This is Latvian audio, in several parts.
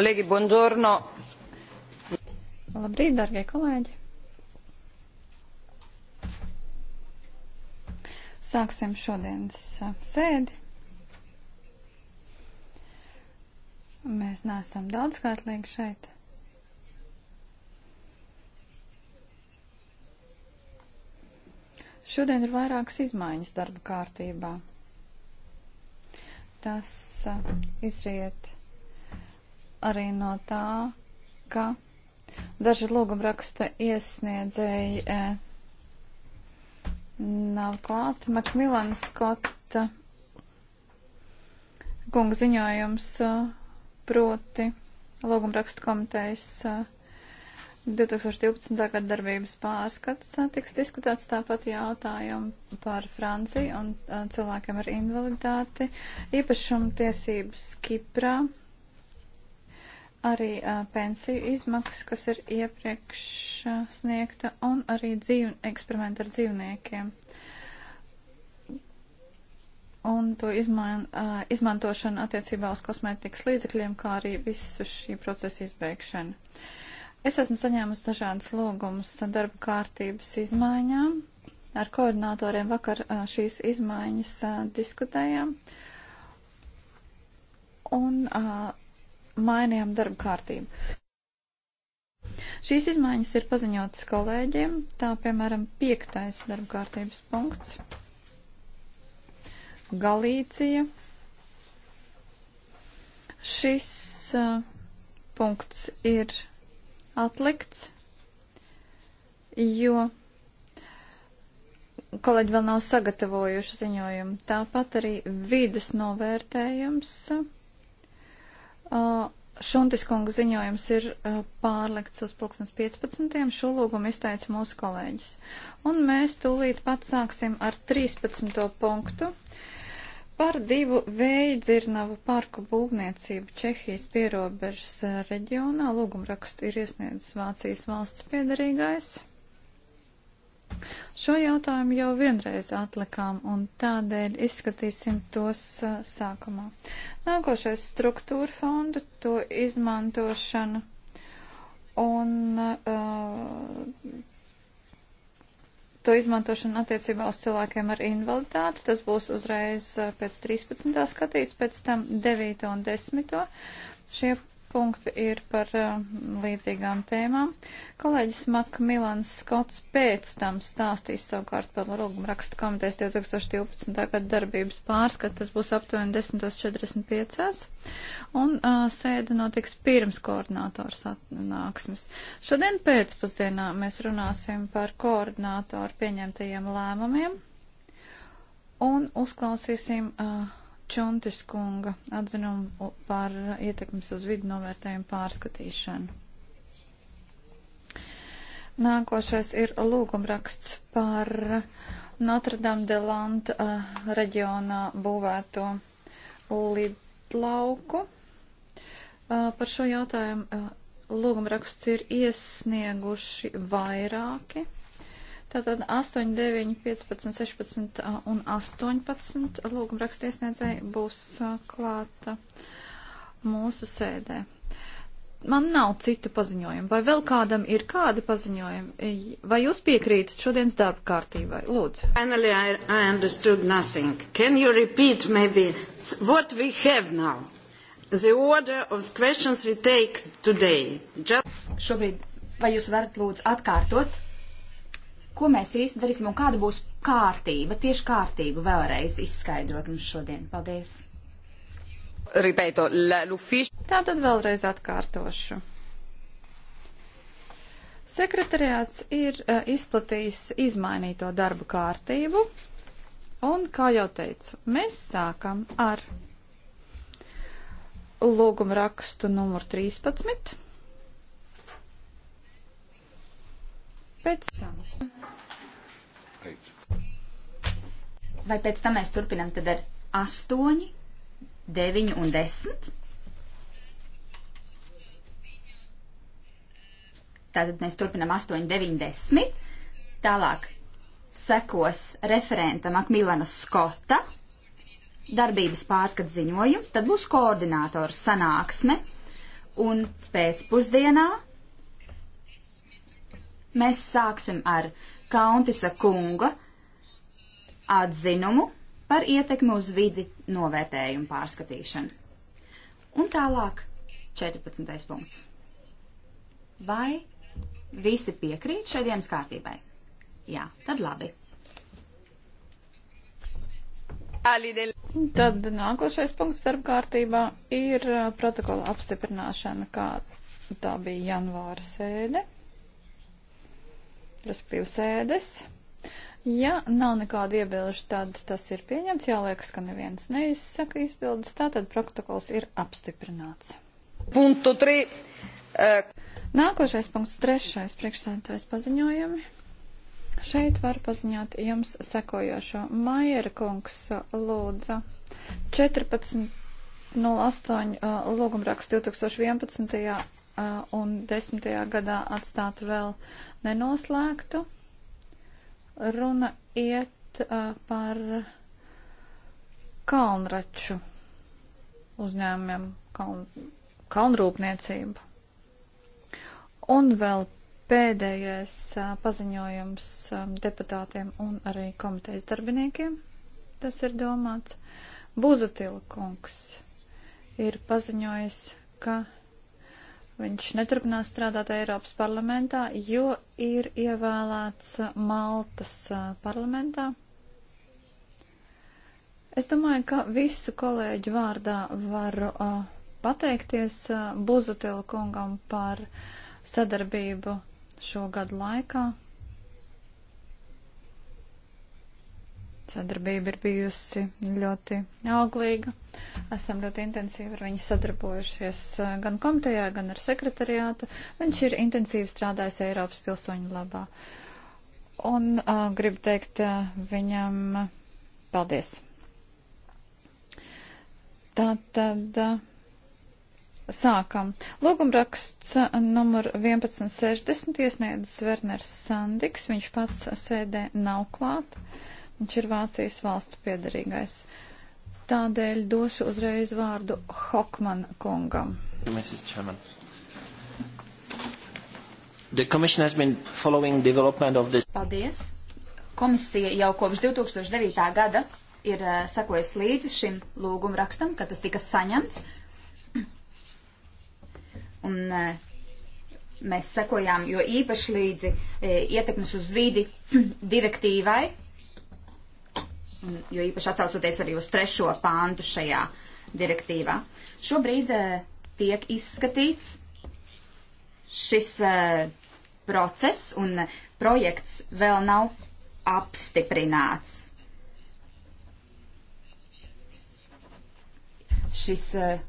kolēģi, buongiorno. Labrīt, darbie kolēģi. Sāksim šodienas uh, sēdi. Mēs neesam daudzkārtlīgi šeit. Šodien ir vairākas izmaiņas darba kārtībā. Tas uh, izriet arī no tā, ka daži lūgumraksta iesniedzēji eh, nav klāt. Makmilana Skota kunga ziņojums eh, proti lūgumraksta komitejas eh, 2012. gada darbības pārskats e, tiks diskutēts tāpat jautājumu par Franciju un e, cilvēkiem ar invaliditāti, īpašumu tiesības Kiprā arī uh, pensiju izmaksas, kas ir iepriekš uh, sniegta, un arī dzīv, eksperimenti ar dzīvniekiem. Un to izman, uh, izmantošanu attiecībā uz kosmētikas līdzekļiem, kā arī visu šī procesa izbeigšanu. Es esmu saņēmusi dažādas lūgumus darba kārtības izmaiņām. Ar koordinatoriem vakar uh, šīs izmaiņas uh, diskutējām. Un uh, mainījām darba kārtību. Šīs izmaiņas ir paziņotas kolēģiem, tā piemēram piektais darba kārtības punkts. Galīcija. Šis uh, punkts ir atlikts, jo kolēģi vēl nav sagatavojuši ziņojumu. Tāpat arī vidas novērtējums. Uh, Uh, Šuntis kunga ziņojums ir uh, pārlikts uz pulkstens 15. Šo lūgumu izteica mūsu kolēģis. Un mēs tūlīt pat sāksim ar 13. punktu par divu veidzirnavu parku būvniecību Čehijas pierobežas uh, reģionā. Lūgumu rakstu ir iesniedzis Vācijas valsts piedarīgais. Šo jautājumu jau vienreiz atlikām, un tādēļ izskatīsim tos uh, sākumā. Nākošais struktūra fondu, to izmantošanu un uh, to izmantošanu attiecībā uz cilvēkiem ar invaliditāti. Tas būs uzreiz pēc 13. skatīts, pēc tam 9. un 10. Šie punkti ir par uh, līdzīgām tēmām. Kolēģis Makmilans Skots pēc tam stāstīs savukārt par lūgumu rakstu komitejas 2012. gada darbības pārskatu. Tas būs aptuveni 10.45. Un uh, sēde notiks pirms koordinātora sanāksmes. Šodien pēcpusdienā mēs runāsim par koordinātoru pieņemtajiem lēmumiem un uzklausīsim. Uh, Čontis kunga atzinumu par ietekmes uz vidu novērtējumu pārskatīšanu. Nākošais ir lūgumraksts par Notre-Dame de Lante uh, reģionā būvēto lidlauku. Uh, par šo jautājumu uh, lūgumraksts ir iesnieguši vairāki Tātad 8, 9, 15, 16 un 18 lūguma rakstiesniedzēji būs klāta mūsu sēdē. Man nav citu paziņojumu. Vai vēl kādam ir kādi paziņojumi? Vai jūs piekrītat šodienas darba kārtībai? Lūdzu. Finally, I, I understood nothing. Can you repeat maybe what we have now? The order of questions we take today. Just... Šobrīd, vai jūs varat lūdzu atkārtot ko mēs īsti darīsim un kāda būs kārtība, tieši kārtību vēlreiz izskaidrot mums šodien. Paldies! Ripeto, l'ufficio. Tātad vēlreiz atkārtošu. Sekretariāts ir uh, izplatījis izmainīto darbu kārtību, un, kā jau teicu, mēs sākam ar lūgumu rakstu numuru 13. Pēc tam. Vai pēc tam mēs turpinam tad ar 8, 9 un 10? Tātad mēs turpinam 8, 9, 10. Tālāk sekos referenta Makmilana Skota darbības pārskats ziņojums, tad būs koordinātors sanāksme, un pēcpusdienā Mēs sāksim ar Kauntisa kunga atzinumu par ietekmi uz vidi novērtējumu pārskatīšanu. Un tālāk 14. punkts. Vai visi piekrīt šodienas kārtībai? Jā, tad labi. Tad nākošais punkts starp kārtībā ir uh, protokola apstiprināšana, kā tā bija janvāra sēde respektīvi sēdes. Ja nav nekāda iebilžu, tad tas ir pieņemts. Jāliekas, ka neviens neizsaka izbildes. Tātad protokols ir apstiprināts. Punktu 3. Uh. Eh, Nākošais punkts, trešais priekšsēdētājs paziņojumi. Šeit var paziņot jums sekojošo. Maiera kungs lūdza 14.08. Eh, lūgumraksts 2011 un desmitajā gadā atstāt vēl nenoslēgtu. Runa iet par kalnraču uzņēmumiem, kaln, kalnrūpniecību. Un vēl pēdējais paziņojums deputātiem un arī komitejas darbiniekiem. Tas ir domāts. Buzutila kungs ir paziņojis, ka Viņš neturpinās strādāt Eiropas parlamentā, jo ir ievēlēts Maltas parlamentā. Es domāju, ka visu kolēģu vārdā varu uh, pateikties uh, Buzutila kungam par sadarbību šo gadu laikā. Sadarbība ir bijusi ļoti auglīga. Esam ļoti intensīvi ar viņu sadarbojušies e, gan komitejā, gan ar sekretariātu. Viņš ir intensīvi strādājis Eiropas pilsoņu labā. Un uh, gribu teikt uh, viņam uh, paldies. Tā tad. Uh, sākam. Lūgumraksts numur 1160 iesniedzis Werners Sandiks, viņš pats sēdē nav klāt. Uh, Viņš ir Vācijas valsts piedarīgais. Tādēļ došu uzreiz vārdu Hokman kungam. Paldies. Komisija jau kopš 2009. gada ir uh, eh, sekojas līdzi šim lūgumrakstam, kad tas tika saņemts. Un uh, mēs sekojām, jo īpaši līdzi e, ietekmes uz vidi direktīvai, jo īpaši atsaucoties arī uz trešo pāntu šajā direktīvā. Šobrīd eh, tiek izskatīts šis eh, process un projekts vēl nav apstiprināts. Šis eh,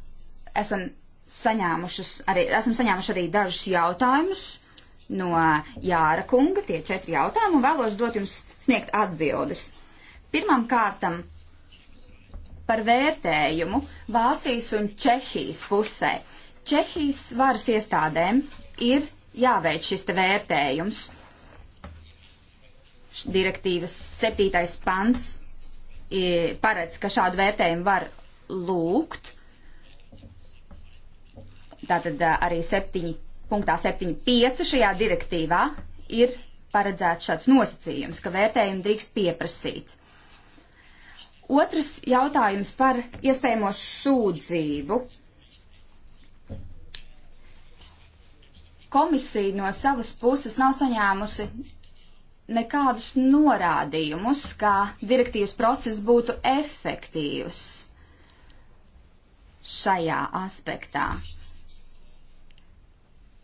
esam saņēmušas arī, esam saņēmuši arī dažus jautājumus no Jāra kunga, tie četri jautājumi, un vēlos dot jums sniegt atbildes. Pirmam kārtam par vērtējumu Vācijas un Čehijas pusē. Čehijas varas iestādēm ir jāveic šis te vērtējums. Direktīvas septītais pants paredz, ka šādu vērtējumu var lūgt. Tātad arī 7, punktā 7.5 šajā direktīvā ir paredzēts šāds nosacījums, ka vērtējumu drīkst pieprasīt. Otrs jautājums par iespējamo sūdzību. Komisija no savas puses nav saņēmusi nekādus norādījumus, kā direktīvas process būtu efektīvs šajā aspektā.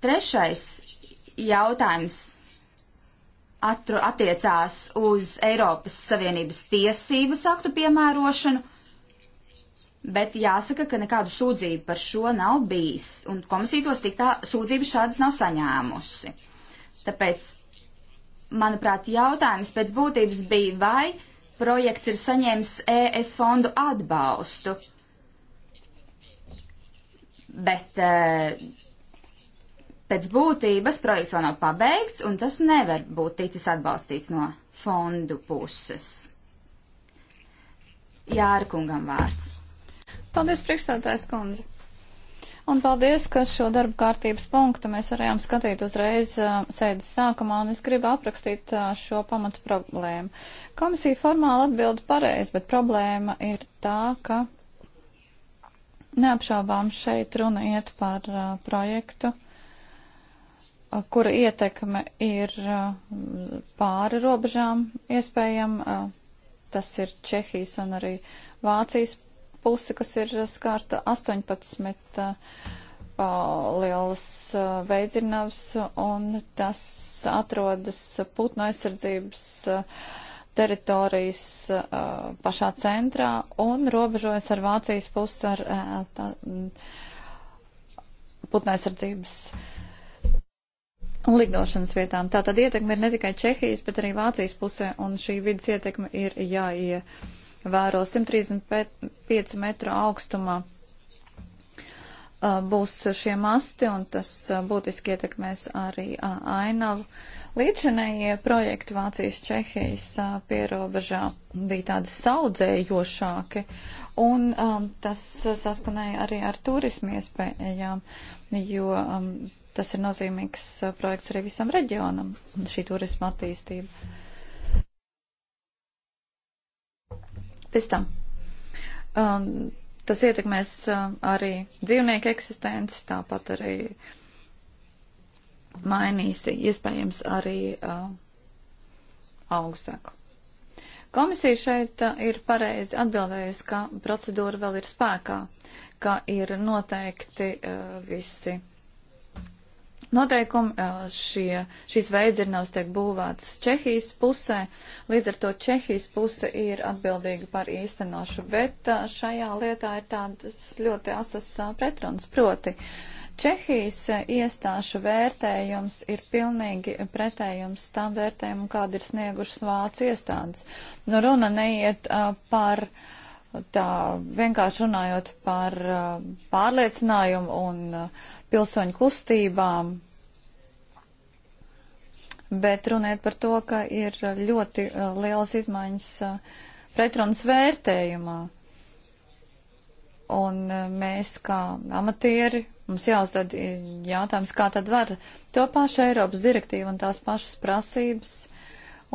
Trešais jautājums atru, attiecās uz Eiropas Savienības tiesības aktu piemērošanu, bet jāsaka, ka nekādu sūdzību par šo nav bijis, un komisija tos tik tā sūdzības šādas nav saņēmusi. Tāpēc, manuprāt, jautājums pēc būtības bija, vai projekts ir saņēmis ES fondu atbalstu. Bet uh, pēc būtības projekts vēl nav pabeigts, un tas nevar būt ticis atbalstīts no fondu puses. Jārkungam vārds. Paldies, priekšstādājs kundze. Un paldies, ka šo darbu kārtības punktu mēs varējām skatīt uzreiz uh, sēdes sākumā, un es gribu aprakstīt uh, šo pamatu problēmu. Komisija formāli atbild pareizi, bet problēma ir tā, ka neapšaubām šeit runa iet par uh, projektu, uh, kura ietekme ir pāri robežām iespējama. Tas ir Čehijas un arī Vācijas puse, kas ir skārta 18 lielas veidzinavas, un tas atrodas putnu aizsardzības teritorijas pašā centrā un robežojas ar Vācijas pusi ar putnu aizsardzības teritoriju un lidošanas vietām. Tā tad ietekme ir ne tikai Čehijas, bet arī Vācijas pusē, un šī vidas ietekme ir jāievēro 135 metru augstumā. Uh, būs šie masti, un tas uh, būtiski ietekmēs arī uh, ainavu. Līdzinējie projekti Vācijas Čehijas pierobežā bija tādi saudzējošāki, un um, tas saskanēja arī ar turismu iespējām, jo um, Tas ir nozīmīgs uh, projekts arī visam reģionam, šī turisma attīstība. Pēc tam. Um, tas ietekmēs uh, arī dzīvnieku eksistenci, tāpat arī mainīs iespējams arī uh, augstsaku. Komisija šeit uh, ir pareizi atbildējusi, ka procedūra vēl ir spēkā, ka ir noteikti uh, visi Noteikumi šie, šīs veidzirnavas tiek būvētas Čehijas pusē, līdz ar to Čehijas puse ir atbildīga par īstenošu, bet šajā lietā ir tādas ļoti asas pretrunas. Proti, Čehijas iestāšu vērtējums ir pilnīgi pretējums tam vērtējumam, kādu ir sniegušas Vācu iestādes. Nu, runa neiet uh, par tā vienkārši runājot par uh, pārliecinājumu un uh, pilsoņu kustībām, bet runiet par to, ka ir ļoti uh, lielas izmaiņas uh, pretrunas vērtējumā. Un uh, mēs kā amatieri, mums jāuzdod jautājums, kā tad var to pašu Eiropas direktīvu un tās pašas prasības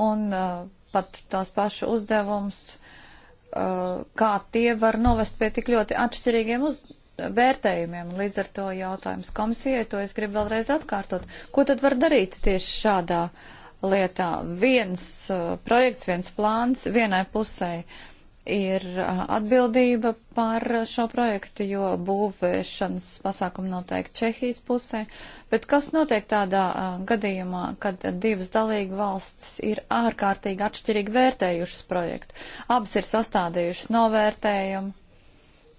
un uh, pat tās pašas uzdevums, uh, kā tie var novest pie tik ļoti atšķirīgiem uz, vērtējumiem. Līdz ar to jautājums komisijai, to es gribu vēlreiz atkārtot. Ko tad var darīt tieši šādā lietā? Viens uh, projekts, viens plāns vienai pusē ir uh, atbildība par šo projektu, jo būvēšanas pasākumu noteikti Čehijas pusē. Bet kas notiek tādā uh, gadījumā, kad divas dalīga valstis ir ārkārtīgi atšķirīgi vērtējušas projektu? Abas ir sastādījušas novērtējumu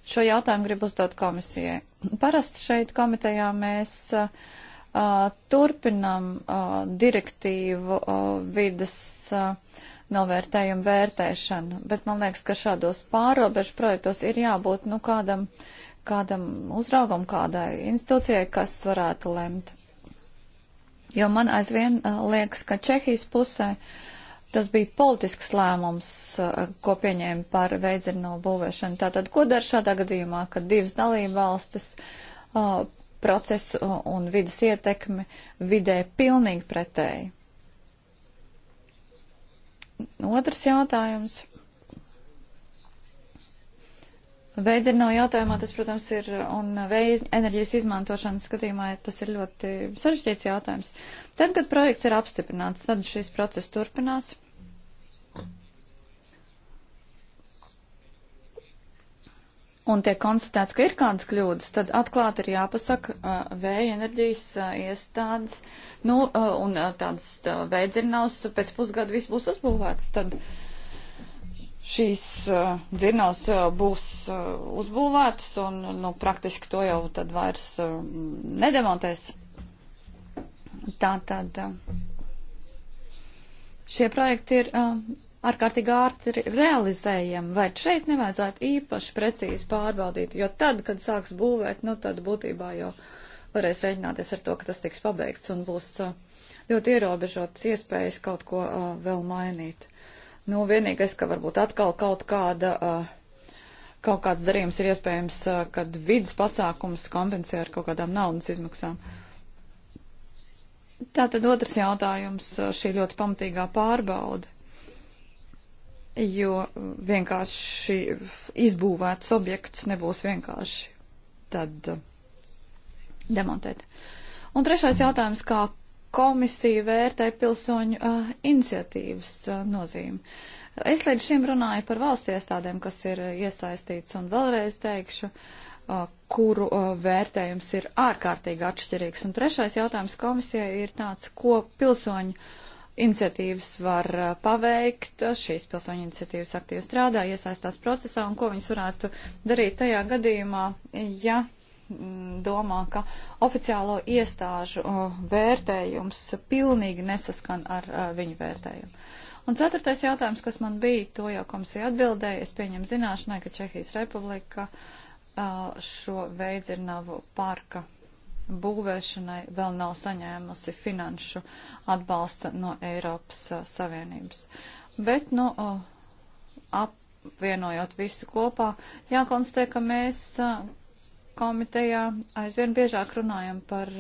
Šo jautājumu gribu uzdot komisijai. Parasti šeit komitejā mēs uh, turpinam uh, direktīvu uh, vidas uh, novērtējumu vērtēšanu, bet man liekas, ka šādos pārobežu projektos ir jābūt nu, kādam, kādam uzraugam, kādai institūcijai, kas varētu lemt. Jo man aizvien uh, liekas, ka Čehijas pusē uh, Tas bija politisks lēmums, eh, ko pieņēma par veidzirno būvēšanu. Tātad, ko dara šādā gadījumā, kad divas dalība valstis uh, eh, procesu un vidas ietekmi vidē pilnīgi pretēji? Otrs jautājums. Veidzirno jautājumā tas, protams, ir un veiz, enerģijas izmantošanas skatījumā tas ir ļoti sarežģīts jautājums. Tad, kad projekts ir apstiprināts, tad šis process turpinās un tiek konstatēts, ka ir kādas kļūdas, tad atklāti ir jāpasaka uh, vēja enerģijas uh, iestādes, nu, uh, un uh, tādas uh, vējdzirnavas pēc pusgada viss būs uzbūvēts, tad šīs uh, dzirnavas uh, būs uh, uzbūvētas, un, nu, praktiski to jau tad vairs uh, nedemontēs. Tā tad uh, šie projekti ir uh, ārkārtīgi ātri realizējami, vai šeit nevajadzētu īpaši precīzi pārbaudīt, jo tad, kad sāks būvēt, nu tad būtībā jau varēs rēķināties ar to, ka tas tiks pabeigts un būs ļoti ierobežotas iespējas kaut ko uh, vēl mainīt. Nu, vienīgais, ka varbūt atkal kaut kāda. Uh, Kaut kāds darījums ir iespējams, uh, kad vidas pasākums kompensē ar kaut kādām naudas izmaksām. Tātad otrs jautājums - šī ļoti pamatīgā pārbauda jo vienkārši izbūvēts objekts nebūs vienkārši tad uh, demontēt. Un trešais jautājums, kā komisija vērtē pilsoņu uh, iniciatīvas uh, nozīmi. Es līdz šim runāju par valsts iestādēm, kas ir uh, iesaistīts, un vēlreiz teikšu, uh, kuru uh, vērtējums ir ārkārtīgi atšķirīgs. Un trešais jautājums komisijai ir tāds, ko pilsoņu uh, iniciatīvas var uh, paveikt, šīs pilsoņu iniciatīvas aktīvi strādā, iesaistās procesā un ko viņas varētu darīt tajā gadījumā, ja mm, domā, ka oficiālo iestāžu uh, vērtējums pilnīgi nesaskan ar uh, viņu vērtējumu. Un ceturtais jautājums, kas man bija, to jau komisija atbildēja, es pieņemu zināšanai, ka Čehijas republika šo veidzirnavu parka būvēšanai vēl nav saņēmusi finanšu atbalsta no Eiropas a, Savienības. Bet, nu, no, apvienojot visu kopā, jākonstatē, ka mēs a, komitejā aizvien biežāk runājam par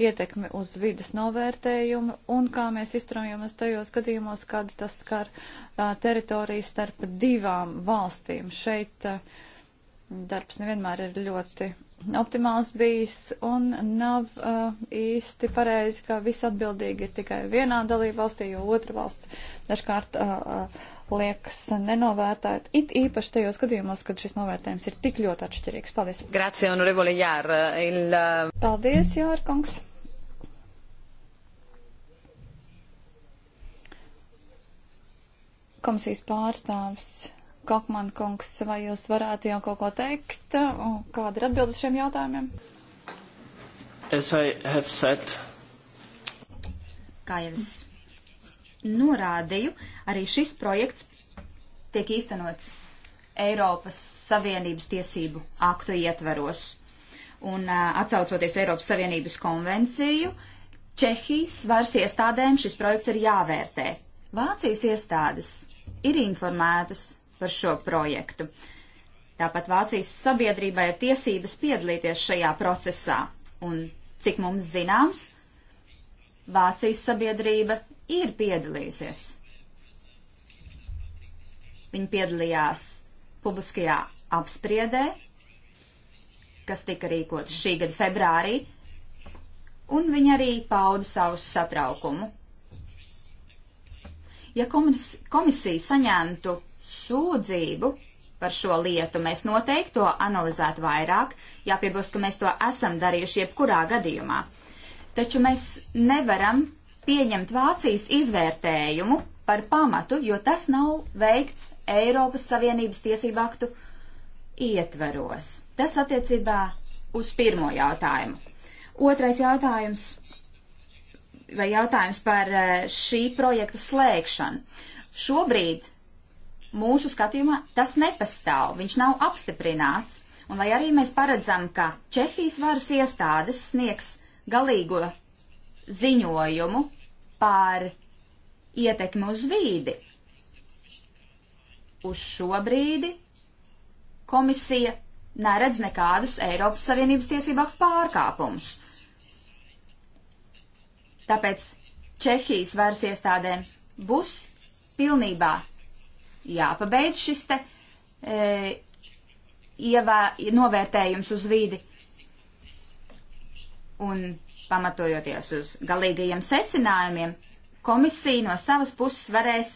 ietekmi uz vidas novērtējumu un kā mēs izstraujamies tajos gadījumos, kad tas skar teritoriju starp divām valstīm. Šeit a, darbs nevienmēr ir ļoti optimāls bijis un nav uh, īsti pareizi, ka viss atbildīgi ir tikai vienā dalība valstī, jo otra valsts dažkārt uh, uh, liekas nenovērtēt. It īpaši tajos gadījumos, kad šis novērtējums ir tik ļoti atšķirīgs. Paldies. Grazie, honorevole Jāra. Il... Uh, Paldies, Jārkungs. Komisijas pārstāvis Kokman kungs, vai jūs varētu jau kaut ko teikt? Kāda ir atbildes šiem jautājumiem? As I have said. Kā jau es norādīju, arī šis projekts tiek īstenots Eiropas Savienības tiesību aktu ietveros. Un atcaucoties Eiropas Savienības konvenciju, Čehijas varas iestādēm šis projekts ir jāvērtē. Vācijas iestādes ir informētas par šo projektu. Tāpat Vācijas sabiedrībai ir tiesības piedalīties šajā procesā, un, cik mums zināms, Vācijas sabiedrība ir piedalījusies. Viņi piedalījās publiskajā apspriedē, kas tika rīkots šī gada februārī, un viņi arī pauda savu satraukumu. Ja komisija saņemtu sūdzību par šo lietu, mēs noteikti to analizētu vairāk, jāpiebilst, ka mēs to esam darījuši jebkurā gadījumā. Taču mēs nevaram pieņemt Vācijas izvērtējumu par pamatu, jo tas nav veikts Eiropas Savienības tiesību aktu ietveros. Tas attiecībā uz pirmo jautājumu. Otrais jautājums vai jautājums par eh, šī projekta slēgšanu. Šobrīd mūsu skatījumā tas nepastāv, viņš nav apstiprināts, un lai arī mēs paredzam, ka Čehijas varas iestādes sniegs galīgo ziņojumu par ietekmi uz vīdi. Uz šo brīdi komisija neredz nekādus Eiropas Savienības tiesību aktu pārkāpumus. Tāpēc Čehijas varas iestādēm būs pilnībā jāpabeidz šis te e, ievā, novērtējums uz vidi. Un pamatojoties uz galīgajiem secinājumiem, komisija no savas puses varēs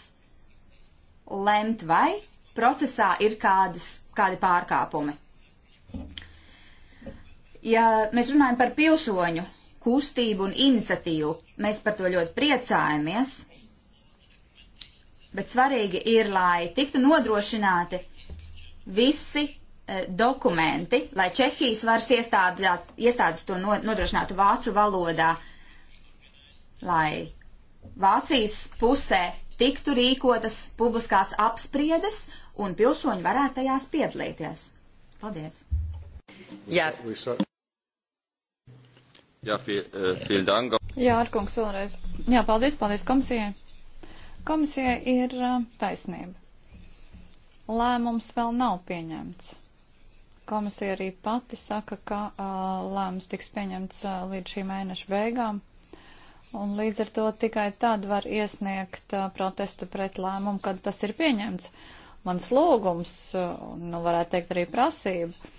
lemt, vai procesā ir kādas, kādi pārkāpumi. Ja mēs runājam par pilsoņu kustību un iniciatīvu, mēs par to ļoti priecājamies bet svarīgi ir, lai tiktu nodrošināti visi e, dokumenti, lai Čehijas varas iestādāt, iestādes to nodrošinātu vācu valodā, lai Vācijas pusē tiktu rīkotas publiskās apspriedes un pilsoņi varētu tajās piedalīties. Paldies! Jā, Jā, viel, uh, eh, viel Jā Arkungs, vēlreiz. Jā, paldies, paldies komisijai. Komisijai ir taisnība. Lēmums vēl nav pieņemts. Komisija arī pati saka, ka lēmums tiks pieņemts līdz šī mēneša beigām. Un līdz ar to tikai tad var iesniegt protestu pret lēmumu, kad tas ir pieņemts. Mans lūgums, nu varētu teikt arī prasība,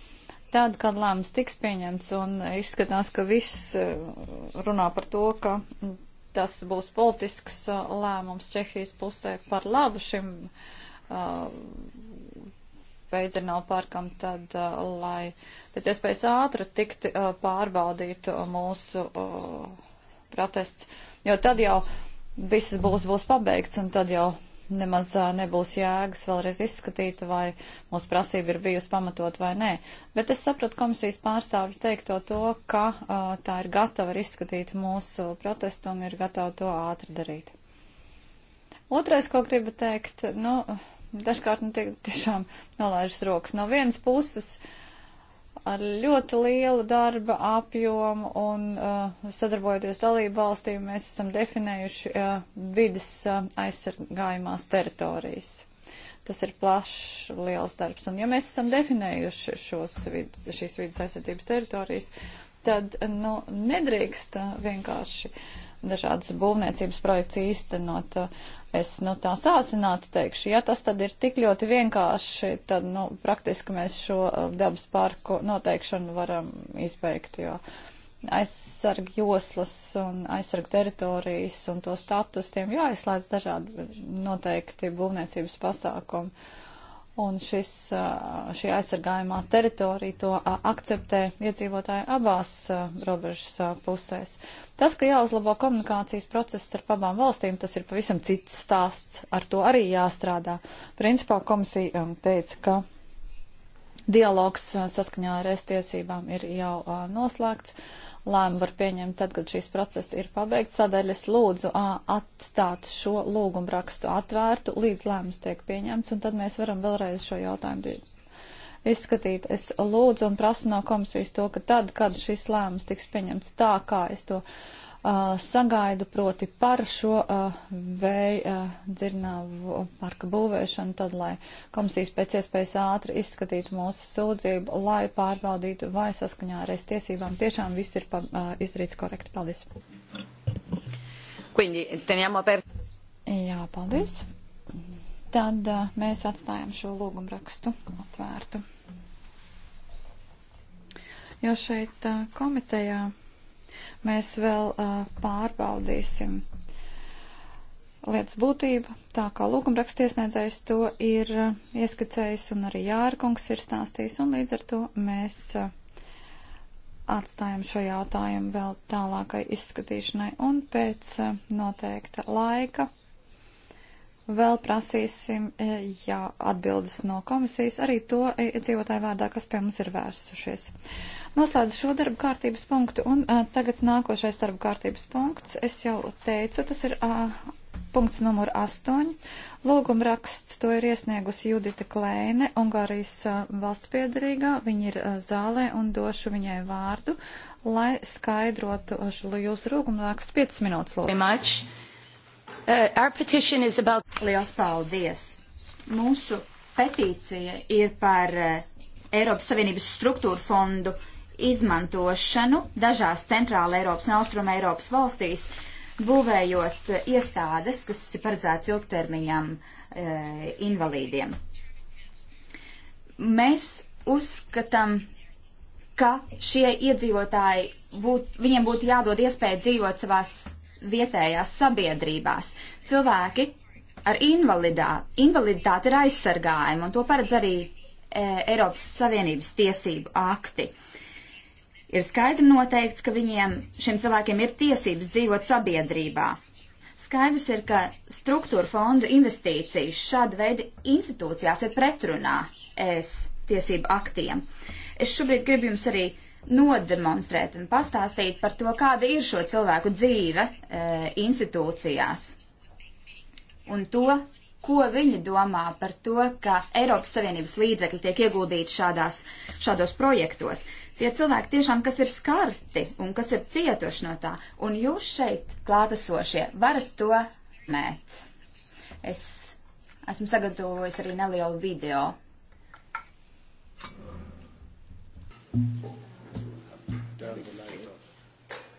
tad, kad lēmums tiks pieņemts un izskatās, ka viss runā par to, ka tas būs politisks uh, lēmums Čehijas pusē par labu šim uh, veidzinālu parkam, tad uh, lai pēc iespējas ātri tikti pārbaudītu mūsu protests, jo tad jau viss būs, būs pabeigts un tad jau nemaz nebūs jēgas vēlreiz izskatīt, vai mūsu prasība ir bijusi pamatot vai nē. Bet es sapratu komisijas pārstāvju teikto to, ka uh, tā ir gatava izskatīt mūsu protestu un ir gatava to ātri darīt. Otrais, ko gribu teikt, nu, dažkārt nu, tiešām nolaižas rokas no vienas puses. Uh, ar ļoti lielu darba apjomu un uh, sadarbojoties dalību valstīm mēs esam definējuši uh, vidas uh, aizsargājumās teritorijas. Tas ir plašs, liels darbs. Un ja mēs esam definējuši šos vid šīs vidas aizsardzības teritorijas, tad nu, nedrīkst uh, vienkārši uh, dažādas būvniecības projekts īstenot. Es nu, tā sāsinātu teikšu, ja tas tad ir tik ļoti vienkārši, tad nu, praktiski mēs šo uh, dabas parku noteikšanu varam izbeigt, jo aizsarg joslas un aizsarg teritorijas un to status tiem jāizslēdz dažādi noteikti būvniecības pasākumi un šis, šī aizsargājumā teritorija to akceptē iedzīvotāji abās robežas pusēs. Tas, ka jāuzlabo komunikācijas process starp abām valstīm, tas ir pavisam cits stāsts, ar to arī jāstrādā. Principā komisija teica, ka dialogs saskaņā ar ēstiesībām ir jau noslēgts lēmu var pieņemt tad, kad šīs procesi ir pabeigts. Tādēļ es lūdzu atstāt šo lūgumu rakstu atvērtu, līdz lēmums tiek pieņemts, un tad mēs varam vēlreiz šo jautājumu izskatīt. Es lūdzu un prasu no komisijas to, ka tad, kad šis lēmums tiks pieņemts tā, kā es to. Uh, Uh, sagaidu proti par šo uh, vēja uh, dzirnavu parka būvēšanu, tad lai komisijas pēc iespējas ātri izskatītu mūsu sūdzību, lai pārbaudītu, vai saskaņā ar es tiesībām tiešām viss ir pa, izdarīts korekti. Paldies. Quindi, teniamo aperto. Jā, paldies. Tad uh, mēs atstājam šo lūgumu rakstu atvērtu. Jo šeit uh, komitejā Mēs vēl uh, pārbaudīsim lietas būtību, tā kā lūgumraksta iesniedzējs to ir uh, ieskicējis un arī Jārkungs ir stāstījis, un līdz ar to mēs uh, atstājam šo jautājumu vēl tālākai izskatīšanai un pēc uh, noteikta laika vēl prasīsim jā, atbildes no komisijas arī to iedzīvotāju vārdā, kas pie mums ir vērsušies. Noslēdz šo darba kārtības punktu un uh, tagad nākošais darba kārtības punkts. Es jau teicu, tas ir uh, punkts numur 8. Lūguma raksts to ir iesniegusi Judita Klēne, Ungārijas uh, valsts piedarīgā. Viņa ir uh, zālē un došu viņai vārdu, lai skaidrotu šo jūsu lūgumu rakstu 5 minūtes lūdzu. Uh, about... Liels paldies! Mūsu petīcija ir par uh, Eiropas Savienības struktūra fondu uh, izmantošanu dažās centrāla Eiropas un austruma Eiropas valstīs, būvējot eh, iestādes, kas ir paredzētas ilgtermiņam e, invalīdiem. Mēs uzskatām, ka šie iedzīvotāji būt, viņiem būtu jādod iespēja dzīvot savās vietējās sabiedrībās. Cilvēki ar invaliditāti ir aizsargājumi, un to paredz arī e, Eiropas Savienības tiesību akti. E, ir skaidri noteikts, ka viņiem, šiem cilvēkiem ir tiesības dzīvot sabiedrībā. Skaidrs ir, ka struktūra fondu investīcijas šāda veida institūcijās ir pretrunā es tiesību aktiem. Es šobrīd gribu jums arī nodemonstrēt un pastāstīt par to, kāda ir šo cilvēku dzīve e, institūcijās un to, ko viņi domā par to, ka Eiropas Savienības līdzekļi tiek ieguldīti šādās, šādos projektos. Tie cilvēki tiešām, kas ir skarti un kas ir cietuši no tā, un jūs šeit klātesošie varat to mēt. Es esmu sagatavojis arī nelielu video.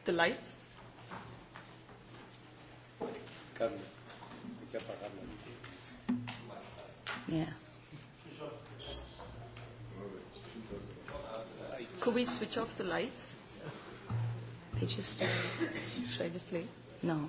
The lights? Cabinet. Yeah. Could we switch off the lights? They just. Should I just play? No.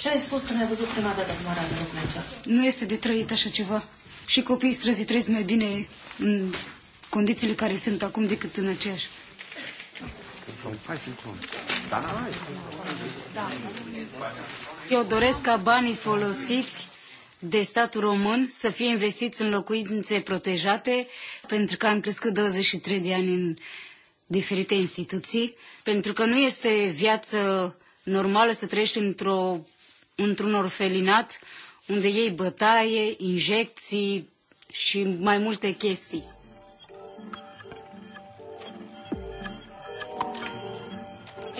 Ce ai spus când ai văzut prima dată moara de lucreță? Nu este de trăit așa ceva. Și copiii străzii trăiesc mai bine în condițiile care sunt acum decât în aceeași. Eu doresc ca banii folosiți de statul român să fie investiți în locuințe protejate, pentru că am crescut 23 de ani în diferite instituții, pentru că nu este viață normală să trăiești într-o într-un orfelinat unde ei bătaie, injecții și mai multe chestii.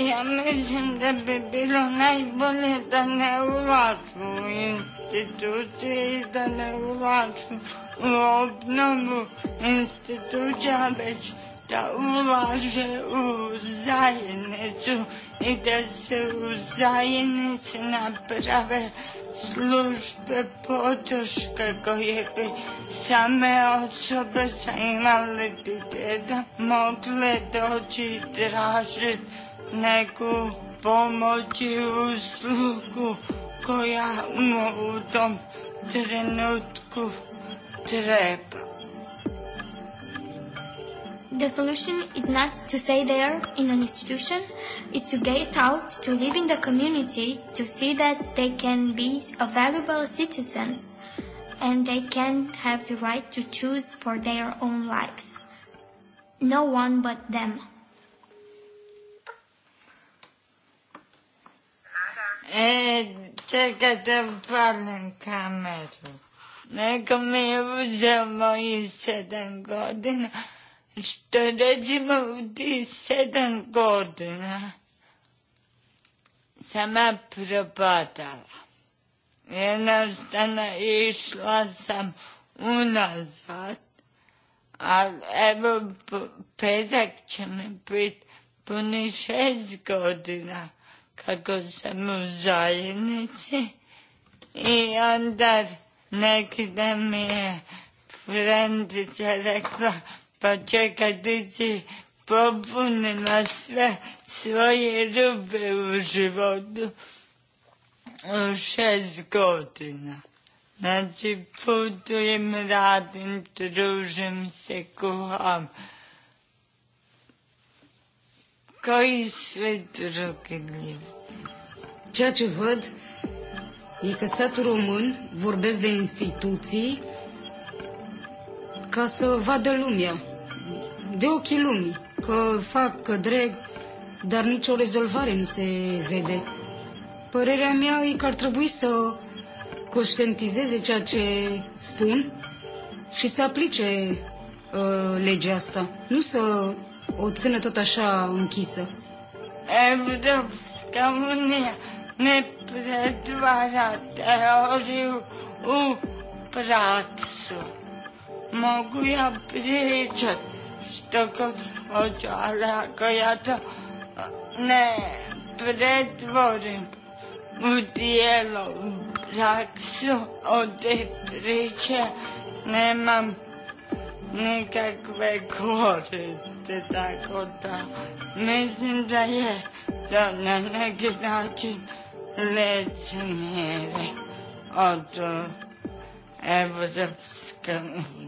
Ja mislim da bi bilo najbolje da ne ulaču u institucije i da ne ulaču u nu, obnovu institucija, već da ulaže u zajednicu i da se u zajednici naprave službe podrške koje bi same osobe sa invaliditetom mogle doći i tražiti neku pomoć i uslugu koja mu u tom trenutku treba. The solution is not to stay there in an institution, is to get out, to live in the community, to see that they can be valuable citizens and they can have the right to choose for their own lives. No one but them. E, čekajte palim kameru. Neka mi je uzelo i sedam godina što recimo u tih sedam godina sama propadala. Jednostavno išla sam unazad, ali evo petak će mi biti puni šest godina kako sam u zajednici i onda neki dan mi je frendica rekla pa će popune na sve svoje rube u životu u šest godina. Znači, putujem, radim, družim se, kuham. Koji sve drugi ljudi? Ceea ce văd e că statul român vorbesc de instituții ca să vadă lumea de ochii lumii, că fac, că dreg, dar nicio rezolvare nu se vede. Părerea mea e că ar trebui să conștientizeze ceea ce spun și să aplice uh, legea asta, nu să o țină tot așa închisă. Evropska unia nu ne pretvara teoriju u praksu. Mogu ja pričati takad otvarākajā ne pretvorim u dijelu praksu od te priče nemam nikakve koriste, tako da mislim da je da na neki način lecmjere od Evropske unije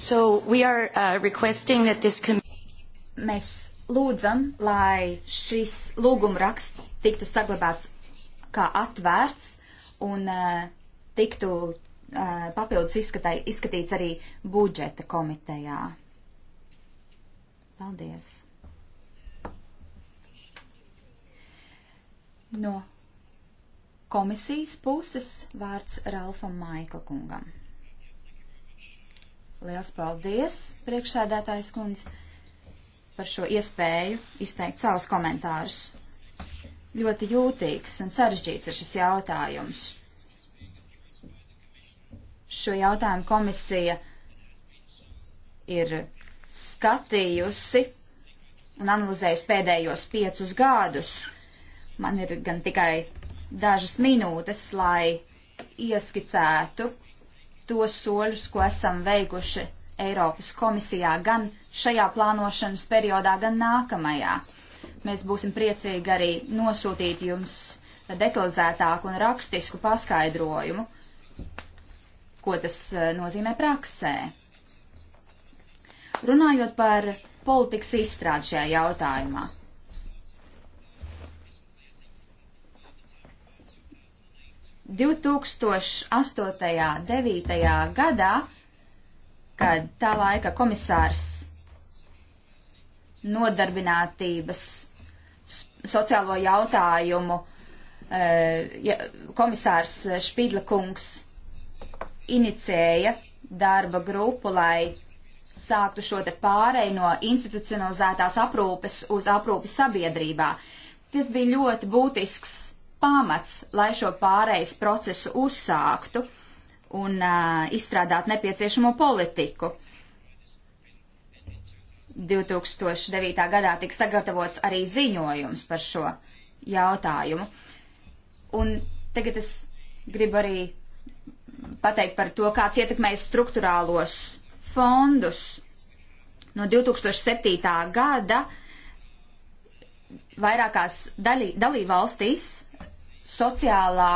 So we are uh, requesting that this Mēs lūdzam, lai šis lūgumraksts tiktu saglabāts kā atvērts un uh, tiktu uh, papildus izskatai, izskatīts arī budžeta komitejā. Paldies! No komisijas puses vārds Ralfam Maikla kungam. Liels paldies, priekšsēdētājs kundze, par šo iespēju izteikt savus komentārus. Ļoti jūtīgs un sarežģīts ir šis jautājums. Šo jautājumu komisija ir skatījusi un analizējusi pēdējos piecus gadus. Man ir gan tikai dažas minūtes, lai ieskicētu tos soļus, ko esam veikuši Eiropas komisijā gan šajā plānošanas periodā, gan nākamajā. Mēs būsim priecīgi arī nosūtīt jums detalizētāku un rakstisku paskaidrojumu, ko tas eh, nozīmē praksē. Runājot par politikas izstrādi šajā jautājumā. 2008.9. gadā, kad tā laika komisārs nodarbinātības sociālo jautājumu eh, komisārs Špidla kungs inicēja darba grupu, lai sāktu šo te pāreju no institucionalizētās aprūpes uz aprūpes sabiedrībā. Tas bija ļoti būtisks pamats, lai šo pārejas procesu uzsāktu un uh, izstrādāt nepieciešamo politiku. 2009. gadā tika sagatavots arī ziņojums par šo jautājumu. Un tagad es gribu arī pateikt par to, kāds ietekmējas struktūrālos fondus. No 2007. gada vairākās dalī, dalībvalstīs sociālā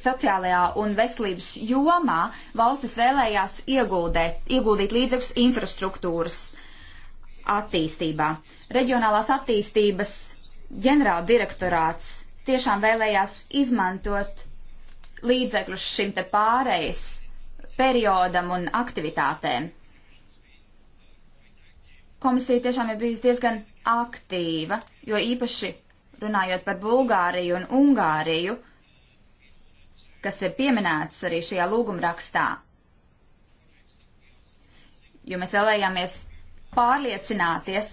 sociālajā un veselības jomā valstis vēlējās ieguldēt, ieguldīt līdzekļus infrastruktūras attīstībā. Reģionālās attīstības ģenerāla direktorāts tiešām vēlējās izmantot līdzekļus šim te pārejas periodam un aktivitātēm. Komisija tiešām ir bijusi diezgan aktīva, jo īpaši runājot par Bulgāriju un Ungāriju, kas ir pieminēts arī šajā lūgumrakstā. Jo mēs vēlējāmies pārliecināties,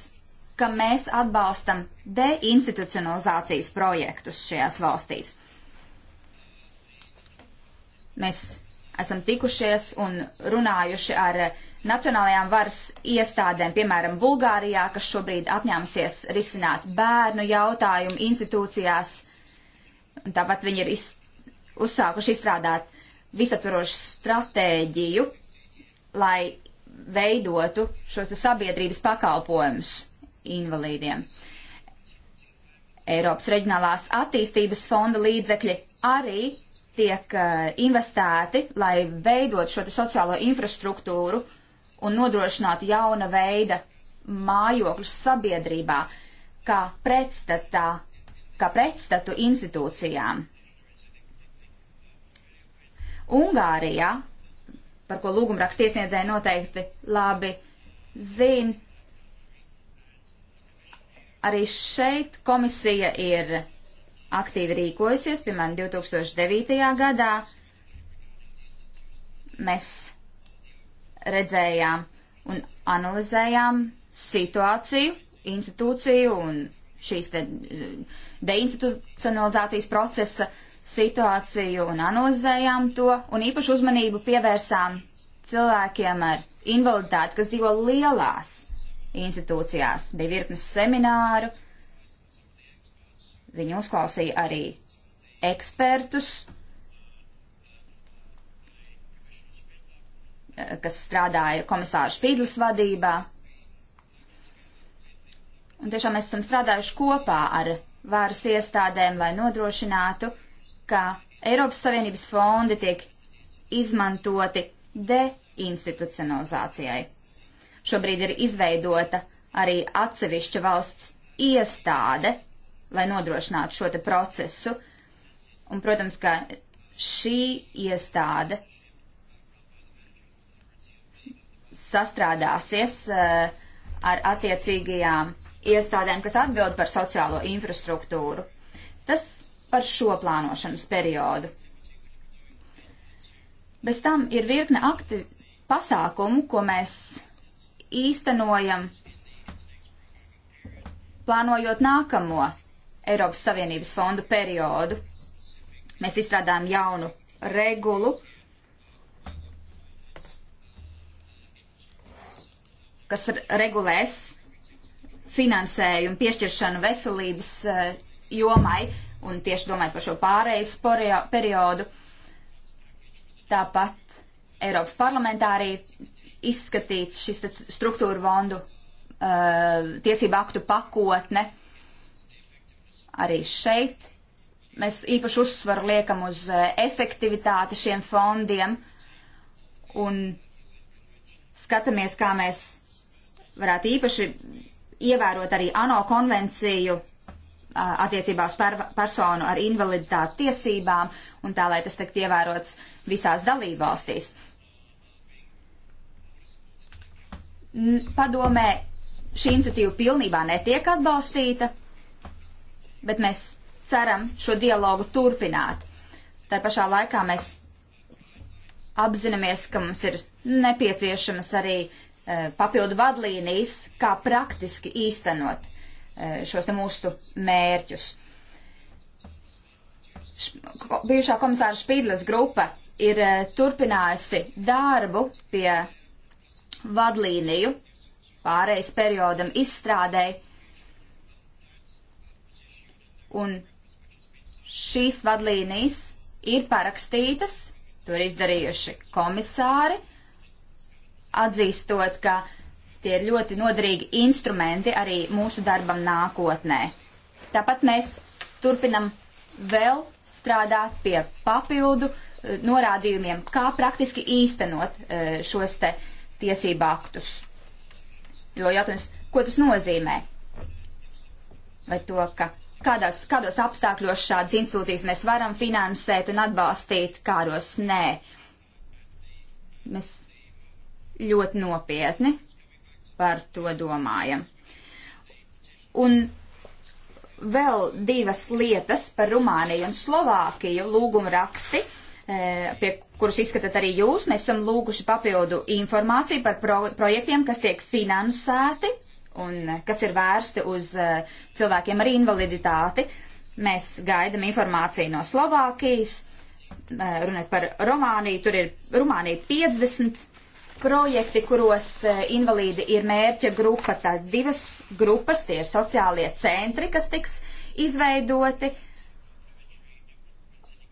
ka mēs atbalstam deinstitucionalizācijas projektus šajās valstīs. Mēs esam tikušies un runājuši ar nacionālajām varas iestādēm, piemēram, Bulgārijā, kas šobrīd apņēmusies risināt bērnu jautājumu institūcijās. Un tāpat viņi ir iz, uzsākuši izstrādāt visaptvarošu stratēģiju, lai veidotu šos sabiedrības pakalpojumus invalīdiem. Eiropas reģionālās attīstības fonda līdzekļi arī tiek eh, investēti, lai veidot šo sociālo infrastruktūru un nodrošinātu jauna veida mājokļus sabiedrībā, kā pretstatā, kā pretstatu institūcijām. Ungārijā, par ko lūgumraksts iesniedzēja noteikti labi zina, arī šeit komisija ir aktīvi rīkojusies, piemēram, 2009. gadā mēs redzējām un analizējām situāciju, institūciju un šīs te eh, deinstitucionalizācijas procesa situāciju un analizējām to un īpašu uzmanību pievērsām cilvēkiem ar invaliditāti, kas dzīvo lielās institūcijās. Bija virknes semināru, uh, Viņi uzklausīja arī ekspertus, kas strādāja komisāra Špīdlis vadībā. Un tiešām mēs esam strādājuši kopā ar varas iestādēm, lai nodrošinātu, ka Eiropas Savienības fondi tiek izmantoti deinstitucionalizācijai. Šobrīd ir izveidota arī atsevišķa valsts iestāde, lai nodrošinātu šo te procesu. Un, protams, ka šī iestāde sastrādāsies eh, ar attiecīgajām iestādēm, kas atbild par sociālo infrastruktūru. Tas par šo plānošanas periodu. Bez tam ir virkne akti pasākumu, ko mēs īstenojam, plānojot nākamo Eiropas Savienības fondu periodu. Mēs izstrādājam jaunu regulu, kas regulēs finansējumu piešķiršanu veselības eh, jomai un tieši domāju par šo pārejas periodu. Tāpat Eiropas parlamentā arī izskatīts šis struktūra fondu uh, tiesību aktu pakotne. Uh, Arī šeit mēs īpaši uzsvaru liekam uz eh, efektivitāti šiem fondiem un skatāmies, kā mēs varētu īpaši ievērot arī ANO konvenciju attiecībā uz per, personu ar invaliditāti tiesībām un tā, lai tas tiktu ievērots visās dalībvalstīs. Padomē šī iniciatīva pilnībā netiek atbalstīta, bet mēs ceram šo dialogu turpināt. Tā pašā laikā mēs apzināmies, ka mums ir nepieciešamas arī e, papildu vadlīnijas, kā praktiski īstenot e, šos mūsu mērķus. Š, ko, bijušā komisāra Špīdles grupa ir e, turpinājusi darbu pie vadlīniju pārejas periodam izstrādēji Un šīs vadlīnijas ir parakstītas, to ir izdarījuši komisāri, atzīstot, ka tie ir ļoti noderīgi instrumenti arī mūsu darbam nākotnē. Tāpat mēs turpinam vēl strādāt pie papildu eh, norādījumiem, kā praktiski īstenot eh, šos te tiesību aktus. Jo jautājums, ko tas nozīmē? Vai to, ka kādās, kādos apstākļos šādas institūcijas mēs varam finansēt un atbalstīt, kādos nē. Mēs ļoti nopietni par to domājam. Un vēl divas lietas par Rumāniju un Slovākiju lūgumu raksti, eh, pie kurus izskatāt arī jūs. Mēs esam lūguši papildu informāciju par pro projektiem, kas tiek finansēti un eh, kas ir vērsti uz eh, cilvēkiem ar invaliditāti. Mēs gaidam informāciju no Slovākijas, eh, runājot par Romāniju, tur ir Rumānija 50 projekti, kuros invalīdi ir mērķa grupa, tad divas grupas, tie ir sociālie centri, kas tiks izveidoti,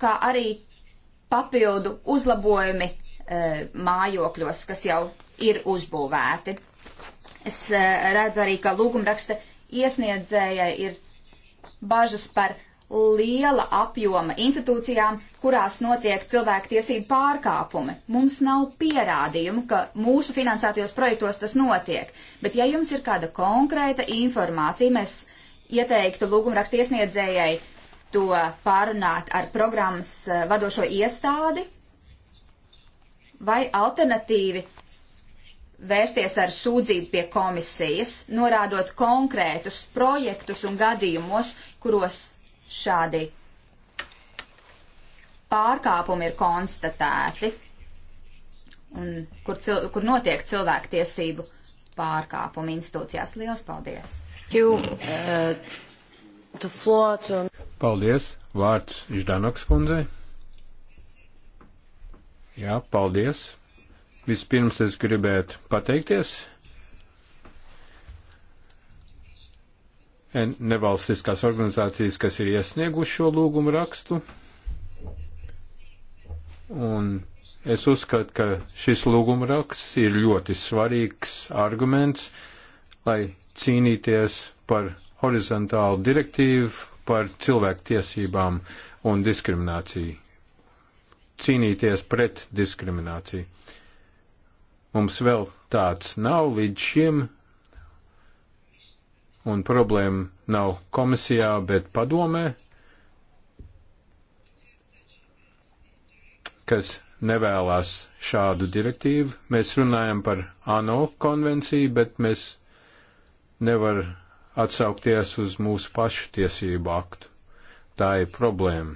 kā arī papildu uzlabojumi mājokļos, kas jau ir uzbūvēti. Es eh, redzu arī, ka lūgumraksta iesniedzējai ir bažas par liela apjoma institūcijām, kurās notiek cilvēktiesību pārkāpumi. Mums nav pierādījumu, ka mūsu finansētajos projektos tas notiek, bet ja jums ir kāda konkrēta informācija, mēs ieteiktu lūgumrakstu iesniedzējai to pārunāt ar programmas eh, vadošo iestādi vai alternatīvi vērsties ar sūdzību pie komisijas, norādot konkrētus projektus un gadījumus, kuros šādi pārkāpumi ir konstatēti un kur, cil, kur notiek cilvēktiesību pārkāpumi institūcijās. Lielas paldies! Uh, paldies! Vārds Ždanoks kundzei. Jā, paldies! Vispirms es gribētu pateikties nevalstiskās organizācijas, kas ir iesnieguši šo lūgumu rakstu. Un es uzskatu, ka šis lūguma raksts ir ļoti svarīgs arguments, lai cīnīties par horizontālu direktīvu par cilvēku tiesībām un diskrimināciju. Cīnīties pret diskrimināciju. Mums vēl tāds nav līdz šim, un problēma nav komisijā, bet padomē, kas nevēlās šādu direktīvu. Mēs runājam par ANO konvenciju, bet mēs nevar atsaukties uz mūsu pašu tiesību aktu. Tā ir problēma.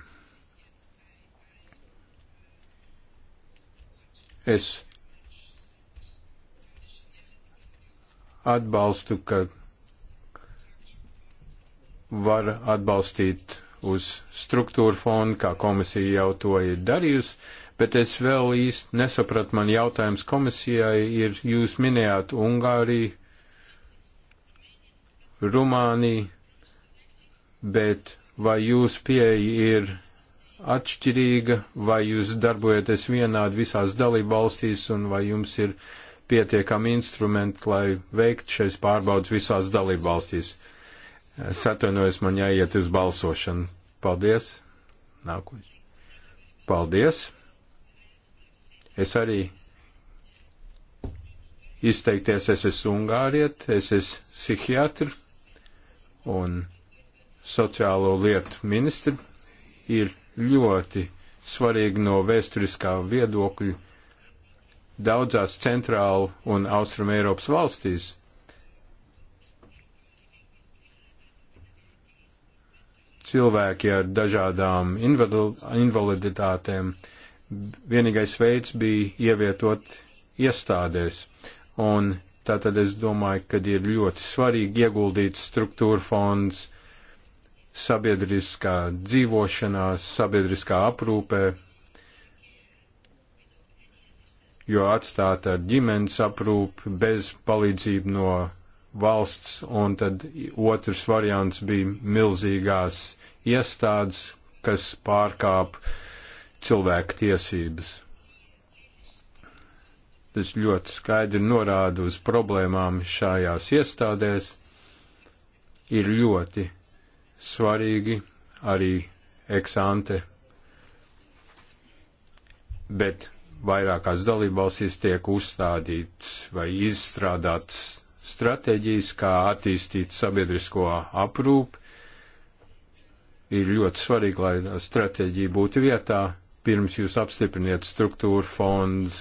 Es atbalstu, ka var atbalstīt uz struktūra fondu, kā komisija jau to ir darījusi, bet es vēl īsti nesapratu, man jautājums komisijai ir, jūs minējāt Ungāriju, Rumāniju, bet vai jūs pieeja ir atšķirīga, vai jūs darbojaties vienādi visās dalību valstīs, un vai jums ir pietiekami instrumenti, lai veiktu šīs pārbaudas visās dalībvalstīs. Es atvainojos, man jāiet uz balsošanu. Paldies! Nākošais. Paldies! Es arī izteikties, es esmu ungāriet, es esmu psihiatri un sociālo lietu ministri. Ir ļoti svarīgi no vēsturiskā viedokļa daudzās centrālu un austrumu Eiropas valstīs. Cilvēki ar dažādām invaliditātēm vienīgais veids bija ievietot iestādēs. Un tātad es domāju, ka ir ļoti svarīgi ieguldīt struktūra fonds sabiedriskā dzīvošanā, sabiedriskā aprūpē, jo atstāt ar ģimenes aprūpi bez palīdzību no valsts, un tad otrs variants bija milzīgās iestādes, kas pārkāp cilvēku tiesības. Tas ļoti skaidri norāda uz problēmām šajās iestādēs. Ir ļoti svarīgi arī eksante, bet vairākās dalībvalstīs tiek uzstādīts vai izstrādāts stratēģijas, kā attīstīt sabiedrisko aprūpi. Ir ļoti svarīgi, lai stratēģija būtu vietā, pirms jūs apstipriniet struktūru fonds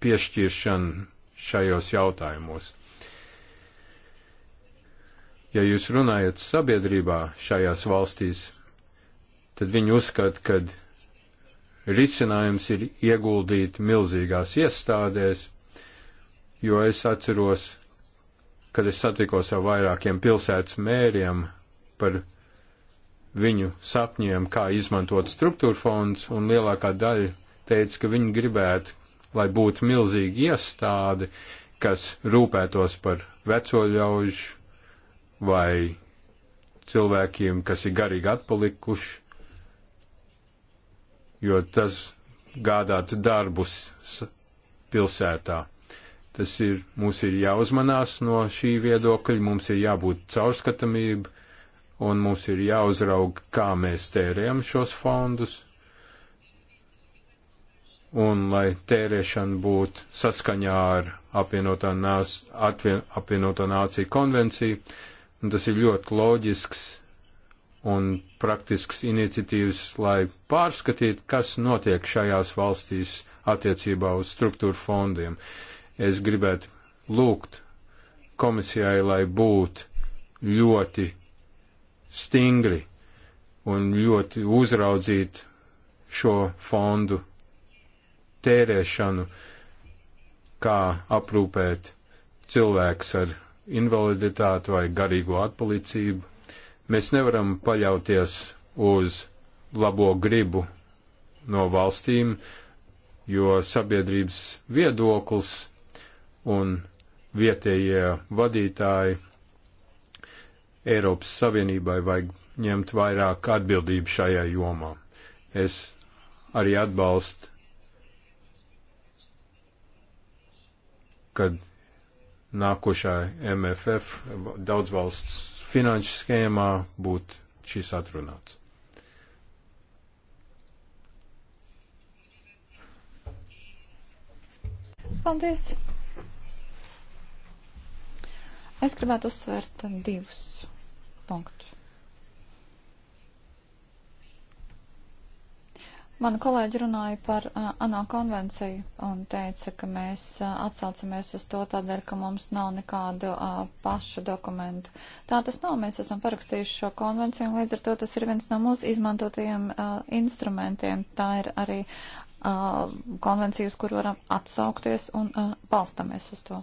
piešķiršanu šajos jautājumos. Ja jūs runājat sabiedrībā šajās valstīs, tad viņi uzskata, ka risinājums ir ieguldīt milzīgās iestādēs, jo es atceros, kad es satikos ar vairākiem pilsētas mēriem par viņu sapņiem, kā izmantot struktūra fonds, un lielākā daļa teica, ka viņi gribētu, lai būtu milzīgi iestādi, kas rūpētos par veco ļaužu vai cilvēkiem, kas ir garīgi atpalikuši, jo tas gādāt darbus pilsētā. Tas ir, mums ir jāuzmanās no šī viedokļa, mums ir jābūt caurskatamība, un mums ir jāuzraug, kā mēs tērējam šos fondus, un lai tērēšana būtu saskaņā ar apvienotā, nās, atvien, apvienotā nācija konvenciju, un tas ir ļoti loģisks un praktisks iniciatīvas, lai pārskatītu, kas notiek šajās valstīs attiecībā uz struktūru fondiem. Es gribētu lūgt komisijai, lai būtu ļoti stingri un ļoti uzraudzīt šo fondu tērēšanu, kā aprūpēt cilvēks ar invaliditāti vai garīgo atpalicību, Mēs nevaram paļauties uz labo gribu no valstīm, jo sabiedrības viedoklis un vietējie vadītāji Eiropas Savienībai vajag ņemt vairāk atbildību šajā jomā. Es arī atbalstu, kad nākošai MFF daudz valsts finanšu schēmā būtu šis atrunāts. Paldies! Es gribētu uzsvērt divus punktus. Mana kolēģi runāja par uh, ANO konvenciju un teica, ka mēs uh, atsaucamies uz to tādēļ, ka mums nav nekādu uh, pašu dokumentu. Tā tas nav, mēs esam parakstījuši šo konvenciju un līdz ar to tas ir viens no mūsu izmantotajiem uh, instrumentiem. Tā ir arī uh, konvencija, uz kur varam atsaukties un uh, balstamies uz to.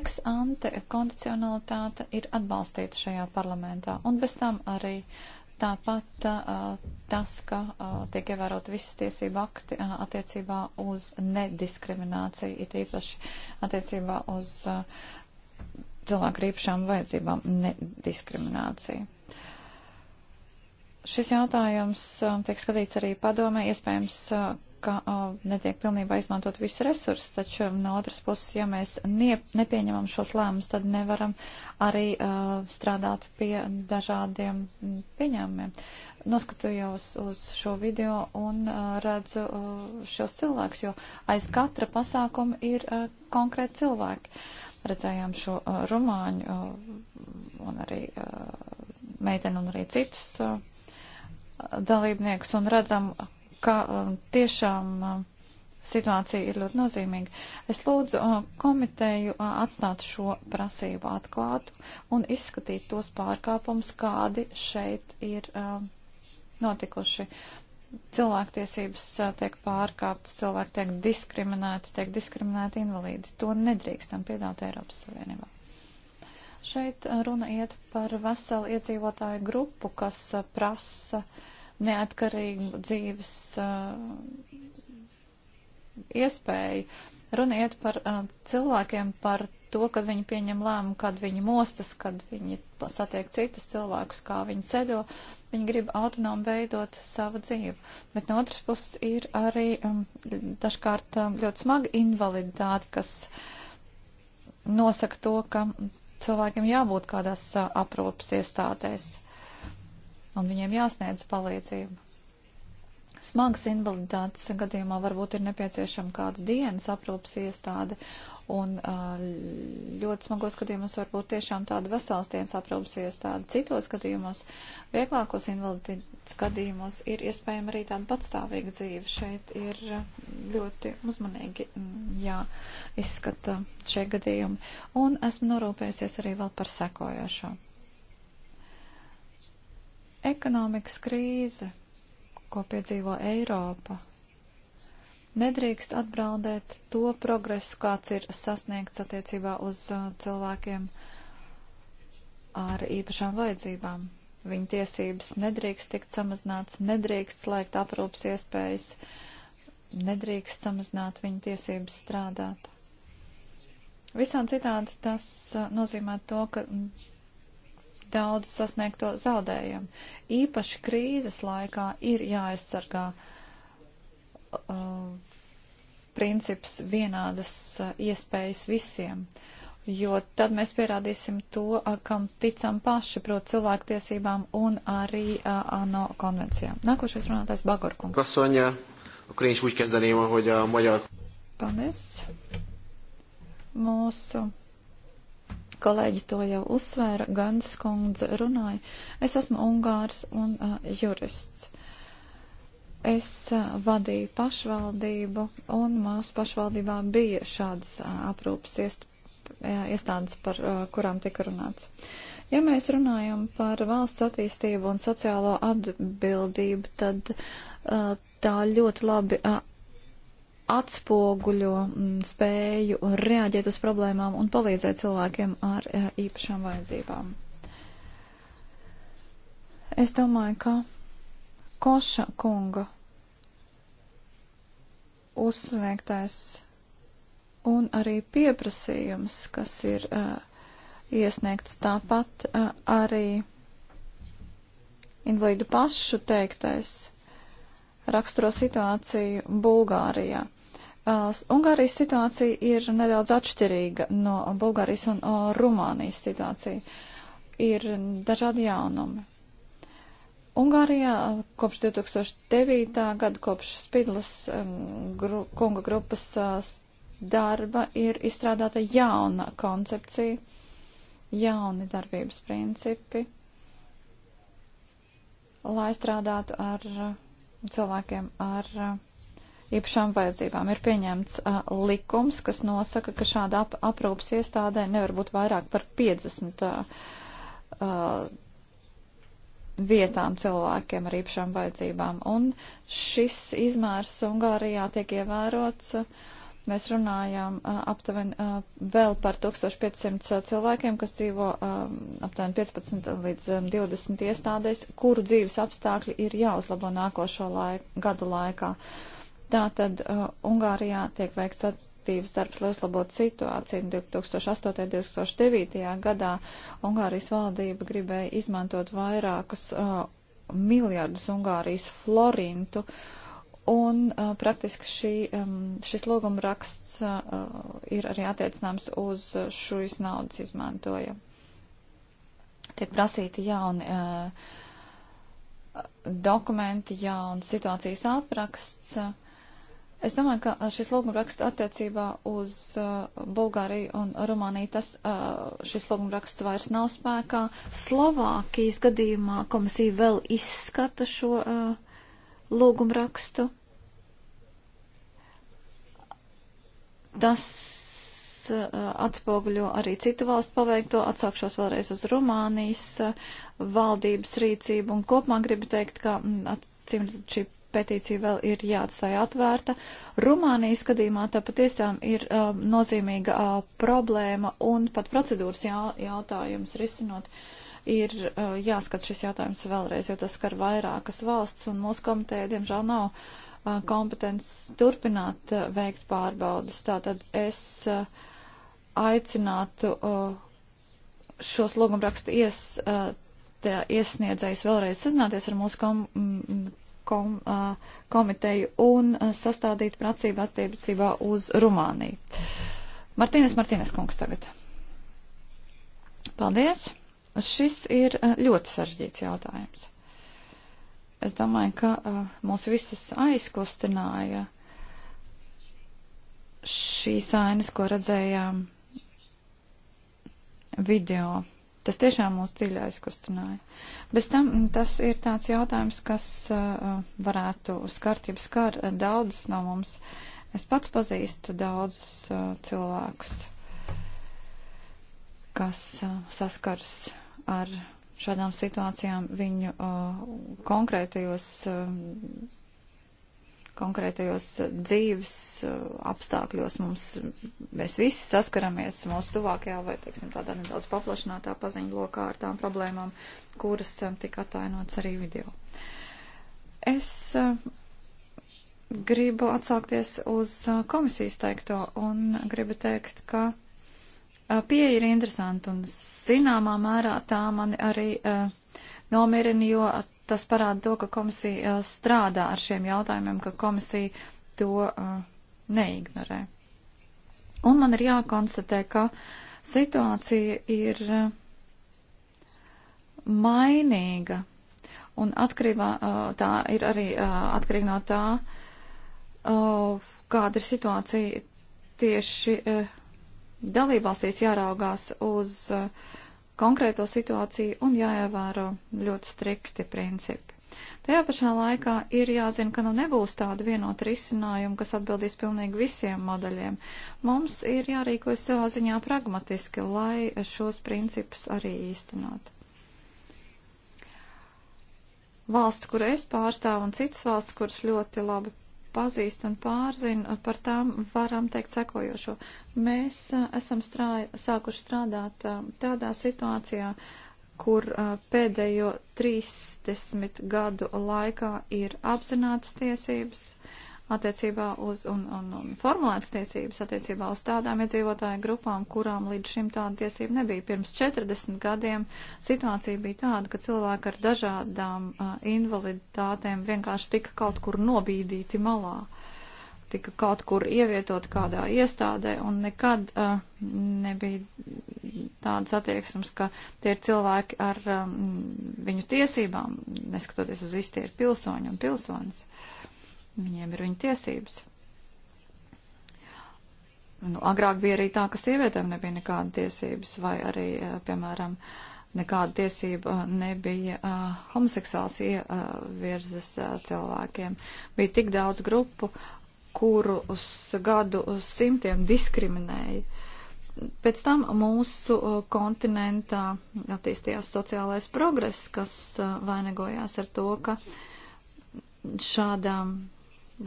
Ex ante kondicionalitāte ir atbalstīta šajā parlamentā un bez tam arī. Uh, Tāpat tas, ka tiek ievērot visas tiesība akti attiecībā uz nediskrimināciju, it īpaši attiecībā uz cilvēku rīpšām vajadzībām nediskrimināciju. Šis jautājums tiek skatīts arī padomē, iespējams, ka uh, netiek pilnībā izmantot visi resursi, taču no otras puses, ja mēs nie, nepieņemam šos lēmumus, tad nevaram arī uh, strādāt pie dažādiem pieņēmumiem. Noskatījos uz šo video un uh, redzu uh, šos cilvēkus, jo aiz katra pasākuma ir uh, konkrēti cilvēki. Redzējām šo uh, rumāņu uh, un arī uh, meiteni un arī citus. Uh, dalībniekus un redzam, ka uh, tiešām uh, situācija ir ļoti nozīmīga. Es lūdzu uh, komiteju atstāt šo prasību atklātu un izskatīt tos pārkāpumus, kādi šeit ir notikuši. Cilvēktiesības tiek pārkāptas, cilvēki tiek diskriminēti, tiek diskriminēti invalīdi. To nedrīkstam pieļaut Eiropas Savienībā. Šeit runa iet par veselu iedzīvotāju grupu, kas prasa uh, neatkarīgu dzīves uh, iespēju. Runa iet par uh, cilvēkiem, par to, kad viņi pieņem lēmumu, kad viņi mostas, kad viņi satiek citus cilvēkus, kā viņi ceļo. Viņi grib autonomi veidot savu dzīvi. Bet no otras puses ir arī um, dažkārt um, ļoti smaga invaliditāte, kas nosaka to, ka cilvēkiem jābūt kādās uh, aprūpas iestādēs un viņiem jāsniedz palīdzība. Smagas invaliditātes gadījumā varbūt ir nepieciešama kāda dienas aprūpas iestāde, un ļoti smagos gadījumos varbūt tiešām tāda vesels dienas aprūpas iestāde. Citos gadījumos, vieglākos invaliditātes gadījumos, ir iespējama arī tāda patstāvīga dzīve. Šeit ir ļoti uzmanīgi jāizskata šie gadījumi, un esmu norūpējusies arī vēl par sekojošo. Ekonomikas krīze, ko piedzīvo Eiropa, nedrīkst atbraudēt to progresu, kāds ir sasniegts attiecībā uz uh, cilvēkiem ar īpašām vajadzībām. Viņa tiesības nedrīkst tikt samazināts, nedrīkst slēgt aprūpas iespējas, nedrīkst samazināt viņa tiesības strādāt. Visām citādi tas uh, nozīmē to, ka daudz sasniegto zaudējumu. Īpaši krīzes laikā ir jāaizsargā uh, princips vienādas uh, iespējas visiem, jo tad mēs pierādīsim to, uh, kam ticam paši, proti cilvēktiesībām un arī uh, ANO konvencijām. Nākošais runātājs Bagorkungs. Kasoņa, akkor én is úgy kezdeném, ahogy a magyar... Paldies. Mūsu kolēģi to jau uzsvēra, Gandas kundze runāja. Es esmu Ungārs un uh, jurists. Es uh, vadīju pašvaldību un mūsu pašvaldībā bija šādas uh, aprūpas iest, uh, iestādes, par uh, kurām tika runāts. Ja mēs runājam par valsts attīstību un sociālo atbildību, tad uh, tā ļoti labi uh, atspoguļo mm, spēju reaģēt uz problēmām un palīdzēt cilvēkiem ar eh, īpašām vajadzībām. Es domāju, ka Koša kunga uzsniegtais un arī pieprasījums, kas ir uh, iesniegts tāpat uh, arī invalīdu pašu teiktais raksturo situāciju Bulgārijā. Ungārijas situācija ir nedaudz atšķirīga no Bulgārijas un Rumānijas situācija. Ir dažādi jaunumi. Ungārijā kopš 2009. gada, kopš Spidlas um, gru, kunga grupas uh, darba, ir izstrādāta jauna koncepcija, jauni darbības principi, lai strādātu ar uh, cilvēkiem ar uh, īpašām vajadzībām. Ir pieņemts uh, likums, kas nosaka, ka šāda ap aprūpas iestādē nevar būt vairāk par 50 uh, uh, vietām cilvēkiem ar īpašām vajadzībām. Un šis izmērs Ungārijā tiek ievērots. Mēs runājām aptuveni vēl par 1500 cilvēkiem, kas dzīvo aptuveni 15 līdz 20 iestādēs, kuru dzīves apstākļi ir jāuzlabo nākošo laik, gadu laikā. Uh, Tātad uh, Ungārijā tiek veikts aktīvs darbs, lai uzlabotu situāciju. 2008. un 2009. gadā Ungārijas valdība gribēja izmantot vairākus uh, miljardus Ungārijas florintu. Un uh, praktiski šī, um, šis lūguma raksts uh, uh, ir arī attiecināms uz uh, šīs naudas izmantojumu. Tiek prasīti jauni. Uh, dokumenti, jauns situācijas apraksts, uh, Es domāju, ka uh, šis lūgumraksts attiecībā uz uh, Bulgāriju un Rumāniju, tas, uh, šis lūgumraksts vairs nav spēkā. Slovākijas gadījumā komisija vēl izskata šo uh, lūgumrakstu. Tas uh, atspoguļo arī citu valstu paveikto. Atsākšos vēlreiz uz Rumānijas uh, valdības rīcību un kopumā gribu teikt, ka mm, atcīm šī petīcija vēl ir jāatstāja atvērta. Rumānijas skatījumā tā patiešām ir uh, nozīmīga uh, problēma un pat procedūras jā, jautājums risinot ir uh, jāskat šis jautājums vēlreiz, jo tas skar vairākas valsts un mūsu komiteja, diemžēl, nav uh, kompetences turpināt uh, veikt pārbaudas. Tātad es uh, aicinātu uh, šos logumrakstu ies. Uh, iesniedzējs vēlreiz sazināties ar mūsu kom, kom, uh, komiteju un uh, sastādīt pracību attiecībā uz Rumāniju. Martīnes Martīnes kungs tagad. Paldies. Šis ir uh, ļoti sarežģīts jautājums. Es domāju, ka uh, mūs visus aizkustināja šīs ainas, ko redzējām video. Tas tiešām mūs dziļi aizkustināja. Bez tam mm, tas ir tāds jautājums, kas uh, uh varētu skart, ja skar uh, daudzus no mums. Es pats pazīstu daudzus uh, cilvēkus, kas uh, saskars ar šādām situācijām viņu uh, konkrētajos, um, uh, konkrētajos dzīves uh, apstākļos. Mums, mēs visi saskaramies mūsu tuvākajā vai, teiksim, tādā nedaudz paplašinātā paziņu lokā ar tām problēmām, kuras um, tika atainots arī video. Es um, gribu atsaukties uz uh, komisijas teikto un gribu teikt, ka uh, pieeja ir interesanta un zināmā mērā tā mani arī uh, nomierina, jo tas parāda to, ka komisija strādā ar šiem jautājumiem, ka komisija to neignorē. Un man ir jākonstatē, ka situācija ir mainīga. Un atkarībā, uh, tā ir arī uh, atkarīga no tā, uh, kāda ir situācija tieši dalībvalstīs jāraugās uz konkrēto situāciju un jāievēro ļoti strikti principi. Tajā pašā laikā ir jāzina, ka nu nebūs tāda vienota risinājuma, kas atbildīs pilnīgi visiem modeļiem. Mums ir jārīkojas savā ziņā pragmatiski, lai šos principus arī īstenot valsts, kur es pārstāvu, un citas valsts, kuras ļoti labi pazīst un pārzina, par tām varam teikt sekojošo. Mēs a, esam strāj, sākuši strādāt a, tādā situācijā, kur a, pēdējo 30 gadu laikā ir apzinātas tiesības, uh, attiecībā uz un, un, un formulētas tiesības attiecībā uz tādām iedzīvotāju grupām, kurām līdz šim tāda tiesība nebija. Pirms 40 gadiem situācija bija tāda, ka cilvēki ar dažādām uh, invaliditātēm vienkārši tika kaut kur nobīdīti malā. Uh, tika kaut kur ievietot kādā iestādē, un nekad uh, nebija tādas attieksmes, ka tie ir cilvēki ar um, viņu tiesībām, neskatoties uz visu, tie ir pilsoņi un pilsonis. Uh, Viņiem ir viņa tiesības. Nu, agrāk bija arī tā, ka sievietēm nebija nekāda tiesības, vai arī, eh, piemēram, nekāda tiesība eh, nebija uh, homoseksuāls ievirzes uh, cilvēkiem. Bija tik daudz grupu, kurus gadu simtiem diskriminēja. Pēc tam mūsu uh, kontinentā attīstījās sociālais progress, kas uh, vainagojās ar to, ka šādām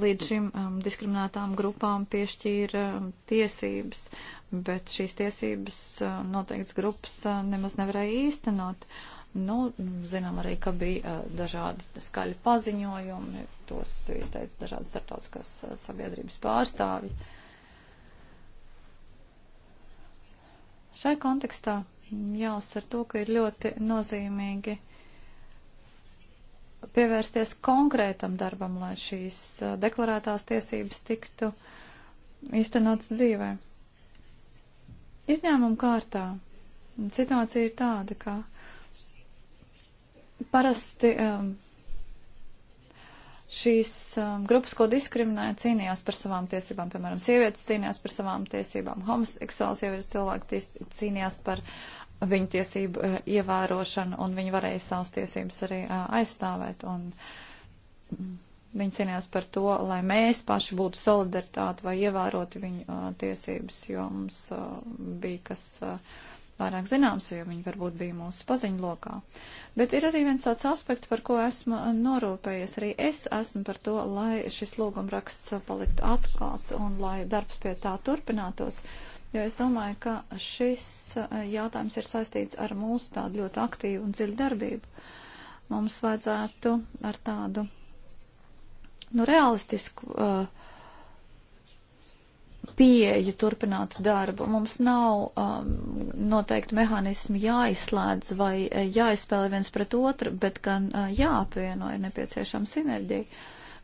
līdz šim um, diskriminētām grupām piešķīra um, tiesības, bet šīs tiesības uh, noteikts grupas uh, nemaz nevarēja īstenot. Nu, zinām arī, ka bija uh, dažādi skaļi paziņojumi, tos izteica dažādas starptautiskās uh, sabiedrības pārstāvji. Šai kontekstā jāuzsver to, ka ir ļoti nozīmīgi uh, pievērsties konkrētam darbam, lai šīs uh, deklarētās tiesības tiktu īstenotas dzīvē. Izņēmuma kārtā situācija ir tāda, ka parasti um, šīs um, grupas, ko diskriminēja, cīnījās par savām tiesībām. Piemēram, sievietes cīnījās par savām tiesībām, homoseksuāls sievietes cilvēki cīnījās par viņu tiesību eh, ievērošanu, un viņi varēja savas tiesības arī eh, aizstāvēt. Un mm, viņi cīnījās par to, lai mēs paši būtu solidaritāti vai ievēroti viņu eh, tiesības, jo mums bija kas vairāk zināms, jo viņi varbūt bija mūsu paziņlokā. Bet ir arī viens tāds aspekts, par ko esmu norūpējies. Arī es esmu par to, lai šis lūgumraksts paliktu atklāts un lai darbs pie tā turpinātos. Uh, jo es domāju, ka šis eh, jautājums ir saistīts ar mūsu tādu ļoti aktīvu un dziļu darbību. Mums vajadzētu ar tādu nu, realistisku uh, pieeju turpinātu darbu. Mums nav um, noteikti mehānismi jāizslēdz vai jāizspēlē viens pret otru, bet gan uh, jāapvieno ir nepieciešama sinerģija.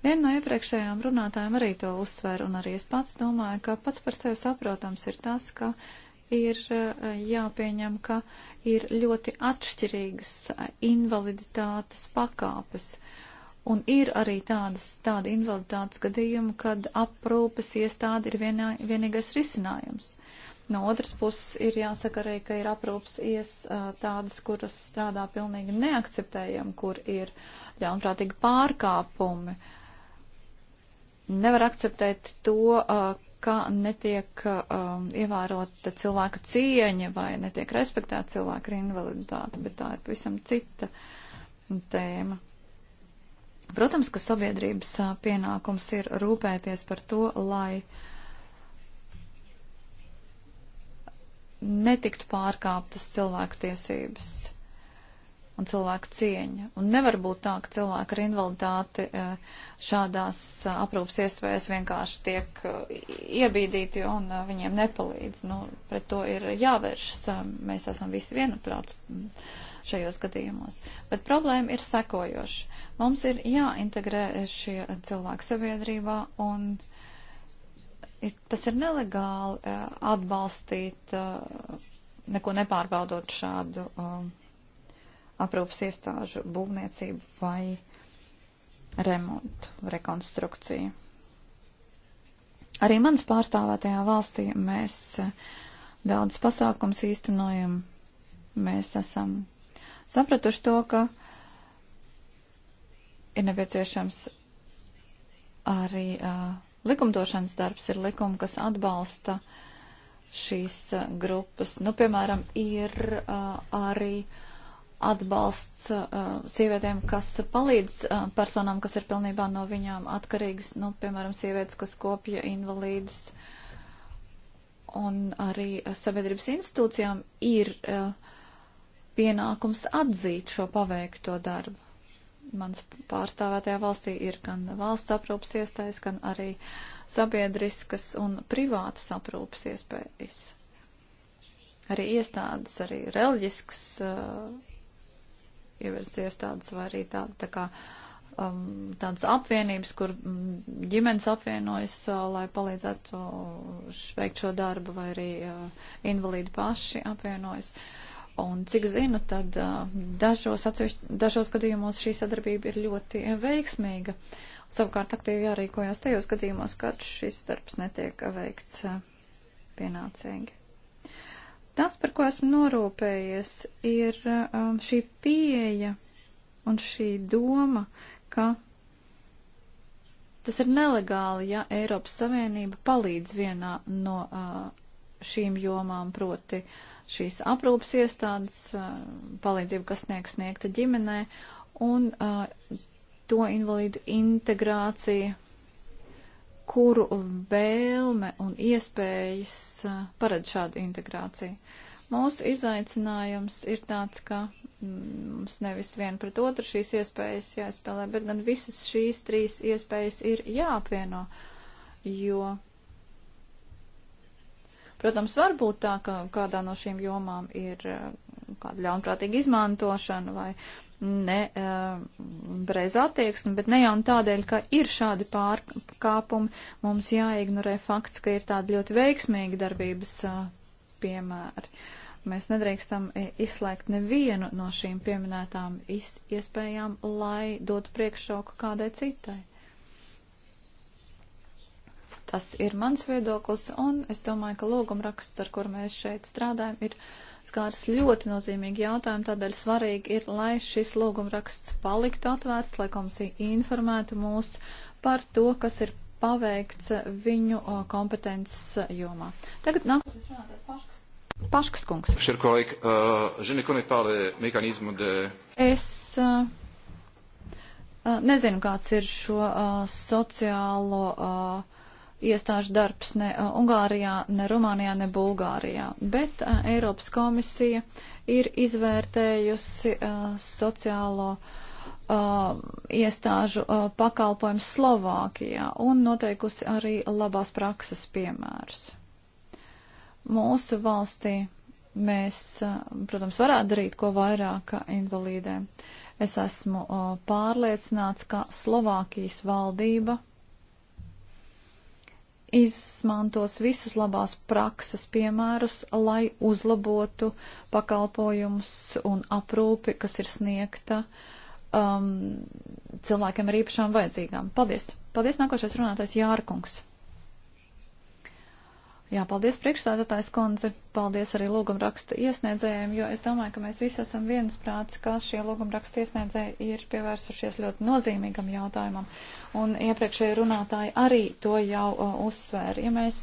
Viena no iepriekšējām runātājiem arī to uzsver, un arī es pats domāju, ka pats par sevi saprotams ir tas, ka ir eh, jāpieņem, ka ir ļoti atšķirīgas eh, invaliditātes pakāpes. Un ir arī tādas, tāda invaliditātes gadījuma, kad aprūpes iestāde ir vienā, vienīgais risinājums. No otras puses ir jāsaka arī, ka ir aprūpas iestādes, eh, kuras strādā pilnīgi neakceptējami, kur ir ļaunprātīgi pārkāpumi. Uh, Nevar akceptēt to, ka netiek ievērota cilvēka cieņa vai netiek respektēta cilvēka invaliditāte, bet tā ir pavisam cita tēma. Protams, ka sabiedrības pienākums ir rūpēties par to, lai netiktu pārkāptas cilvēku tiesības un cilvēku cieņu. Un nevar būt tā, ka cilvēki ar invaliditāti e, šādās e, aprūpas iespējas vienkārši tiek e, iebīdīti un viņiem nepalīdz. Nu, pret to ir jāvēršas. Mēs esam visi vienuprāts šajos gadījumos. Bet problēma ir sekojoša. Mums ir jāintegrē šie cilvēki sabiedrībā un ir, tas ir nelegāli atbalstīt, neko nepārbaudot šādu. Um, aprūpas iestāžu būvniecību vai remontu, rekonstrukciju. Arī mans pārstāvētajā valstī mēs eh, daudz pasākums īstenojam. Mēs esam sapratuši to, ka ir nepieciešams arī uh, likumdošanas darbs, ir likumi, kas atbalsta šīs uh, grupas. Nu, piemēram, ir uh, arī uh, atbalsts uh, sievietēm, kas palīdz uh, personām, kas ir pilnībā no viņām atkarīgas, nu, piemēram, sievietes, kas kopja invalīdus. Un arī uh, sabiedrības institūcijām ir uh, pienākums atzīt šo paveikto darbu. Mans pārstāvētajā valstī ir gan valsts aprūpas iestājas, gan arī sabiedriskas un privātas aprūpas iespējas. Arī iestādes, arī reliģisks uh, ievirs iestādes vai arī tāda tā kā um, tādas apvienības, kur mm, ģimenes apvienojas, uh, lai palīdzētu uh, veikt šo darbu, vai arī uh, invalīdi paši apvienojas. Un cik zinu, tad uh, dažos, atsevišķi, dažos gadījumos šī sadarbība ir ļoti veiksmīga. Savukārt aktīvi jārīkojas tajos gadījumos, kad šis darbs netiek veikts uh, pienācīgi. Tas, par ko esmu norūpējies, ir um, šī pieeja un šī doma, ka tas ir nelegāli, ja Eiropas Savienība palīdz vienā no uh, šīm jomām, proti šīs aprūpas iestādes, uh, palīdzību, kas sniegs sniegta ģimenē, un uh, to invalīdu integrācija kuru vēlme un iespējas paredz šādu integrāciju. Mūsu izaicinājums ir tāds, ka mm, mums nevis vien pret otru šīs iespējas jāspēlē, bet gan visas šīs trīs iespējas ir jāapvieno, jo, protams, var būt tā, ka kādā no šīm jomām ir kāda ļaunprātīga izmantošana vai ne reiz attieksmi, bet ne jau tādēļ, ka ir šādi pārkāpumi, mums jāignorē fakts, ka ir tādi ļoti veiksmīgi darbības piemēri. Mēs nedrīkstam izslēgt nevienu no šīm pieminētām iespējām, lai dotu priekšroku kādai citai. Tas ir mans viedoklis, un es domāju, ka lūgumraksts, ar kur mēs šeit strādājam, ir skārs ļoti nozīmīgi jautājumi, tādēļ svarīgi ir, lai šis lūgumraksts paliktu atvērts, lai komisija informētu mūs par to, kas ir paveikts viņu kompetences jomā. Tagad nākamais runātais paškas. Paškas kungs. Šerkolīgi, je ne connais pas le mécanisme de... Es uh, nezinu, kāds ir šo uh, sociālo uh, iestāžu darbs ne Ungārijā, ne Rumānijā, ne Bulgārijā. Bet uh, Eiropas komisija ir izvērtējusi uh, sociālo uh, iestāžu uh, pakalpojumu Slovākijā un noteikusi arī labās prakses piemērus. Mūsu valstī mēs, uh, protams, varētu darīt ko vairāk invalīdēm. Es esmu uh, pārliecināts, ka Slovākijas valdība izmantos visus labās prakses piemērus, lai uzlabotu pakalpojumus un aprūpi, kas ir sniegta um, cilvēkiem ar īpašām vajadzībām. Paldies! Paldies, nākošais runātais Jārkungs! Jā, paldies priekšstādātājs kundze, paldies arī lūgumraksta iesniedzējiem, jo es domāju, ka mēs visi esam viensprāts, ka šie lūgumraksta iesniedzēji ir pievērsušies ļoti nozīmīgam jautājumam. Un iepriekšēji runātāji arī to jau uh, uzsvēra. Ja mēs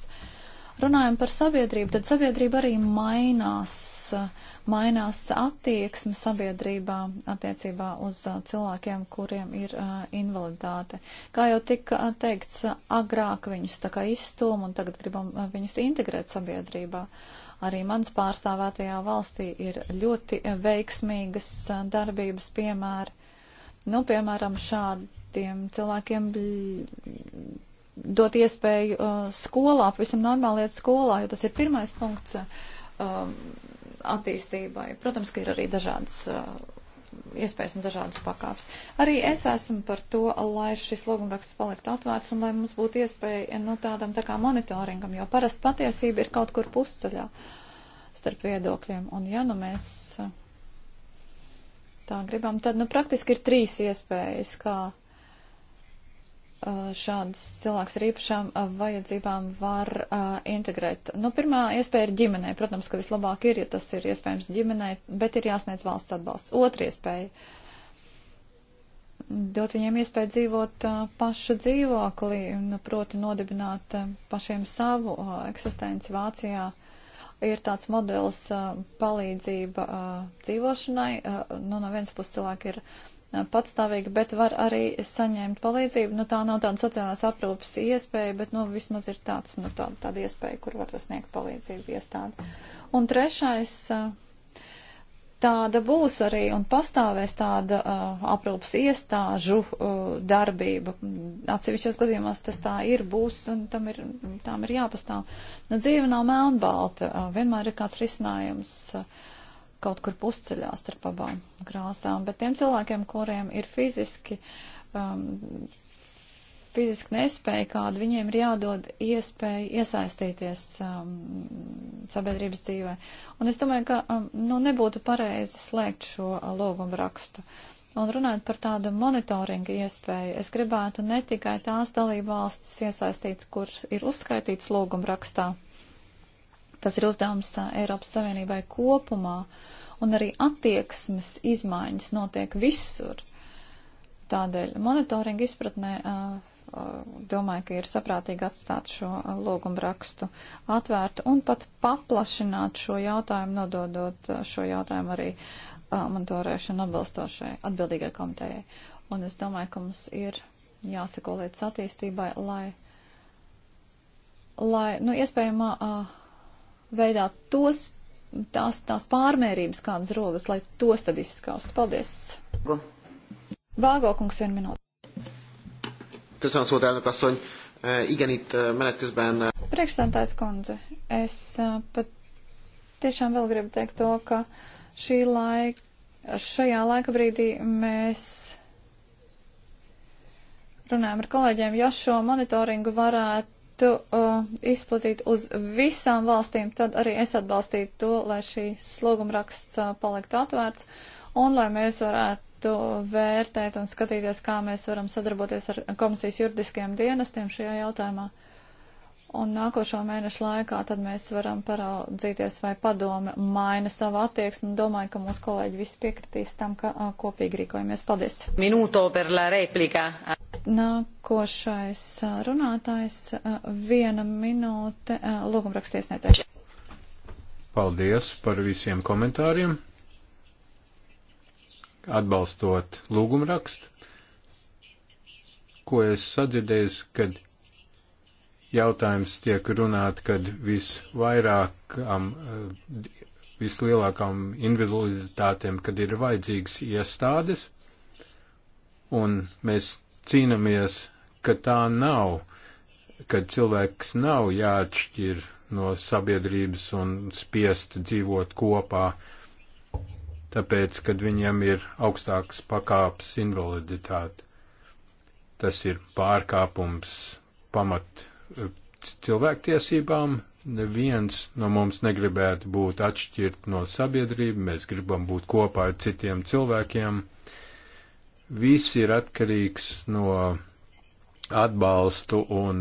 runājam par sabiedrību, tad sabiedrība arī mainās. Uh, mainās attieksme sabiedrībā attiecībā uz cilvēkiem, kuriem ir invaliditāte. Kā jau tika teikts, agrāk viņus tā kā izstūm un tagad gribam viņus integrēt sabiedrībā. Arī mans pārstāvētajā valstī ir ļoti veiksmīgas darbības piemēri. Nu, piemēram, šādiem cilvēkiem dot iespēju uh, skolā, pavisam normāli iet skolā, jo tas ir pirmais punkts. Uh, attīstībai. Protams, ka ir arī dažādas uh, iespējas un dažādas pakāpes. Arī es esmu par to, lai šis lūgumraksts paliktu atvērts un lai mums būtu iespēja eh, no nu, tādam tā kā monitoringam, jo parasti patiesība ir kaut kur pusceļā starp viedokļiem. Un ja nu mēs uh, tā gribam, tad nu praktiski ir trīs iespējas, kā Uh, šādus cilvēkus ar īpašām uh, vajadzībām var uh, integrēt. Nu, pirmā iespēja ir ģimenei. Protams, ka vislabāk ir, ja tas ir iespējams ģimenei, bet ir jāsniedz valsts atbalsts. Otra iespēja - dot viņiem iespēju dzīvot pašu dzīvoklī, nu, proti nodibināt pašiem savu eksistenci Vācijā. Ir tāds modelis palīdzība dzīvošanai. Nu, no vienas puses cilvēki ir patstāvīgi, bet var arī saņemt palīdzību. Nu, tā nav tāda sociālās aprūpas iespēja, bet, nu, vismaz ir tāds, nu, tāda, tāda iespēja, kur var sniegt palīdzību iestādi. Un trešais, tāda būs arī un pastāvēs tāda uh, aprūpas iestāžu uh, darbība. Atsevišķos gadījumos tas tā ir, būs, un tam ir, tām ir jāpastāv. Nu, dzīve nav melnbalta, uh, vienmēr ir kāds risinājums. Uh, kaut kur pusceļā starp abām krāsām, bet tiem cilvēkiem, kuriem ir fiziski, um, fiziski nespēja kādu, viņiem ir jādod iespēja iesaistīties um, sabiedrības dzīvē. Un es domāju, ka um, nu, nebūtu pareizi slēgt šo uh, logumu rakstu. Un runājot par tādu monitoringa iespēju, es gribētu ne tikai tās dalībvalstis iesaistīt, kuras ir uzskaitīts lūguma rakstā, Tas ir uzdevums Eiropas Savienībai kopumā, un arī attieksmes izmaiņas notiek visur. Tādēļ monitoringa izpratnē domāju, ka ir saprātīgi atstāt šo lūgumu rakstu atvērtu un pat paplašināt šo jautājumu, nododot šo jautājumu arī monitorēšanu atbilstošai atbildīgai komitejai. Un es domāju, ka mums ir jāseko lietas attīstībai, lai, lai nu, iespējamā. Uh, veidā tos, tās, tās pārmērības kādas rodas, lai tos tad izskaustu. Paldies! Vágó kungs, vienu minūti. Köszönöm szót, elnök asszony. E, igen, itt e, menet közben. E, Priekšstādājs kundze, es pat tiešām vēl gribu teikt to, ka šī laika, šajā laika brīdī mēs runājam ar kolēģiem, ja šo monitoringu varētu tiktu uh, izplatīta uz visām valstīm, tad arī es atbalstītu to, lai šī slogumraksts uh, paliktu atvērts un lai mēs varētu vērtēt un skatīties, kā mēs varam sadarboties ar komisijas juridiskajiem dienestiem šajā jautājumā. Uh, Un nākošo mēnešu laikā tad mēs varam paraudzīties, vai padome maina savu attieksmi. Domāju, ka mūsu kolēģi visi piekritīs tam, ka a, kopīgi rīkojamies. Paldies. Minūto per la replika. Nākošais runātājs a, viena minūte lūgumrakstiesniedzēš. Paldies par visiem komentāriem. Atbalstot lūgumrakstu, ko es sadzirdēju, kad jautājums tiek runāt, kad visvairākam, eh, vislielākam individualitātēm, kad ir vajadzīgas iestādes, un mēs cīnāmies, ka tā nav, kad cilvēks nav jāatšķir no sabiedrības un spiest dzīvot kopā, tāpēc, kad viņam ir augstāks pakāps invaliditāte. Tas ir pārkāpums pamat cilvēktiesībām. Neviens no mums negribētu būt atšķirt no sabiedrība, mēs gribam būt kopā ar citiem cilvēkiem. Viss ir atkarīgs no atbalstu un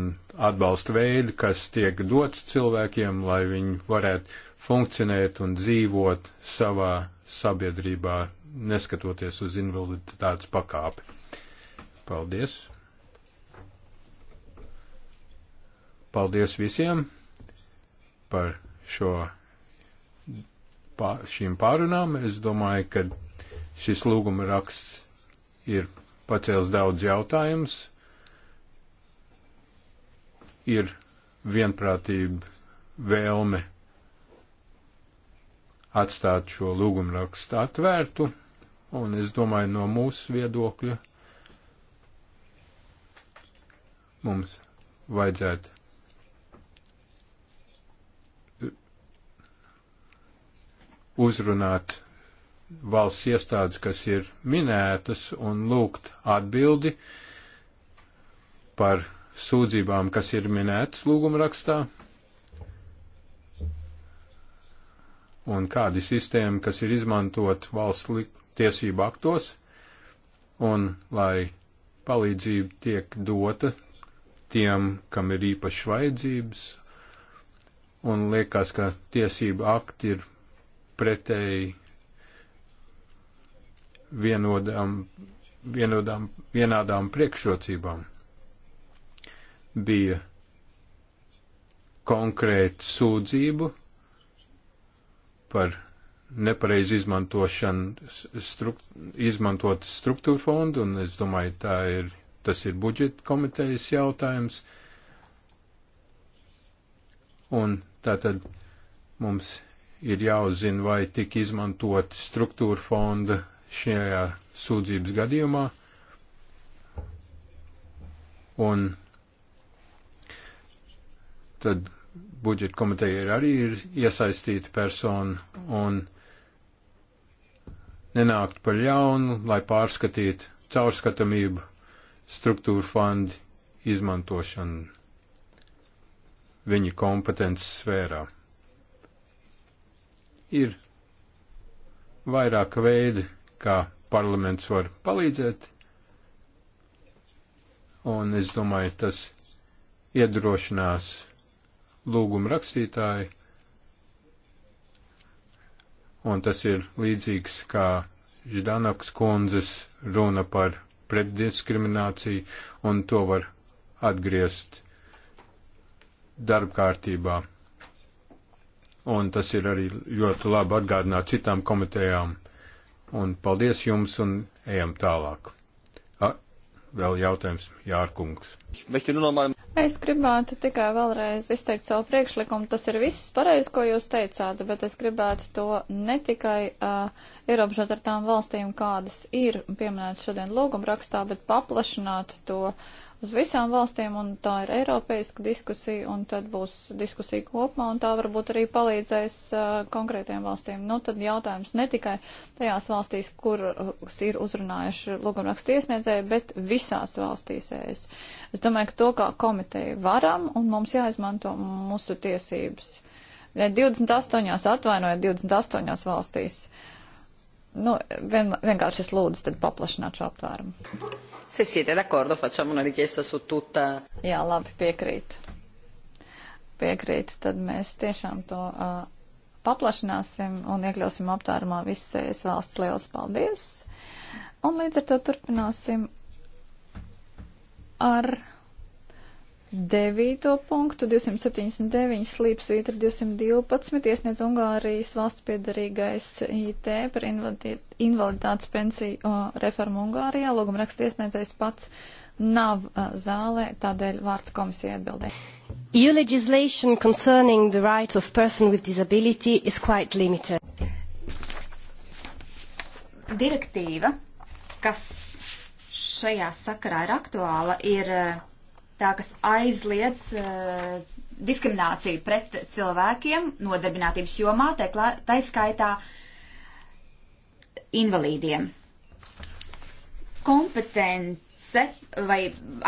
atbalsta veidu, kas tiek dots cilvēkiem, lai viņi varētu funkcionēt un dzīvot savā sabiedrībā, neskatoties uz invaliditātes pakāpi. Paldies! Paldies visiem par šo, pār, šīm pārunām. Es domāju, ka šis lūguma raksts ir pacēls daudz jautājums. Ir vienprātība, vēlme atstāt šo lūgumrakstu atvērtu, un es domāju, no mūsu viedokļa mums vajadzētu uzrunāt valsts iestādes, kas ir minētas, un lūgt atbildi par sūdzībām, kas ir minētas lūgumrakstā, un kāda sistēma, kas ir izmantot valsts tiesību aktos, un lai palīdzība tiek dota tiem, kam ir īpašas vajadzības, un liekas, ka tiesība akti ir pretēji vienodām, vienodām, vienādām priekšrocībām. Bija konkrēta sūdzību par nepareizi izmantošanu, struk, izmantot struktūra fondu, un es domāju, tā ir, tas ir budžeta komitejas jautājums. Un tātad mums ir jāuzzina, vai tik izmantot struktūra fonda šajā sūdzības gadījumā. Un tad budžeta komiteja ir arī ir iesaistīta persona un nenākt par ļaunu, lai pārskatītu caurskatamību struktūra fondu izmantošanu viņa kompetences sfērā. Ir vairāk veidi, kā parlaments var palīdzēt, un es domāju, tas iedrošinās lūgumu rakstītāji, un tas ir līdzīgs kā Ždanakas kundzes runa par pretdiskrimināciju, un to var atgriezt darbkārtībā un tas ir arī ļoti labi atgādināt citām komitejām. Un paldies jums un ejam tālāk. A, vēl jautājums Jārkungs. Es gribētu tikai vēlreiz izteikt savu priekšlikumu. Tas ir viss pareizi, ko jūs teicāt, bet es gribētu to ne tikai uh, ierobežot ar tām valstīm, kādas ir pieminētas šodien lūgumrakstā, bet paplašināt to uh, uz visām valstīm, un tā ir eiropeiska diskusija, un tad būs diskusija kopumā, un tā varbūt arī palīdzēs uh, konkrētiem valstīm. Nu, tad jautājums ne tikai tajās valstīs, kuras uh, ir uzrunājuši lūgumrakstu iesniedzēji, bet visās valstīs es. Es domāju, ka to kā komiteja varam, un mums jāizmanto mūsu tiesības. 28. atvainojiet, 28. valstīs. Uh, nu, vien, vienkārši es lūdzu tad paplašināt šo aptvērumu. Se siete d'accordo, facciamo una richiesta su tutta. Jā, labi, piekrīt. Piekrīt, tad mēs tiešām to uh, paplašināsim un iekļausim aptvērumā visas valsts liels paldies. Un līdz ar to turpināsim ar. 9. punktu 279 slīpsvītra 212 iesniedz Ungārijas valsts piedarīgais IT par invaliditātes pensiju reformu Ungārijā. Lūguma raksta iesniedzējs pats nav zālē, tādēļ vārds komisija atbildē. EU legislation concerning the right of person with disability is quite limited. Direktīva, kas šajā sakarā ir aktuāla, ir tā kas aizliedz uh, diskrimināciju pret cilvēkiem nodarbinātības jomā, tā skaitā invalīdiem. Kompetence vai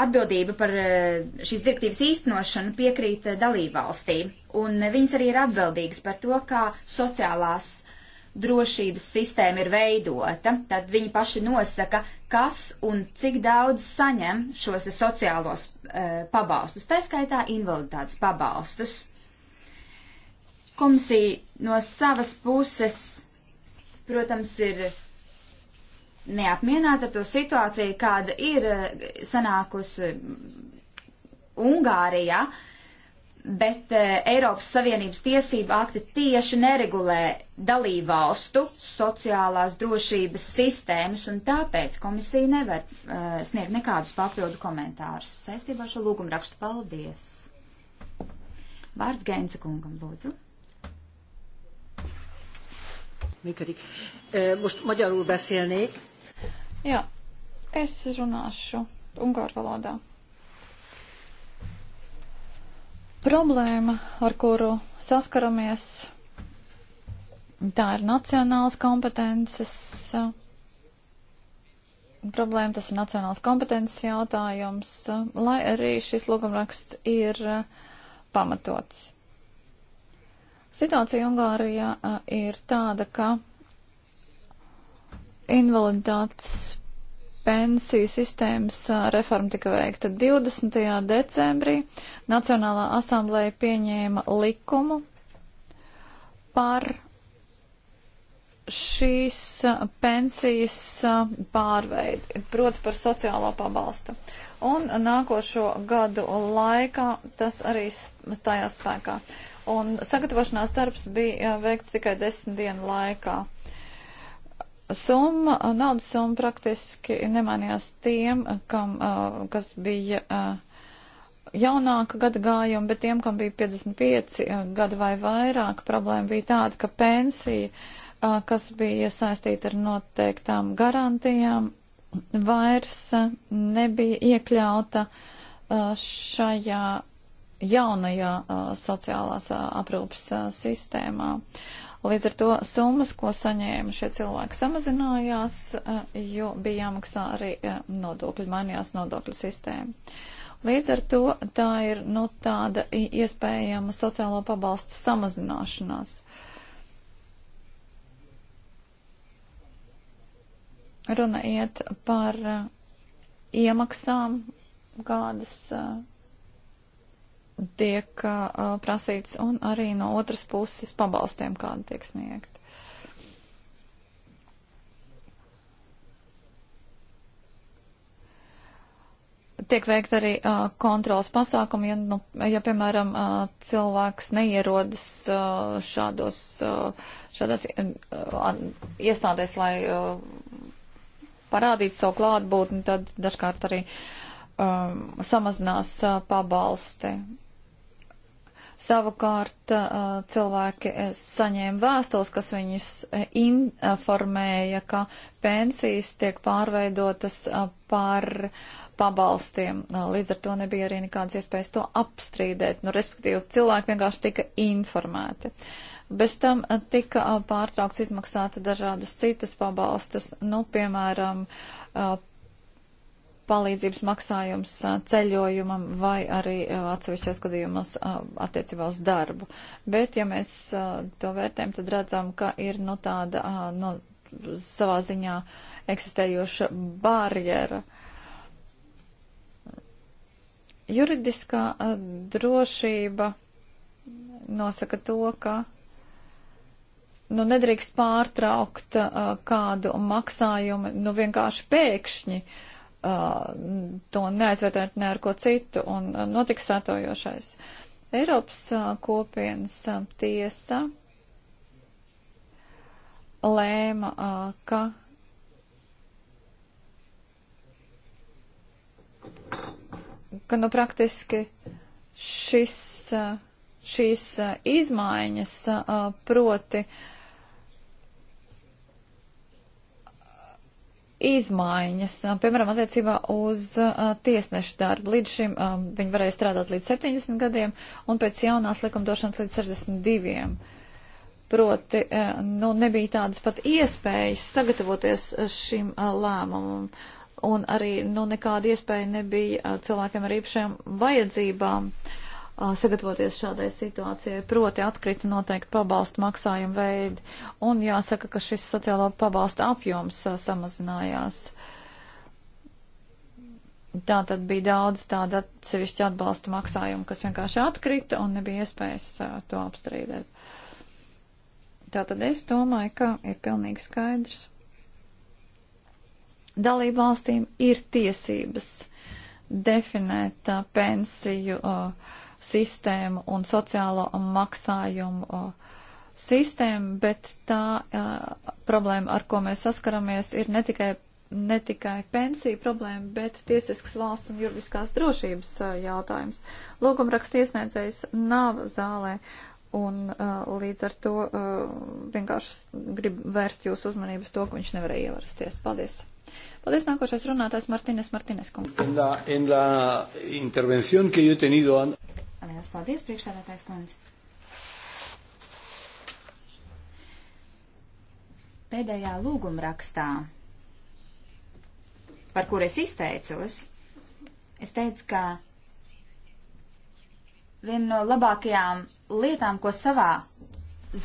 atbildība par eh, šīs direktīvas īstenošanu piekrīt eh, dalībvalstī, un viņas arī ir atbildīgas par to, kā sociālās drošības sistēma ir veidota, tad viņi paši nosaka, kas un cik daudz saņem šos sociālos e, pabalstus, tā skaitā invaliditātes pabalstus. Komisija no savas puses, protams, ir neapmierināta ar to situāciju, kāda ir eh, sanākusi Ungārijā. Uh, bet eh, Eiropas Savienības tiesība akti tieši neregulē dalībvalstu sociālās drošības sistēmas, un tāpēc komisija nevar uh, sniegt nekādus papildu komentārus saistībā ar šo lūgumu rakstu. Paldies! Vārds Gēnce kungam, lūdzu. Működik. Eh, most magyarul beszélnék. Ja, es runāšu ungāru valodā. Problēma, ar kuru saskaramies, tā ir nacionāls kompetences. Eh, problēma tas ir nacionāls kompetences jautājums, eh, lai arī šis lūgumraksts ir eh, pamatots. Situācija Ungārijā ir tāda, ka invaliditātes pensiju sistēmas reforma tika veikta 20. decembrī. Nacionālā asamblēja pieņēma likumu par šīs pensijas pārveidi, proti par sociālo pabalstu. Un nākošo gadu laikā tas arī stājās spēkā. Un sagatavošanās darbs bija veikts tikai desmit dienu laikā summa, naudas summa praktiski nemainījās tiem, kam, kas bija jaunāka gada gājuma, bet tiem, kam bija 55 gadi vai vairāk, problēma bija tāda, ka pensija, kas bija saistīta ar noteiktām garantijām, vairs nebija iekļauta šajā jaunajā sociālās aprūpas sistēmā. Līdz ar to summas, ko saņēma šie cilvēki, samazinājās, eh, jo bija jāmaksā arī eh, nodokļi, mainījās nodokļu sistēma. Līdz ar to tā ir nu, tāda iespējama sociālo pabalstu samazināšanās. Runa iet par eh, iemaksām, kādas tiek uh, prasīts, un arī no otras puses pabalstiem, kādi tiek sniegti. Tiek veikt arī uh, kontrols pasākumi, ja, nu, ja piemēram, uh, cilvēks neierodas uh, šādos, uh, šādās uh, iestādēs, lai uh, parādītu savu klātbūtni, tad dažkārt arī um, samazinās uh, pabalsti Savukārt cilvēki saņēma vēstules, kas viņus informēja, ka pensijas tiek pārveidotas par pabalstiem. Līdz ar to nebija arī nekādas iespējas to apstrīdēt. Nu, respektīvi, cilvēki vienkārši tika informēti. Bez tam tika pārtraukts izmaksāt dažādus citus pabalstus, nu, piemēram, palīdzības maksājums ceļojumam vai arī atsevišķos gadījumos attiecībā uz darbu. Bet, ja mēs to vērtējam, tad redzam, ka ir no nu, tāda no, nu, savā ziņā eksistējoša barjera. Juridiskā drošība nosaka to, ka nu, nedrīkst pārtraukt uh, kādu maksājumu, nu, vienkārši pēkšņi. Uh, Uh, to neaizvietojot ne ar ko citu un uh, notiks satojošais. Eiropas uh, kopienas tiesa lēma, ka ka nu praktiski šis, šīs izmaiņas proti uh, izmaiņas, piemēram, attiecībā uz uh, tiesnešu darbu. Līdz šim um, viņi varēja strādāt līdz 70 gadiem un pēc jaunās likumdošanas līdz 62. Proti, uh, nu, nebija tādas pat iespējas sagatavoties šim uh, lēmumam un arī, nu, nekāda iespēja nebija cilvēkiem ar īpašajām vajadzībām uh, sagatavoties šādai situācijai, proti atkrita noteikti pabalstu maksājumu veidi, un jāsaka, ka šis sociālo pabalstu apjoms samazinājās. Tā tad bija daudz tāda atsevišķa atbalsta maksājuma, kas vienkārši atkrita un nebija iespējas to apstrīdēt. Tātad es domāju, ka ir pilnīgi skaidrs. Dalību valstīm ir tiesības definēt pensiju uh, sistēmu un sociālo maksājumu sistēmu, bet tā uh, problēma, ar ko mēs saskaramies, ir ne tikai, ne tikai pensija problēma, bet tiesisks valsts un juridiskās drošības uh, jautājums. Lūgumraksts iesniedzējs nav zālē. Un uh, līdz ar to uh, vienkārši gribu vērst jūsu uzmanības to, ka viņš nevarēja ievarasties. Paldies! Paldies, nākošais runātājs Martīnes Martīnes kungs. En la, en la intervención que yo he tenido an... Lielas paldies, priekšsēdētājs kundze. Pēdējā lūgumrakstā, par kur es izteicos, es teicu, ka viena no labākajām lietām, ko savā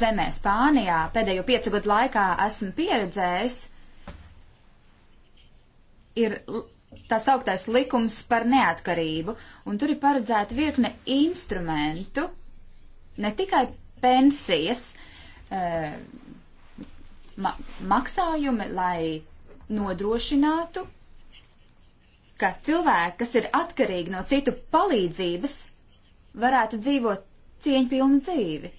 zemē, Spānijā, pēdējo piecu gadu laikā esmu pieredzējis, ir tā sauktais likums par neatkarību, un tur ir paredzēta virkne instrumentu, ne tikai pensijas, eh, ma maksājumi, lai nodrošinātu, ka cilvēki, kas ir atkarīgi no citu palīdzības, varētu dzīvot cieņpilnu dzīvi.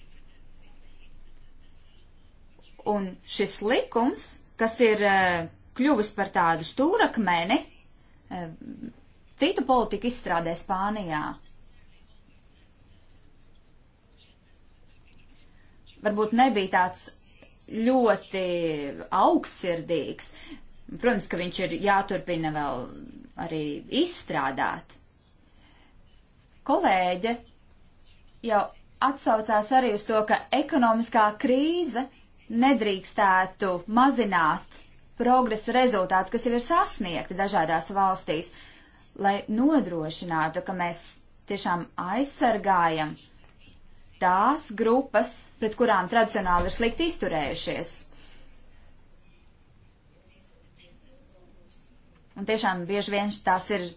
Un šis likums, kas ir eh, kļuvis par tādu stūrakmeni, Eh, citu politiku izstrādē Spānijā. Varbūt nebija tāds ļoti augstsirdīgs. Protams, ka viņš ir jāturpina vēl arī izstrādāt. Kolēģe jau atsaucās arī uz to, ka ekonomiskā krīze nedrīkstētu mazināt progresa rezultāts, kas jau ir sasniegti dažādās valstīs, lai nodrošinātu, ka mēs tiešām aizsargājam tās grupas, pret kurām tradicionāli ir slikti izturējušies. Un tiešām bieži vien tās ir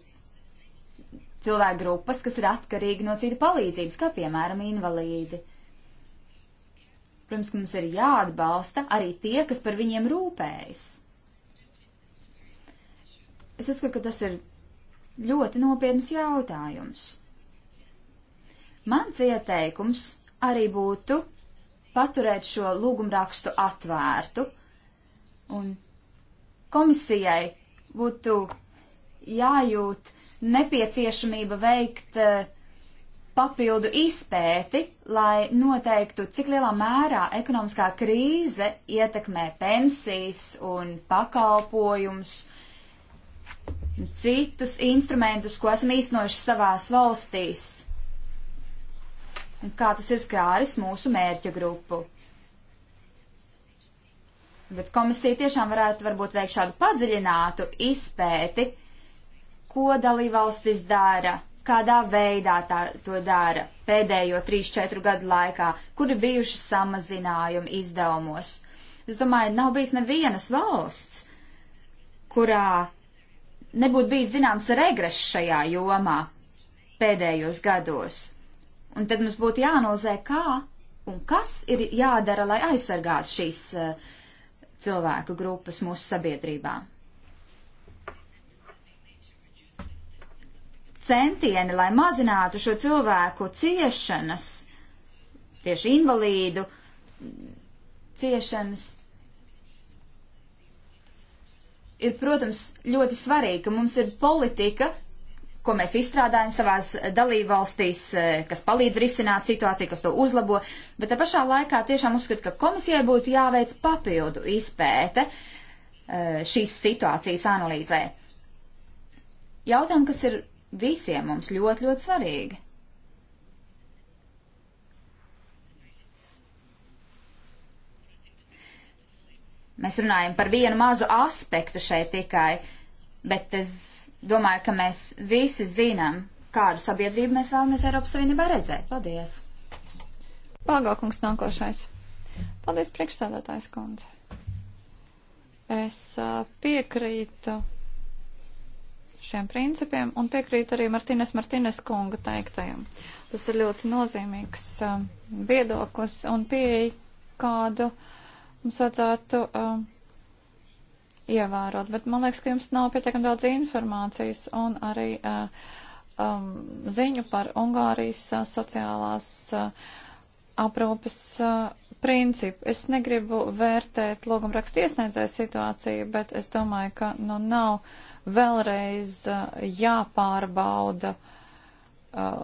cilvēku grupas, kas ir atkarīgi no citu palīdzības, kā piemēram invalīdi. Protams, ka mums ir jāatbalsta arī tie, kas par viņiem rūpējas. Es uzskatu, ka tas ir ļoti nopietnas jautājums. Mans ieteikums arī būtu paturēt šo lūgumrakstu atvērtu, un komisijai būtu jājūt nepieciešamība veikt uh, papildu izpēti, lai noteiktu, cik lielā mērā ekonomiskā krīze ietekmē pensijas un pakalpojumus citus instrumentus, ko esam īstenojuši savās valstīs. Kā tas ir skāris mūsu mērķa grupu. Bet komisija tiešām varētu varbūt veikt šādu padziļinātu izpēti, ko dalībvalstis dara, kādā veidā tā, to dara pēdējo 3-4 gadu laikā, kuri bijuši samazinājumi izdevumos. Es domāju, nav bijis nevienas valsts, kurā nebūtu bijis zināms regress šajā jomā pēdējos gados. Un tad mums būtu jāanalizē, kā un kas ir jādara, lai aizsargātu šīs uh, cilvēku grupas mūsu sabiedrībā. Centieni, lai mazinātu šo cilvēku ciešanas, tieši invalīdu ciešanas, ir, protams, ļoti svarīgi, ka mums ir politika, ko mēs izstrādājam savās dalībvalstīs, eh, kas palīdz risināt situāciju, kas to uzlabo, bet te pašā laikā tiešām uzskatu, ka komisijai būtu jāveic papildu izpēte eh, šīs situācijas analīzē. Jautājumi, kas ir visiem mums ļoti, ļoti svarīgi. Mēs runājam par vienu mazu aspektu šeit tikai, bet es domāju, ka mēs visi zinām, kādu sabiedrību mēs vēlamies Eiropas Savienībā redzēt. Paldies! Pāgākungs nākošais. Paldies, priekšsēdētājs kundze. Es piekrītu šiem principiem un piekrītu arī Martīnes Martīnes kunga teiktajam. Tas ir ļoti nozīmīgs viedoklis un pieeja, kādu uh, mums vajadzētu um, ievērot. Bet man liekas, ka jums nav pietiekami daudz informācijas un arī uh, um, ziņu par Ungārijas uh, sociālās uh, aprūpes uh, principu. Es negribu vērtēt logumrakstu iesniedzēju situāciju, bet es domāju, ka nu nav vēlreiz uh, jāpārbauda uh,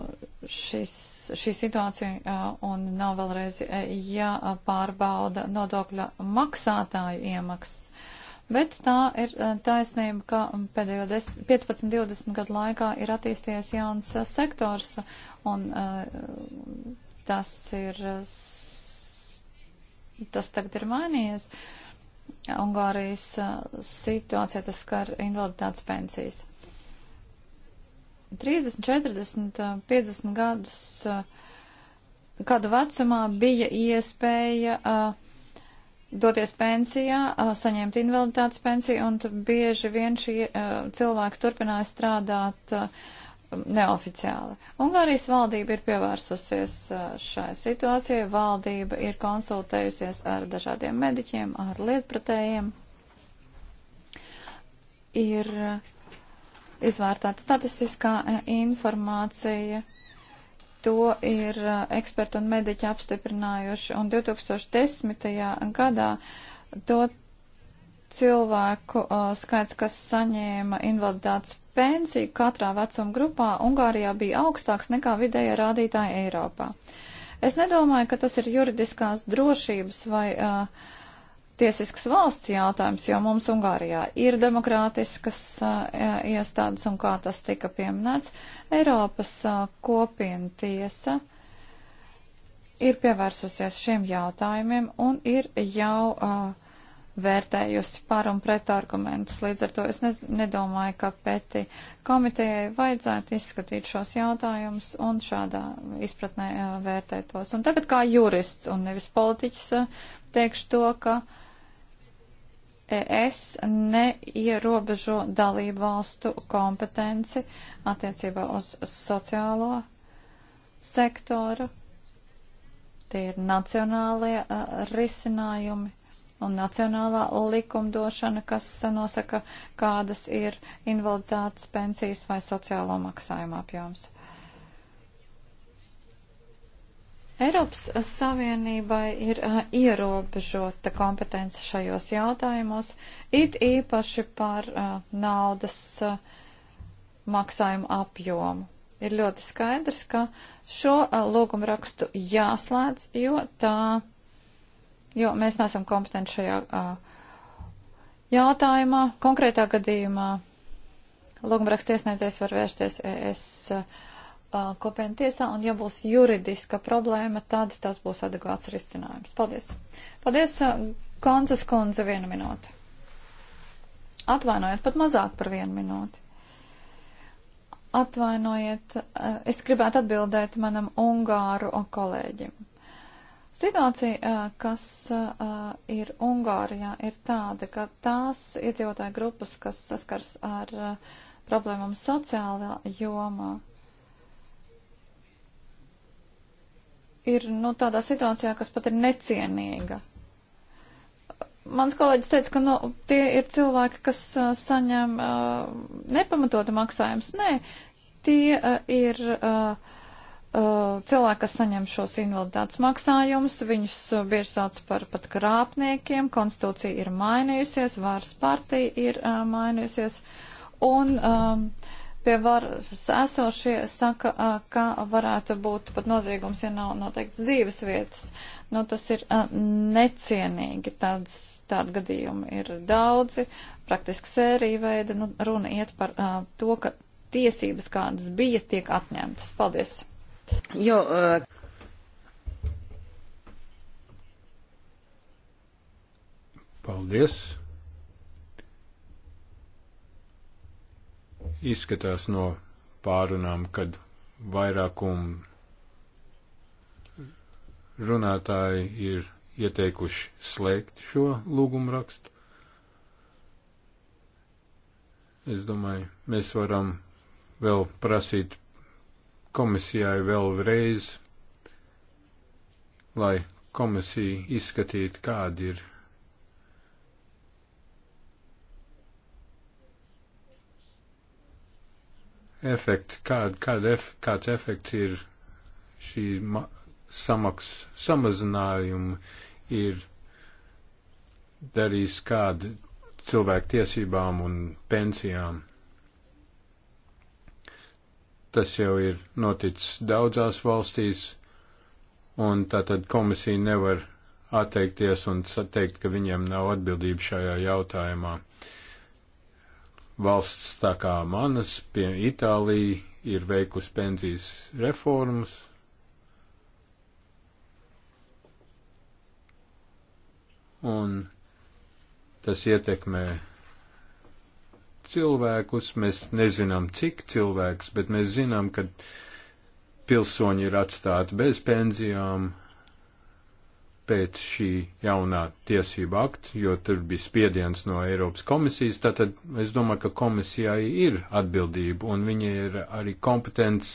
šis šī situācija un nav vēlreiz jāpārbauda nodokļa maksātāju iemaksas. Bet tā ir taisnība, ka pēdējo 15-20 gadu laikā ir attīstījies jauns sektors, un tas ir, tas tagad ir mainījies. Ungārijas situācija tas skar invaliditātes pensijas. 30, 40, 50 gadus kādu vecumā bija iespēja doties pensijā, saņemt invaliditātes pensiju, un bieži vien šie cilvēki turpināja strādāt neoficiāli. Ungārijas valdība ir pievērsusies šai situācijai, valdība ir konsultējusies ar dažādiem mediķiem, ar lietpratējiem. Ir uh, izvērtēta statistiskā e, informācija. To ir e, eksperti un mediķi apstiprinājuši. Un 2010. gadā to cilvēku uh, skaits, kas saņēma invaliditātes pensiju katrā vecuma grupā, Ungārijā bija augstāks nekā vidējā rādītāja Eiropā. Es nedomāju, ka tas ir juridiskās drošības vai uh, tiesisks valsts jautājums, jo mums Ungārijā ir demokrātiskas uh, iestādes, un kā tas tika pieminēts, Eiropas uh, kopiena tiesa ir pievērsusies šiem jautājumiem un ir jau uh, vērtējusi par un pret argumentus. Līdz ar to es ne, nedomāju, ka peti komitejai vajadzētu izskatīt šos jautājumus un šādā izpratnē vērtēt tos. Un tagad kā jurists un nevis politiķis teikšu to, ka uh, ES neierobežo dalību valstu kompetenci attiecībā uz sociālo sektoru. Tie ir nacionālie uh, risinājumi un nacionālā likumdošana, kas nosaka, kādas ir invaliditātes pensijas vai sociālo maksājumu apjoms. Eiropas Savienībai ir uh, ierobežota kompetence šajos jautājumos, it īpaši par uh, naudas uh, maksājumu apjomu. Ir ļoti skaidrs, ka šo uh, lūgumu rakstu jāslēdz, jo tā, jo mēs nesam kompetenti šajā uh, jautājumā. Konkrētā gadījumā lūgumu rakstu iesniedzējs var vērsties ES. Uh, uh, kopienu tiesā, un ja būs juridiska problēma, tad tas būs adekvāts risinājums. Paldies. Paldies, uh, Konzes kundze, viena minūte. Atvainojiet, pat mazāk par vienu minūti. Atvainojiet, uh, es gribētu atbildēt manam ungāru kolēģim. Situācija, uh, kas uh, ir Ungārijā, ir tāda, ka tās iedzīvotāju grupas, kas saskars ar uh, problēmām sociālajā jomā, ir nu, tādā situācijā, kas pat ir necienīga. Mans kolēģis teica, ka nu, tie ir cilvēki, kas uh, saņem uh, nepamatoti maksājumus. Nē, tie uh, ir uh, uh, cilvēki, kas saņem šos invaliditātes maksājumus. Viņus uh, bieži sauc par pat krāpniekiem. Konstitūcija ir mainījusies, vārs partija ir uh, mainījusies. Un, uh, pie varas esošie saka, ka varētu būt pat noziegums, ja nav noteikts dzīves vietas. Nu, tas ir necienīgi. Tāds, tādu gadījumu ir daudzi, praktiski sērija veida. Nu, runa iet par to, ka tiesības, kādas bija, tiek atņemtas. Paldies! Jo, uh... Paldies! izskatās no pārunām, kad vairākumu runātāji ir ieteikuši slēgt šo lūgumu rakstu. Es domāju, mēs varam vēl prasīt komisijai vēlreiz, lai komisija izskatītu, kādi ir efekti, kāda, kāda ef, kāds efekts ir šī ma, samaks, samazinājuma ir darījis kādu cilvēku tiesībām un pensijām. Tas jau ir noticis daudzās valstīs, un tātad komisija nevar atteikties un teikt, ka viņiem nav atbildība šajā jautājumā. Uh, valsts tā kā manas, pie Itālija, ir veikusi pensijas reformas. Un tas ietekmē cilvēkus. Mēs nezinām, cik cilvēks, bet mēs zinām, ka pilsoņi ir atstāti bez pensijām, pēc šī jaunā tiesība akta, jo tur bija spiediens no Eiropas komisijas, tātad es domāju, ka komisijai ir atbildība un viņa ir arī kompetents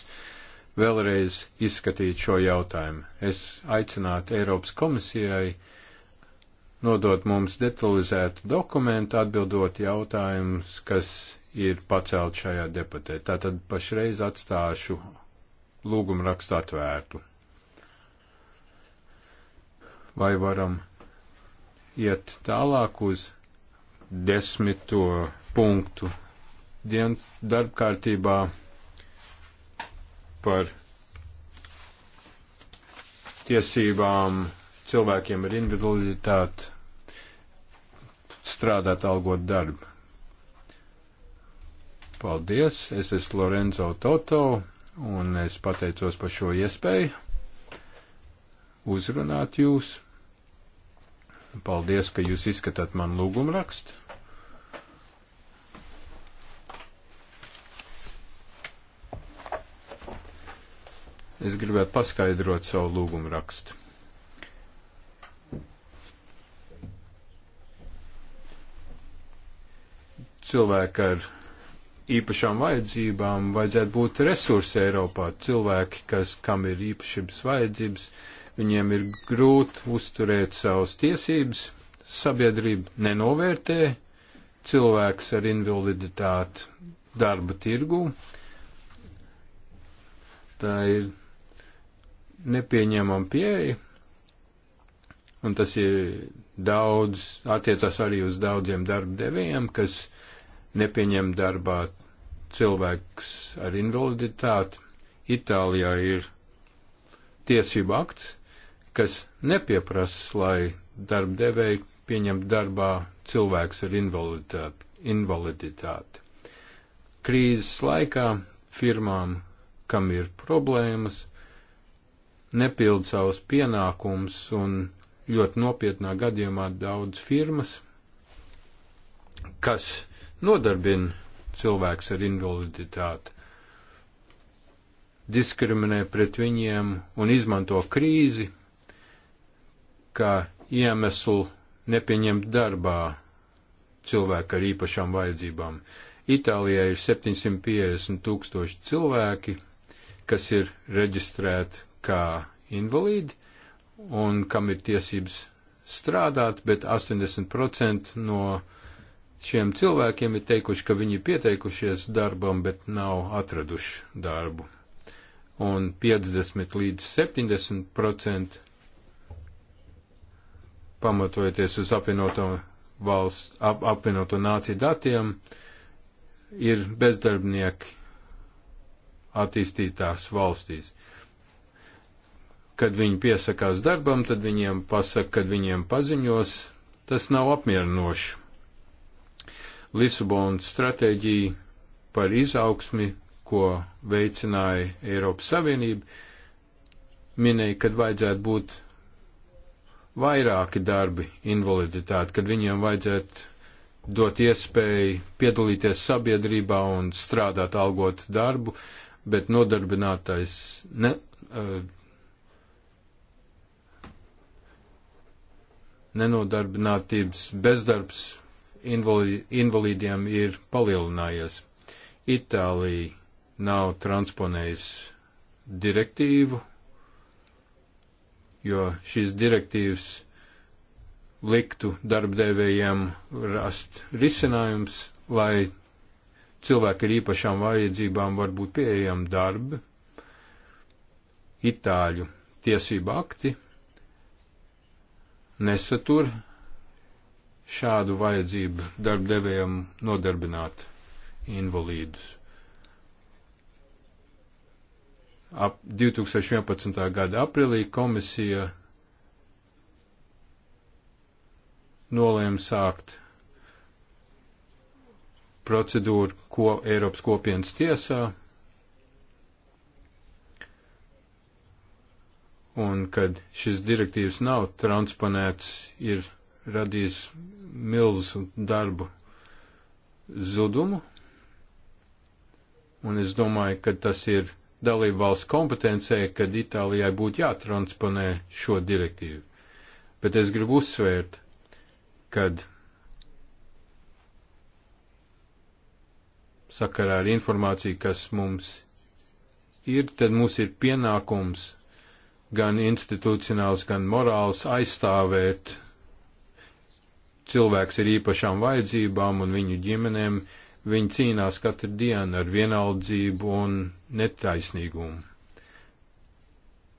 vēlreiz izskatīt šo jautājumu. Es aicinātu Eiropas komisijai nodot mums detalizētu dokumentu atbildot jautājumus, kas ir pacelt šajā debatē. Tātad pašreiz atstāšu lūgumu rakstu atvērtu vai varam iet tālāk uz desmito punktu dienas darbkārtībā par tiesībām cilvēkiem ar individualitāti strādāt algot darbu. Paldies, es esmu Lorenzo Toto un es pateicos par šo iespēju uzrunāt jūs. Paldies, ka jūs izskatāt man lūgumu rakstu. Es gribētu paskaidrot savu lūgumu rakstu. Cilvēki ar īpašām vajadzībām vajadzētu būt resursi Eiropā. Cilvēki, kas, kam ir īpašības vajadzības, uh, viņiem ir grūti uzturēt savas tiesības, sabiedrība nenovērtē cilvēks ar invaliditāti darba tirgū. Tā ir nepieņemama pieeja, un tas ir daudz, attiecas arī uz daudziem darba devējiem, kas nepieņem darbā cilvēks ar invaliditāti. Itālijā ir tiesība akts, kas nepieprasa, lai darbdevēji pieņem darbā cilvēks ar invaliditāti. Krīzes laikā firmām, kam ir problēmas, nepild savus pienākumus un ļoti nopietnā gadījumā daudz firmas, kas nodarbina cilvēks ar invaliditāti, diskriminē pret viņiem un izmanto krīzi, kā iemeslu nepieņemt darbā cilvēku ar īpašām vajadzībām. Itālijā ir 750 tūkstoši cilvēki, kas ir reģistrēti kā invalīdi un kam ir tiesības strādāt, bet 80% no šiem cilvēkiem ir teikuši, ka viņi ir pieteikušies darbam, bet nav atraduši darbu. Un 50 līdz 70% pamatojoties uz apvienoto valsts, ap, apvienoto nāciju datiem, ir bezdarbnieki attīstītās valstīs. Kad viņi piesakās darbam, tad viņiem pasaka, kad viņiem paziņos, tas nav apmierinoši. Lisabonas stratēģija par izaugsmi, ko veicināja Eiropas Savienība, minēja, kad vajadzētu būt vairāki darbi invaliditāti, kad viņiem vajadzētu dot iespēju piedalīties sabiedrībā un strādāt algot darbu, bet nodarbinātais ne, uh, nenodarbinātības bezdarbs invalid, invalīdiem ir palielinājies. Itālija nav transponējusi direktīvu jo šīs direktīvas liktu darbdevējiem rast risinājums, lai cilvēki ar īpašām vajadzībām var būt pieejami darbi. Itāļu tiesība akti nesatur šādu vajadzību darbdevējiem nodarbināt invalīdus. Ap 2011. gada aprīlī komisija nolēma sākt procedūru ko Eiropas kopienas tiesā, un kad šis direktīvs nav transponēts, ir radījis milzu darbu zudumu, un es domāju, ka tas ir dalību valsts kompetencē, kad Itālijai būtu jātransponē šo direktīvu. Bet es gribu uzsvērt, kad sakarā ar informāciju, kas mums ir, tad mums ir pienākums gan institucionāls, gan morāls aizstāvēt cilvēks ar īpašām vajadzībām un viņu ģimenēm. Viņi cīnās katru dienu ar vienaldzību un netaisnīgumu.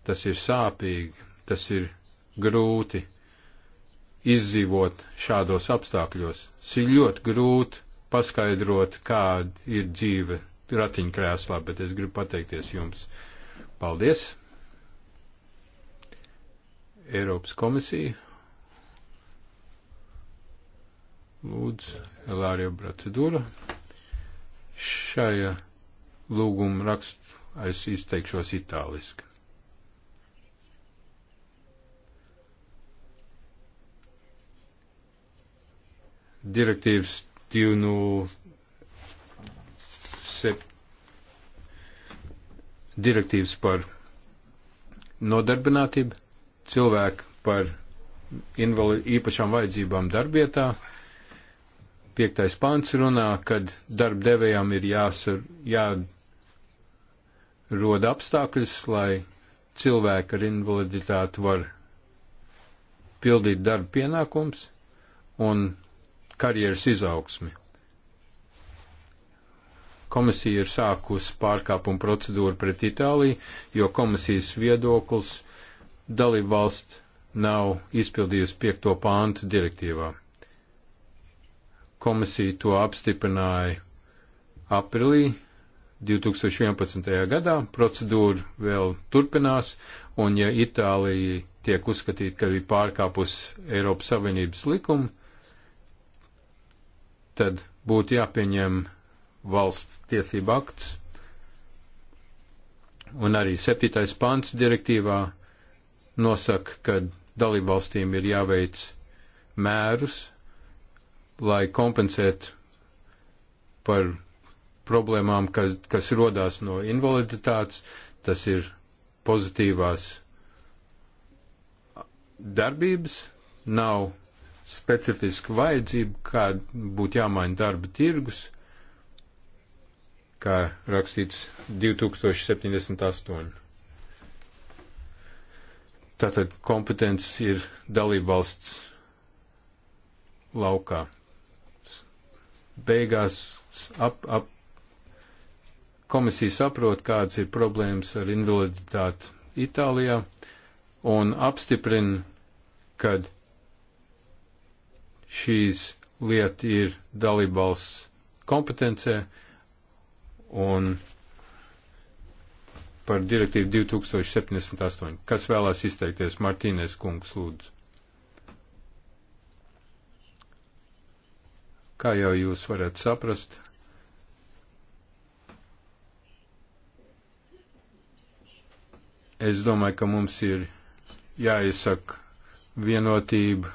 Tas ir sāpīgi, tas ir grūti izdzīvot šādos apstākļos. Tas ir ļoti grūti paskaidrot, kāda ir dzīve ratiņkrēslā, bet es gribu pateikties jums. Paldies! Eiropas komisija. Lūdzu, Elārio procedūra. Šajā lūgumu rakstu, es izteikšos itāliski. Direktīvas 207. Direktīvas par nodarbinātību, cilvēku par invali, īpašām vajadzībām darbietā piektais pants runā, kad darbdevējām ir jāsar, jāroda apstākļus, lai cilvēki ar invaliditāti var pildīt darba pienākums un karjeras izaugsmi. Komisija ir sākusi pārkāpumu procedūru pret Itāliju, jo komisijas viedoklis dalībvalsts nav izpildījusi piekto pāntu direktīvā. Komisija to apstiprināja aprīlī 2011. gadā. Procedūra vēl turpinās, un ja Itālija tiek uzskatīta, ka ir pārkāpus Eiropas Savienības likumu, tad būtu jāpieņem valsts tiesība akts, un arī septītais pants direktīvā nosaka, ka dalībvalstīm ir jāveic mērus, lai kompensētu par problēmām, kas, kas rodās no invaliditātes, tas ir pozitīvās darbības, nav specifiska vajadzība, kā būtu jāmaina darba tirgus, kā rakstīts 2078. Tātad kompetences ir dalībvalsts laukā beigās ap, ap, komisija saprot, kādas ir problēmas ar invaliditāti Itālijā un apstiprina, ka šīs lieta ir dalībvalsts kompetencē un par direktīvu 2078. Kas vēlās izteikties? Martīnēs kungs lūdzu. Kā jau jūs varat saprast, es domāju, ka mums ir jāizsaka vienotība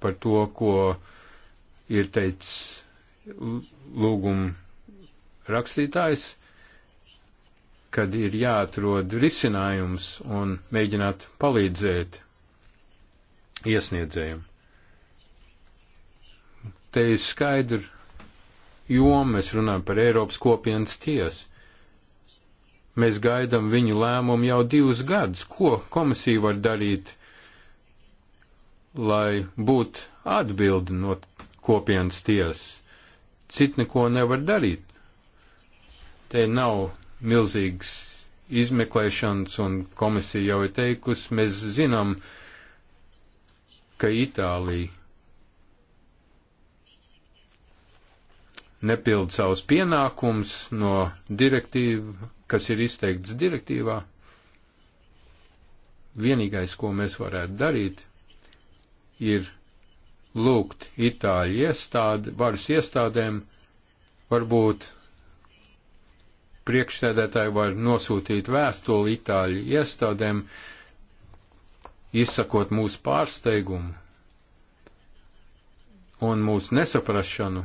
par to, ko ir teicis lūguma rakstītājs, kad ir jāatrod risinājums un mēģināt palīdzēt iesniedzējiem. Te ir skaidri, jo mēs runājam par Eiropas kopienas tiesu. Mēs gaidām viņu lēmumu jau divus gadus, ko komisija var darīt, lai būtu atbildi no kopienas tiesas. Cit neko nevar darīt. Te nav milzīgas izmeklēšanas, un komisija jau ir teikusi, mēs zinām, ka Itālija nepild savus pienākumus no direktīva, kas ir izteikts direktīvā. Vienīgais, ko mēs varētu darīt, ir lūgt itāļu iestādi, varas iestādēm, varbūt priekšsēdētāji var nosūtīt vēstuli itāļu iestādēm, izsakot mūsu pārsteigumu un mūsu nesaprašanu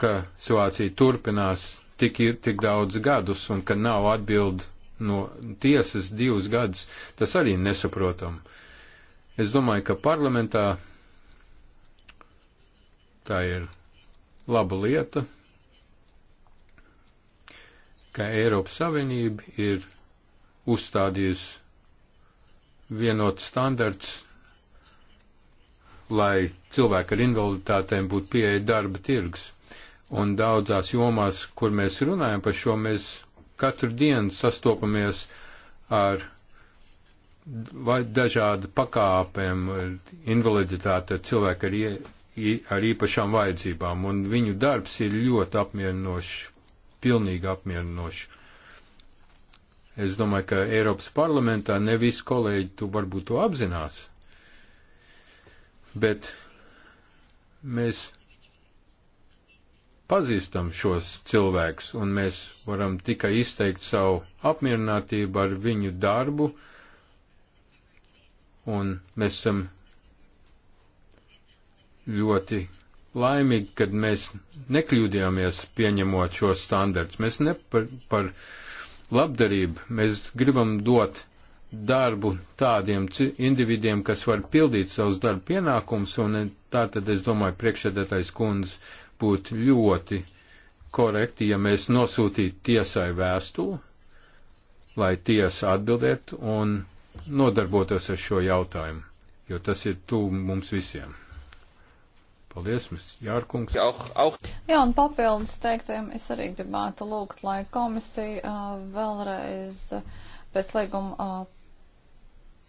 ka situācija turpinās tik, ir, tik daudz gadus un ka nav atbild no tiesas divus gadus, tas arī nesaprotam. Es domāju, ka parlamentā tā ir laba lieta, ka Eiropas Savienība ir uzstādījusi vienots standarts, lai cilvēki ar invaliditātēm būtu pieeja darba tirgs. Un daudzās jomās, kur mēs runājam par šo, mēs katru dienu sastopamies ar dažādu pakāpēm, invaliditāti, ar cilvēku ar, ie, ar īpašām vajadzībām, un viņu darbs ir ļoti apmierinošs, pilnīgi apmierinošs. Es domāju, ka Eiropas parlamentā ne visi kolēģi tu varbūt to apzinās, bet mēs pazīstam šos cilvēkus, un mēs varam tikai izteikt savu apmierinātību ar viņu darbu, un mēs esam ļoti laimīgi, kad mēs nekļūdījāmies pieņemot šos standarts. Mēs ne par, par labdarību, mēs gribam dot darbu tādiem individiem, kas var pildīt savus darba pienākumus, un tā tad es domāju, priekšsēdētais kundze, būtu ļoti korekti, ja mēs nosūtītu tiesai vēstuli, lai tiesa atbildētu un nodarbotos ar šo jautājumu, jo tas ir tuvu mums visiem. Paldies, mēs Jārkungs. Auch, auch. Jā, un papildus teiktiem es arī gribētu lūgt, lai komisija uh, vēlreiz pēc līguma uh,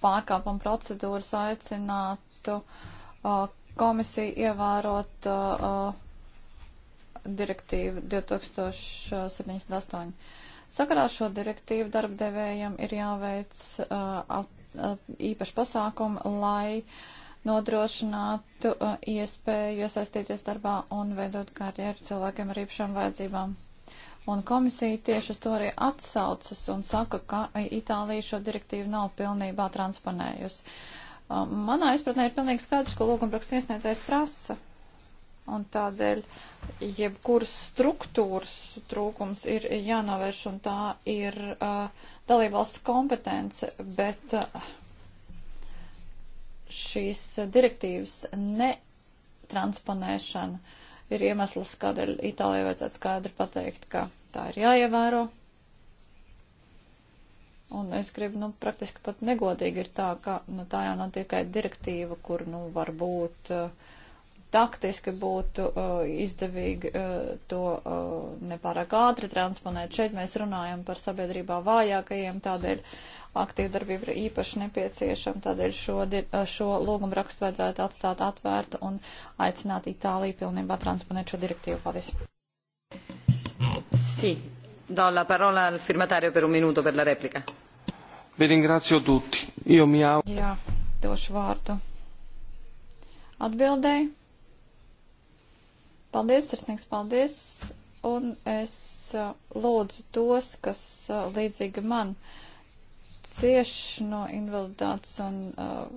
pārkāpuma procedūras aicinātu uh, komisiju ievērot uh, direktīva 2078. Sakarā šo direktīvu darbdevējiem ir jāveic uh, uh, īpaši pasākumi, lai nodrošinātu uh, iespēju iesaistīties darbā un veidot karjeru cilvēkiem ar īpašām vajadzībām. Un komisija tieši uz to arī atsaucas un saka, ka Itālija šo direktīvu nav pilnībā transponējusi. Uh, manā izpratnē ir pilnīgi skaidrs, ko lūgumraksts iesniedzējs prasa Un tādēļ jebkuras struktūras trūkums ir jānovērš, un tā ir uh, dalībvalsts kompetence, bet uh, šīs direktīvas netransponēšana ir iemesls, kādēļ Itālijai vajadzētu skaidri pateikt, ka tā ir jāievēro. Un es gribu, nu, praktiski pat negodīgi ir tā, ka nu, tā jau nav tikai direktīva, kur, nu, varbūt. Uh, taktiski būtu uh, izdevīgi uh, to uh, nepārāk ātri transponēt. Šeit mēs runājam par sabiedrībā vājākajiem, tādēļ aktīva darbība ir īpaši nepieciešama, tādēļ šo, uh, šo lūgumu rakstu vajadzētu atstāt atvērtu un aicināt Itāliju pilnībā transponēt šo direktīvu. Paldies. Sì, do la parola al firmatario per un minuto per la replica. Vi ringrazio tutti. Io mi auguro. Jā, došu vārdu. Atbildēju Paldies, sirsnīgs paldies, un es lūdzu tos, kas līdzīgi man cieš no invaliditātes un uh,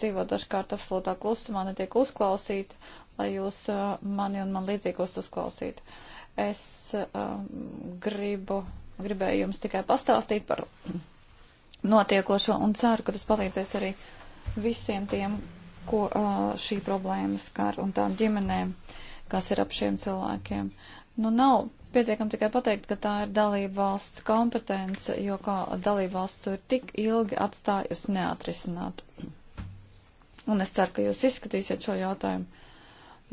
dzīvo dažkārt absolūtā klusumā, netiek uzklausīti, lai jūs uh, mani un man līdzīgos uzklausītu. Es uh, gribu, gribēju jums tikai pastāstīt par notiekošo un ceru, ka tas palīdzēs arī visiem tiem, ko uh, šī problēma skar un tām ģimenēm. Uh, kas ir ap šiem cilvēkiem. Nu, nav pietiekam tikai pateikt, ka tā ir dalība valsts kompetence, jo kā dalība valsts to ir tik ilgi atstājusi neatrisinātu. Un es ceru, ka jūs izskatīsiet šo jautājumu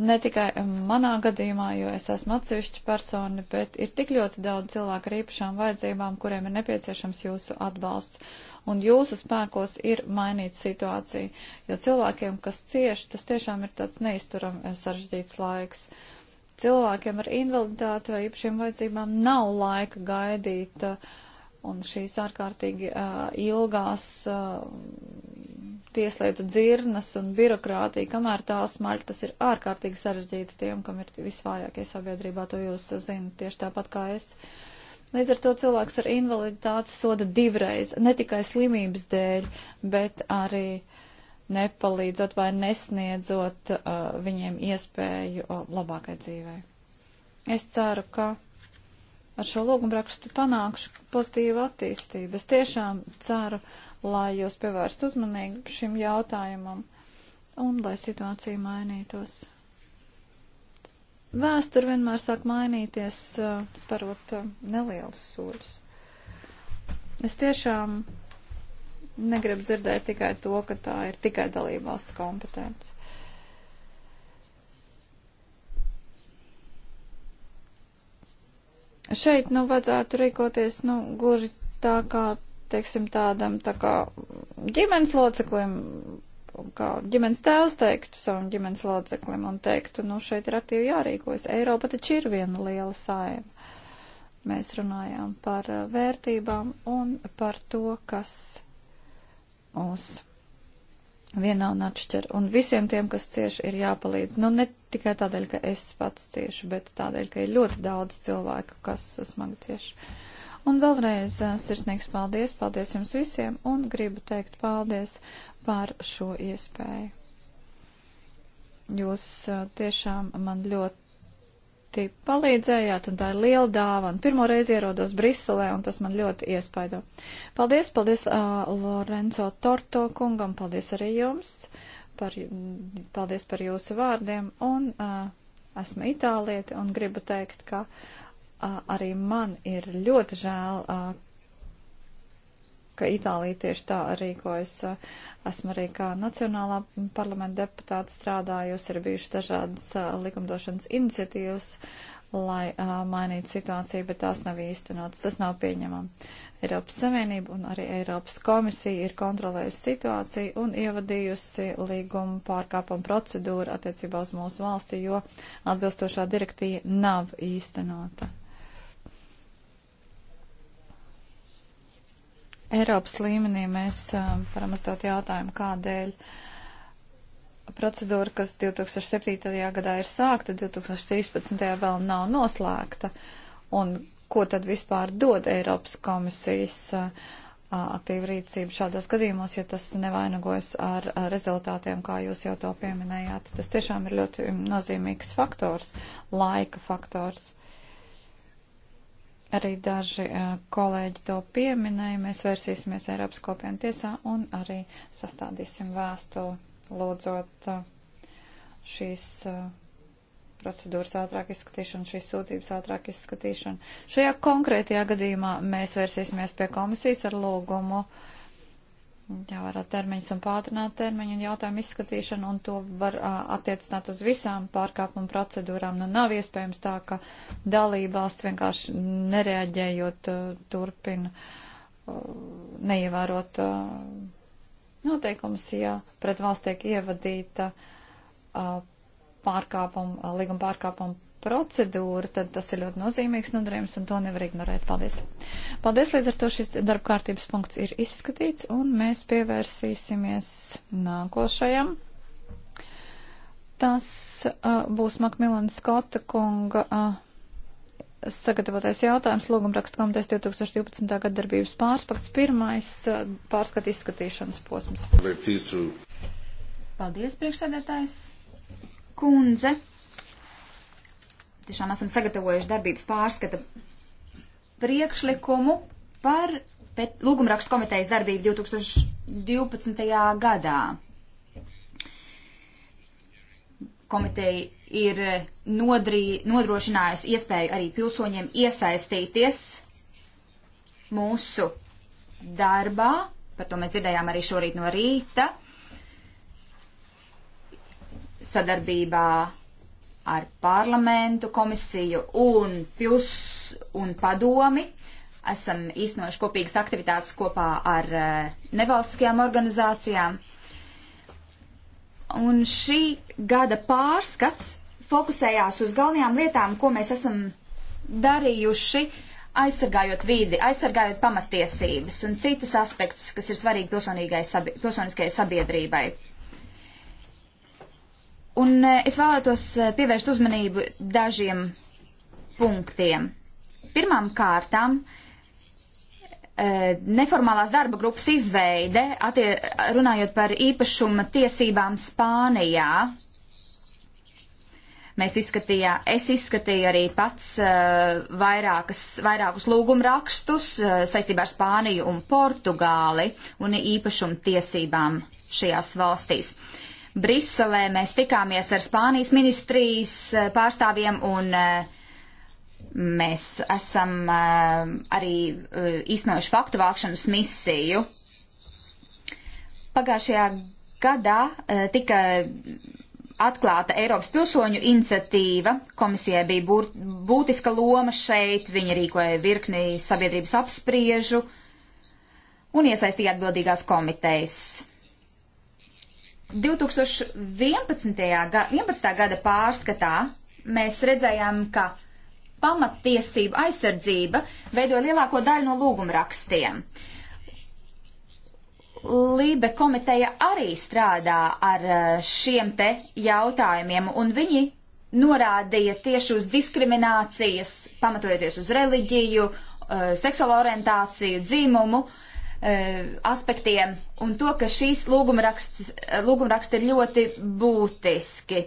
ne tikai manā gadījumā, jo es esmu atsevišķa persona, bet ir tik ļoti daudz cilvēku ar īpašām vajadzībām, kuriem ir nepieciešams jūsu atbalsts un jūsu spēkos ir mainīt situāciju, jo cilvēkiem, kas cieši, tas tiešām ir tāds neizturam eh, sarežģīts laiks. Cilvēkiem ar invaliditāti vai īpašiem vajadzībām nav laika gaidīt, eh, un šīs ārkārtīgi uh, ilgās uh, tieslietu dzirnas un birokrātija, kamēr tā smaļ, tas ir ārkārtīgi sarežģīti tiem, kam ir visvājākie sabiedrībā, to jūs zinat tieši tāpat kā es. Uh, Līdz ar to cilvēks ar invaliditāti soda divreiz, ne tikai slimības dēļ, bet arī nepalīdzot vai nesniedzot uh, viņiem iespēju uh, labākai dzīvē. Es ceru, ka ar šo lūgumrakstu panākšu pozitīvu attīstību. Es tiešām ceru, lai jūs pievērst uzmanību šim jautājumam un lai situācija mainītos. Vēsture vienmēr sāk mainīties, uh, sparot uh, nelielus soļus. Es tiešām negribu dzirdēt tikai to, ka tā ir tikai dalībvalsts kompetence. Šeit, nu, vajadzētu rīkoties, nu, gluži tā kā, teiksim, tādam, tā kā ģimenes loceklim kā ģimenes tēvs teiktu savam ģimenes loceklim un teiktu, nu šeit ir aktīvi jārīkojas. Eiropa taču ir viena liela saima. Mēs runājām par vērtībām un par to, kas mūs vienā un atšķir. Un visiem tiem, kas cieši, ir jāpalīdz. Nu, ne tikai tādēļ, ka es pats cieši, bet tādēļ, ka ir ļoti daudz cilvēku, kas smagi cieši. Un vēlreiz sirsnīgs paldies, paldies jums visiem, un gribu teikt paldies par šo iespēju. Jūs tiešām man ļoti palīdzējāt, un tā ir liela dāvana. Pirmo reizi ierodos Briselē, un tas man ļoti iespaido. Paldies, paldies uh, Lorenzo Torto kungam, paldies arī jums, par, paldies par jūsu vārdiem, un uh, esmu itālieti, un gribu teikt, ka uh, arī man ir ļoti žēl, uh, ka Itālija tieši tā rīkojas. Esmu arī kā nacionālā parlamenta deputāta strādājusi, ir bijušas dažādas likumdošanas iniciatīvas, lai mainītu situāciju, bet tās nav īstenotas. Tas nav pieņemam. Eiropas Savienība un arī Eiropas komisija ir kontrolējusi situāciju un ievadījusi līguma pārkāpuma procedūru attiecībā uz mūsu valsti, jo atbilstošā direktīva nav īstenota. Eiropas līmenī mēs varam uzdot jautājumu, kādēļ procedūra, kas 2007. gadā ir sākta, 2013. vēl nav noslēgta, un ko tad vispār dod Eiropas komisijas aktīva rīcība šādos gadījumos, ja tas nevainagojas ar rezultātiem, kā jūs jau to pieminējāt. Tas tiešām ir ļoti nozīmīgs faktors, laika faktors. Arī daži uh, kolēģi to pieminēja. Mēs vērsīsimies Eiropas kopienu tiesā un arī sastādīsim vēstuli lūdzot uh, šīs uh, procedūras ātrāk izskatīšanu, šīs sūtības ātrāk izskatīšanu. Šajā konkrētajā gadījumā mēs vērsīsimies pie komisijas ar lūgumu uh, jāvērā termiņus un pātrināt termiņu un jautājumu izskatīšanu, un to var uh, attiecināt uz visām pārkāpumu procedūrām. Nu, nav iespējams tā, ka dalībvalsts vienkārši nereaģējot uh, turpina uh, neievērot uh, noteikumus, ja pret valsts tiek ievadīta uh, pārkāpumu, uh, līguma pārkāpumu procedūru, tad tas ir ļoti nozīmīgs nodarījums un to nevar ignorēt. Paldies. Paldies, līdz ar to šis darba kārtības punkts ir izskatīts un mēs pievērsīsimies nākošajam. Tas uh, būs Makmilana Skota kunga. Uh, sagatavotais jautājums lūgumrakstu komitejas 2012. gada darbības pārspakts, pirmais pārskat izskatīšanas posms. Paldies, priekšsēdētājs. Kundze, tiešām esam sagatavojuši darbības pārskata priekšlikumu par lūgumrakstu komitejas darbību 2012. gadā. Komiteja ir nodrī, nodrošinājusi iespēju arī pilsoņiem iesaistīties mūsu darbā. Par to mēs dzirdējām arī šorīt no rīta sadarbībā ar parlamentu, komisiju un, pils, un padomi. Esam īstenojuši kopīgas aktivitātes kopā ar eh, nevalstiskajām organizācijām. Un šī gada pārskats fokusējās uz galvenajām lietām, ko mēs esam darījuši, aizsargājot vīdi, aizsargājot pamatiesības un citas aspektus, kas ir svarīgi sabi pilsoniskajai sabiedrībai. Un eh, es vēlētos eh, pievērst uzmanību dažiem punktiem. Pirmām kārtām, eh, neformālās darba grupas izveide, attie, runājot par īpašuma tiesībām Spānijā. Mēs izskatījā, es izskatīju arī pats vairākas, vairākus lūgumrakstus saistībā ar Spāniju un Portugāli un īpašuma tiesībām šajās valstīs. Uh, Briselē mēs tikāmies ar Spānijas ministrijas eh, pārstāvjiem un eh, mēs esam eh, arī īstenojuši faktu vākšanas misiju. Pagājušajā gadā tika atklāta Eiropas pilsoņu iniciatīva. Komisijai bija būtiska loma šeit, viņa rīkoja virkni sabiedrības apspriežu un iesaistīja atbildīgās komitejas 2011. Ga, 11. gada pārskatā mēs redzējām, ka pamattiesība aizsardzība veido lielāko daļu no lūgumrakstiem. Lībe komiteja arī strādā ar eh, šiem te jautājumiem, un viņi norādīja tieši uz diskriminācijas, pamatojoties uz reliģiju, eh, seksuālo orientāciju, dzimumu, uh, E, aspektiem un to, ka šīs lūgumraksts, lūgumraksti ir ļoti būtiski.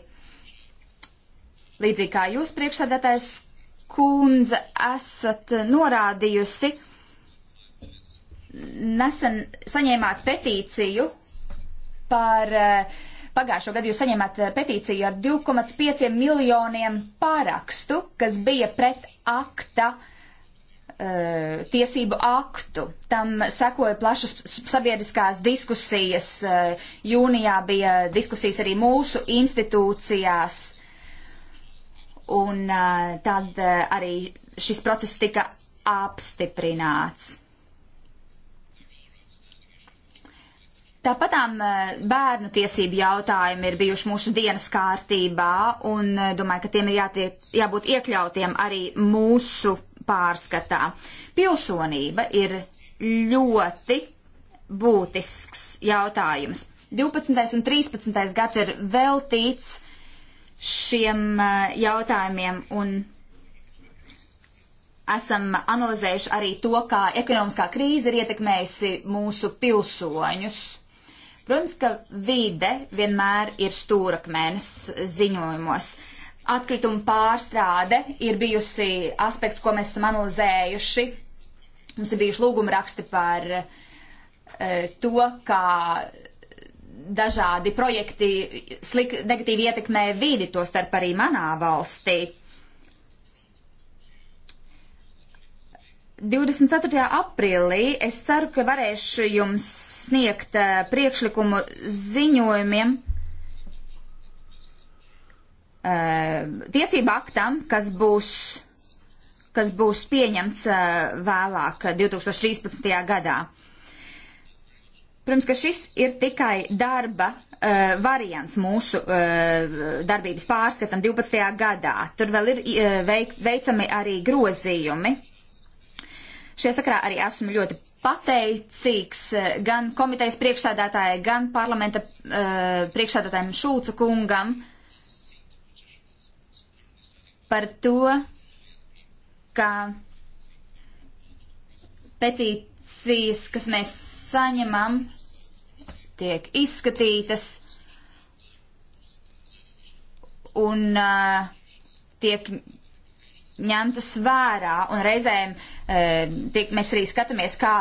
Līdzīgi kā jūs priekšsēdētājs kundze esat norādījusi, nesen saņēmāt petīciju par e, Pagājušo gadu jūs saņēmāt petīciju ar 2,5 miljoniem pārakstu, kas bija pret akta uh, Eh, tiesību aktu. Tam sekoja plašas sabiedriskās diskusijas. Eh, jūnijā bija diskusijas arī mūsu institūcijās. Un eh, tad arī šis process tika apstiprināts. Tāpatām bērnu tiesību jautājumi ir bijuši mūsu dienas kārtībā, un domāju, ka tiem ir jātiek, jābūt iekļautiem arī mūsu pārskatā. Pilsonība ir ļoti būtisks jautājums. 12. un 13. gads ir veltīts šiem eh, jautājumiem un esam analizējuši arī to, kā ekonomiskā krīze ir ietekmējusi mūsu pilsoņus. Protams, ka vide vienmēr ir stūrakmēnes ziņojumos. Uh, Atkrituma pārstrāde ir bijusi aspekts, ko mēs esam analizējuši. Mums ir bijuši lūguma raksti par e, to, kā dažādi projekti slik, negatīvi ietekmē vidi, to starp arī manā valstī. 24. aprīlī es ceru, ka varēšu jums sniegt e, priekšlikumu ziņojumiem Eh, tiesība aktam, kas būs, kas būs pieņemts eh, vēlāk 2013. Eh, gadā. Protams, ka šis ir tikai darba uh, variants mūsu uh, darbības pārskatam 12. gadā. Tur vēl ir uh, veik, veicami arī grozījumi. Šajā sakrā arī esmu ļoti pateicīgs uh, gan komitejas priekšsādātājai, gan parlamenta uh, priekšsādātājiem Šulca kungam uh, par to, ka petīcijas, kas mēs saņemam, tiek izskatītas un uh, tiek ņemtas vērā, un reizēm uh, tiek, mēs arī skatāmies, kā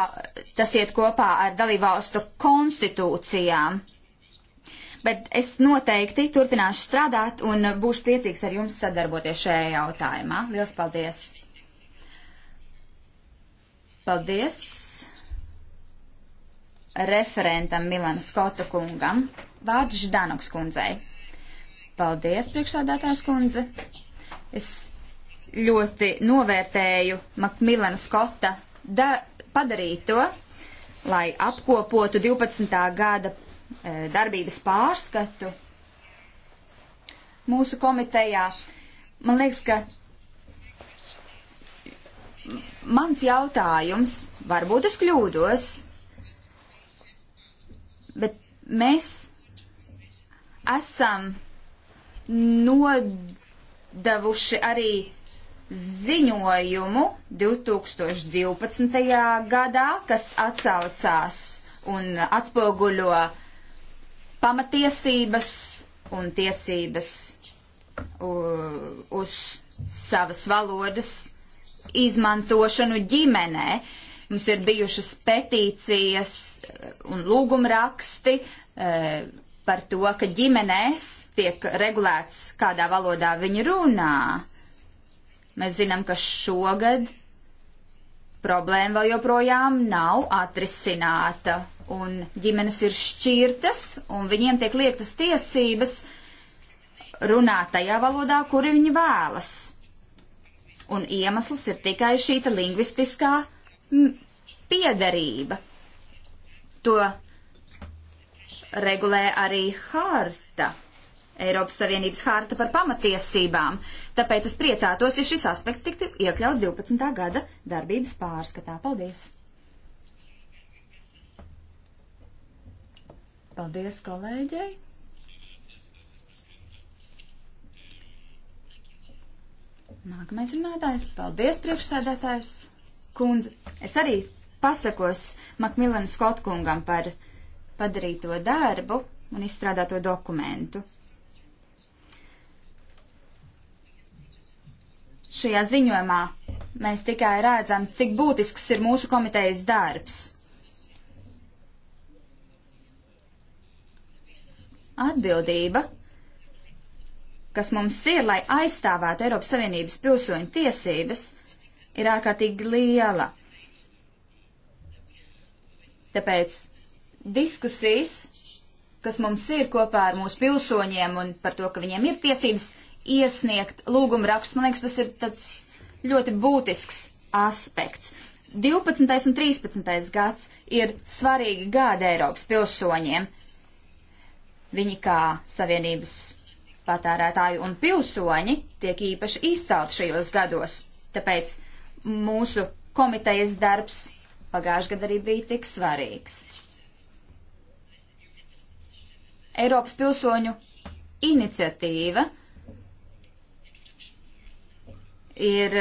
tas iet kopā ar dalībvalstu konstitūcijām bet es noteikti turpināšu strādāt un būšu priecīgs ar jums sadarboties šajā jautājumā. Lielas paldies! Paldies referentam Milan Skota kungam. Vārds Ždanoks kundzei. Paldies, priekšsādātājs kundze. Es ļoti novērtēju Makmilana Skota da, padarīto, lai apkopotu 12. gada E, darbības pārskatu mūsu komitejā. Man liekas, ka mans jautājums, varbūt es kļūdos, bet mēs esam nodavuši arī ziņojumu 2012. gadā, kas atsaucās un atspoguļo uh, pamatiesības un tiesības uz savas valodas izmantošanu ģimenē. Mums ir bijušas petīcijas un lūgumraksti e, par to, ka ģimenēs tiek regulēts, kādā valodā viņi runā. Mēs zinām, ka šogad problēma vēl joprojām nav atrisināta un ģimenes ir šķirtas, un viņiem tiek liektas tiesības runāt tajā valodā, kuri viņi vēlas. Un iemesls ir tikai šī lingvistiskā piederība. To regulē arī harta, Eiropas Savienības harta par pamatiesībām. Tāpēc es priecātos, ja šis aspekts tiktu iekļauts 12. gada darbības pārskatā. Paldies! Paldies kolēģei. Nākamais runātājs. Paldies, priekšsēdētājs. Kundze, es arī pasakos Makmilanu Skotkungam par padarīto darbu un izstrādāto dokumentu. Šajā ziņojumā mēs tikai redzam, cik būtisks ir mūsu komitejas darbs atbildība, kas mums ir, lai aizstāvētu Eiropas Savienības pilsoņu tiesības, ir ārkārtīgi liela. Tāpēc diskusijas, kas mums ir kopā ar mūsu pilsoņiem un par to, ka viņiem ir tiesības iesniegt lūgumu rakstus, man liekas, tas ir tāds ļoti būtisks aspekts. 12. un 13. gads ir svarīgi gadi Eiropas pilsoņiem, Viņi kā savienības patērētāji un pilsoņi tiek īpaši izcelti šajos gados. Tāpēc mūsu komitejas darbs pagājušajā gadā arī bija tik svarīgs. Eiropas pilsoņu iniciatīva ir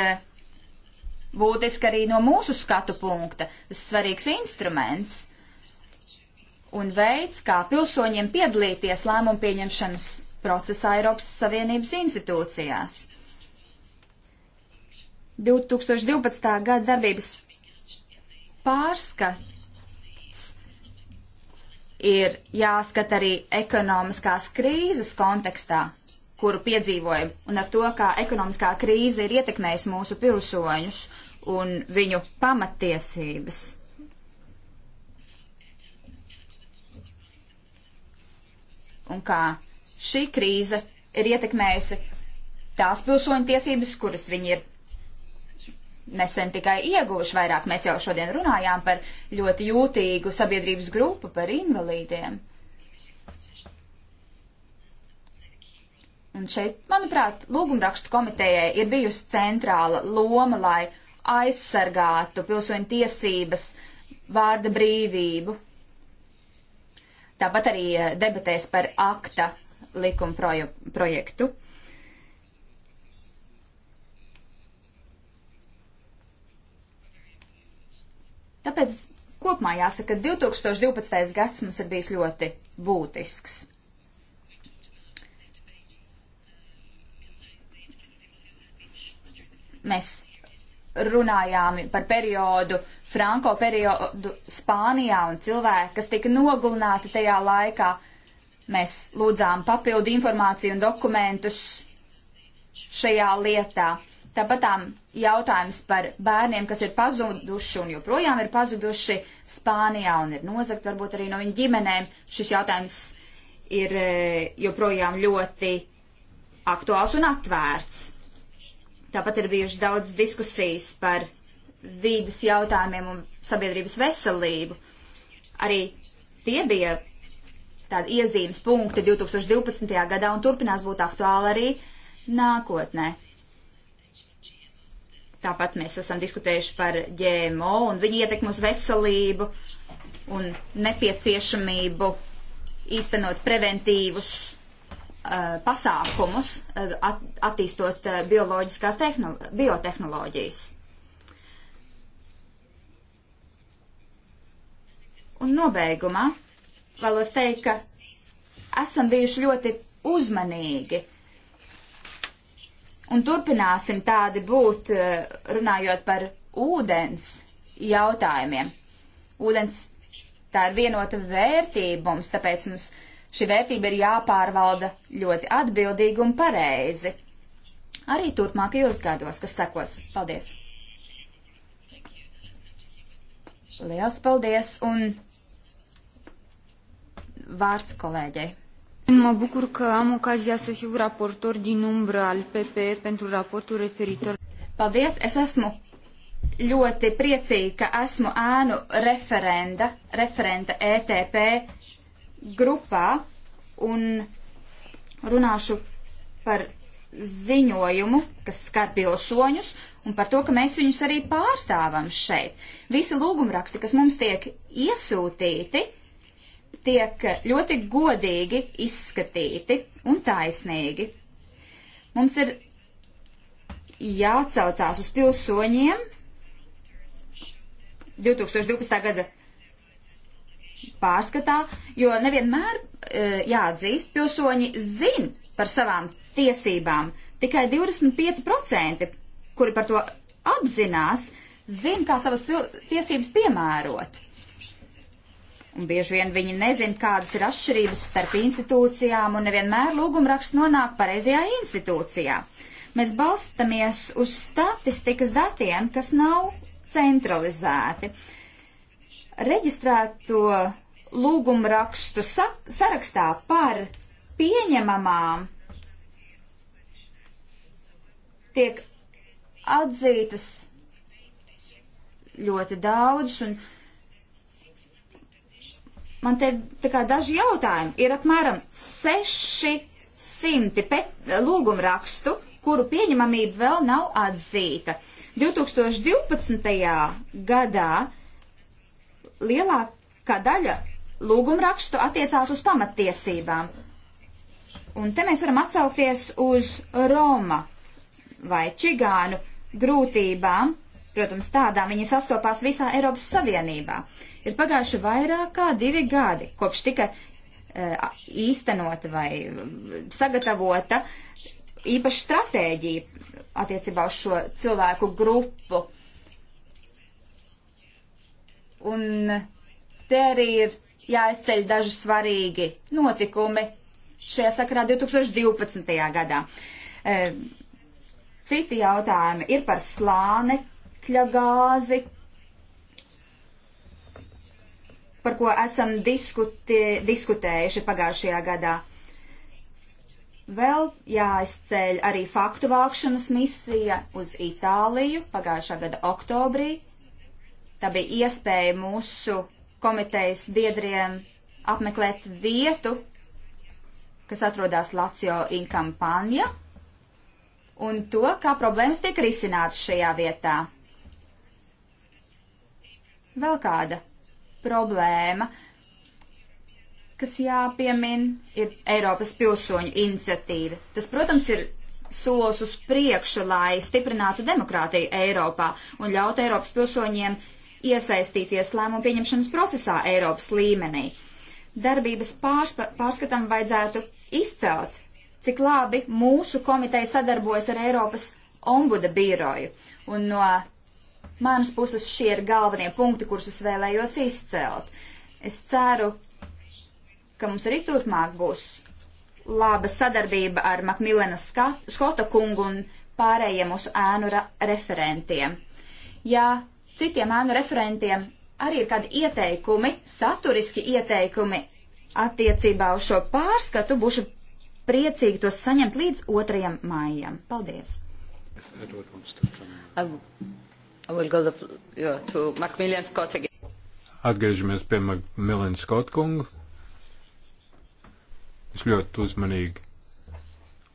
būtiska arī no mūsu skatu punkta. Tas svarīgs instruments, un veids, kā pilsoņiem piedalīties lēmumu pieņemšanas procesā Eiropas Savienības institūcijās. 2012. gada darbības pārskats ir jāskat arī ekonomiskās krīzes kontekstā, kuru piedzīvojam, un ar to, kā ekonomiskā krīze ir ietekmējusi mūsu pilsoņus un viņu pamatiesības. un kā šī krīze ir ietekmējusi tās pilsoņu tiesības, kuras viņi ir nesen tikai ieguvuši vairāk. Mēs jau šodien runājām par ļoti jūtīgu sabiedrības grupu, par invalīdiem. Un šeit, manuprāt, lūgumrakstu komitejai ir bijusi centrāla loma, lai aizsargātu pilsoņu tiesības, vārda brīvību, tāpat arī eh, debatēs par akta likuma proju, projektu. Tāpēc kopumā jāsaka, ka 2012. gads mums ir bijis ļoti būtisks. Mēs runājām par periodu Franko periodu Spānijā un cilvēki, kas tika nogalināti tajā laikā. Mēs lūdzām papildu informāciju un dokumentus šajā lietā. Tāpatām jautājums par bērniem, kas ir pazuduši un joprojām ir pazuduši Spānijā un ir nozagt varbūt arī no viņu ģimenēm. Šis jautājums ir e, joprojām ļoti aktuāls un atvērts. Tāpat ir bijuši daudz diskusijas par vīdas jautājumiem un sabiedrības veselību. Arī tie bija tādi iezīmes punkti 2012. gadā un turpinās būt aktuāli arī nākotnē. Tāpat mēs esam diskutējuši par ģēmo un viņa ietekmu uz veselību un nepieciešamību īstenot preventīvus uh, pasākumus, uh, at, attīstot uh, bioloģiskās biotehnoloģijas. Un nobeigumā vēlos teikt, ka esam bijuši ļoti uzmanīgi un turpināsim tādi būt, eh, runājot par ūdens jautājumiem. Ūdens tā ir vienota vērtība mums, tāpēc mums šī vērtība ir jāpārvalda ļoti atbildīgi un pareizi. Arī turpmākajos gados, kas sekos. Paldies! Liels paldies! Un vārds kolēģei. Mă bucur că am ocazia să fiu raportor din umbră al PPE pentru raportul referitor. Paldies, es esmu ļoti priecīga, ka esmu ēnu referenda, referenta ETP grupā un runāšu par ziņojumu, kas skar pilsoņus, un par to, ka mēs viņus arī pārstāvam šeit. Visi lūgumraksti, kas mums tiek iesūtīti, tiek ļoti godīgi izskatīti un taisnīgi. Mums ir jāatcaucās uz pilsoņiem 2012. gada pārskatā, jo nevienmēr e, jāatzīst, pilsoņi zin par savām tiesībām. Tikai 25%, kuri par to apzinās, zin, kā savas tiesības piemērot. Un bieži vien viņi nezina, kādas ir atšķirības starp institūcijām, un nevienmēr lūgumraksts nonāk pareizajā institūcijā. Mēs balstamies uz statistikas datiem, kas nav centralizēti. Reģistrēto lūgumrakstu sa sarakstā par pieņemamām tiek atzītas ļoti daudz, un man te tā kā daži jautājumi. Ir apmēram 600 pet, lūgumrakstu, kuru pieņemamība vēl nav atzīta. 2012. gadā lielākā daļa lūgumrakstu attiecās uz pamattiesībām. Un te mēs varam atsaukties uz Roma vai Čigānu grūtībām Protams, tādā viņi sastopās visā Eiropas Savienībā. Ir pagājuši vairāk kā divi gadi, kopš tika e, īstenota vai sagatavota īpaša stratēģija attiecībā uz šo cilvēku grupu. Un te arī ir jāizceļ daži svarīgi notikumi šajā sakarā 2012. gadā. E, citi jautājumi ir par slāni, oglekļa gāzi, par ko esam diskutē, diskutējuši pagājušajā gadā. Vēl jāizceļ arī faktu vākšanas misija uz Itāliju pagājušā gada oktobrī. Tā bija iespēja mūsu komitejas biedriem apmeklēt vietu, kas atrodas Lācijā in Kampanja, un to, kā problēmas tiek risinātas šajā vietā. Vēl kāda problēma, kas jāpiemin, ir Eiropas pilsoņu iniciatīva. Tas, protams, ir solis uz priekšu, lai stiprinātu demokrātiju Eiropā un ļautu Eiropas pilsoņiem iesaistīties lēmumu pieņemšanas procesā Eiropas līmenī. Darbības pārspa, pārskatam vajadzētu izcelt, cik labi mūsu komiteja sadarbojas ar Eiropas ombuda biroju. Un no manas puses šie ir galvenie punkti, kurus es vēlējos izcelt. Es ceru, ka mums arī turpmāk būs laba sadarbība ar Makmilena Skota kungu un pārējiem mūsu ēnu referentiem. Ja citiem ēnu referentiem arī ir kādi ieteikumi, saturiski ieteikumi attiecībā uz šo pārskatu, būšu priecīgi tos saņemt līdz 2. maijam. Paldies! Edward wants to come in. Oh. Atgriežamies pie Milena Skotta kunga. Es ļoti uzmanīgi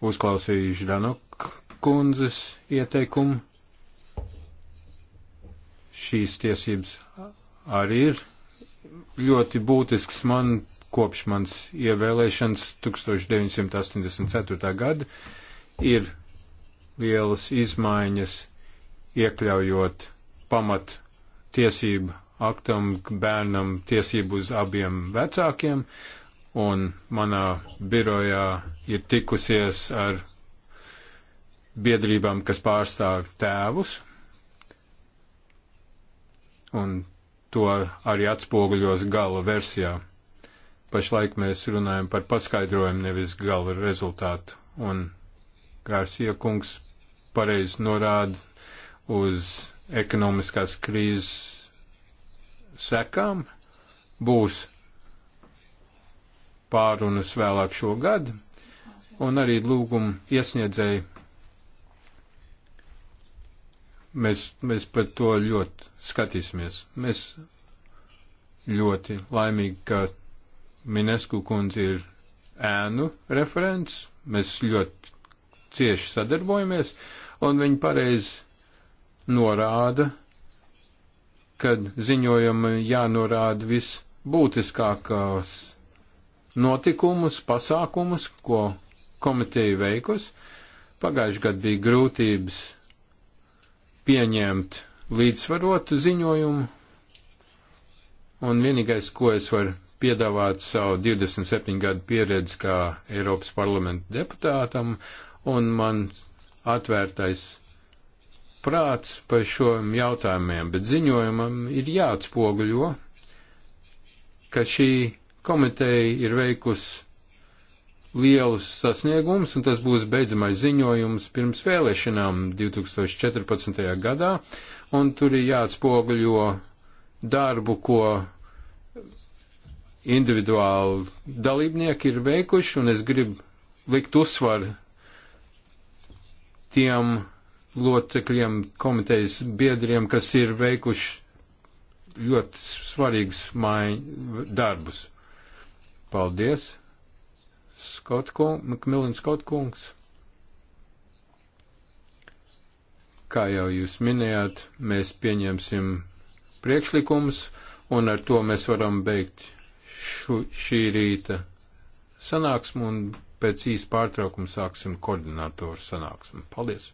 uzklausīju Ždanok kundzes ieteikumu. Šīs tiesības arī ir ļoti būtisks man kopš mans ievēlēšanas 1984. gada ir lielas izmaiņas iekļaujot pamat tiesību aktam bērnam tiesību uz abiem vecākiem, un manā birojā ir tikusies ar biedrībām, kas pārstāv tēvus, un to arī atspoguļos gala versijā. Pašlaik mēs runājam par paskaidrojumu, nevis gala rezultātu, un Gārsija kungs pareizi norāda, uz ekonomiskās krīzes sekām. Būs pārunas vēlāk šogad, un arī lūgumu iesniedzēji. Mēs, mēs par to ļoti skatīsimies. Mēs ļoti laimīgi, ka Minesku kundze ir ēnu referents. Mēs ļoti cieši sadarbojamies, un viņa pareizi norāda, kad ziņojumi jānorāda visbūtiskākās notikumus, pasākumus, ko komiteja veikusi. Pagājuši gadu bija grūtības pieņemt līdzsvarotu ziņojumu, un vienīgais, ko es varu piedāvāt savu 27 gadu pieredzi kā Eiropas parlamenta deputātam, un man atvērtais prāts par šiem jautājumiem, bet ziņojumam ir jāatspoguļo, ka šī komiteja ir veikusi lielus sasniegumus, un tas būs beidzamais ziņojums pirms vēlēšanām 2014. gadā, un tur ir jāatspoguļo darbu, ko individuāli dalībnieki ir veikuši, un es gribu likt uzsvaru tiem locekļiem, komitejas biedriem, kas ir veikuši ļoti svarīgus māju darbus. Paldies, Makmilin Skotkungs. Kā jau jūs minējāt, mēs pieņemsim priekšlikumus, un ar to mēs varam beigt šu, šī rīta sanāksmu, un pēc īsa pārtraukuma sāksim koordinātoru sanāksmu. Paldies!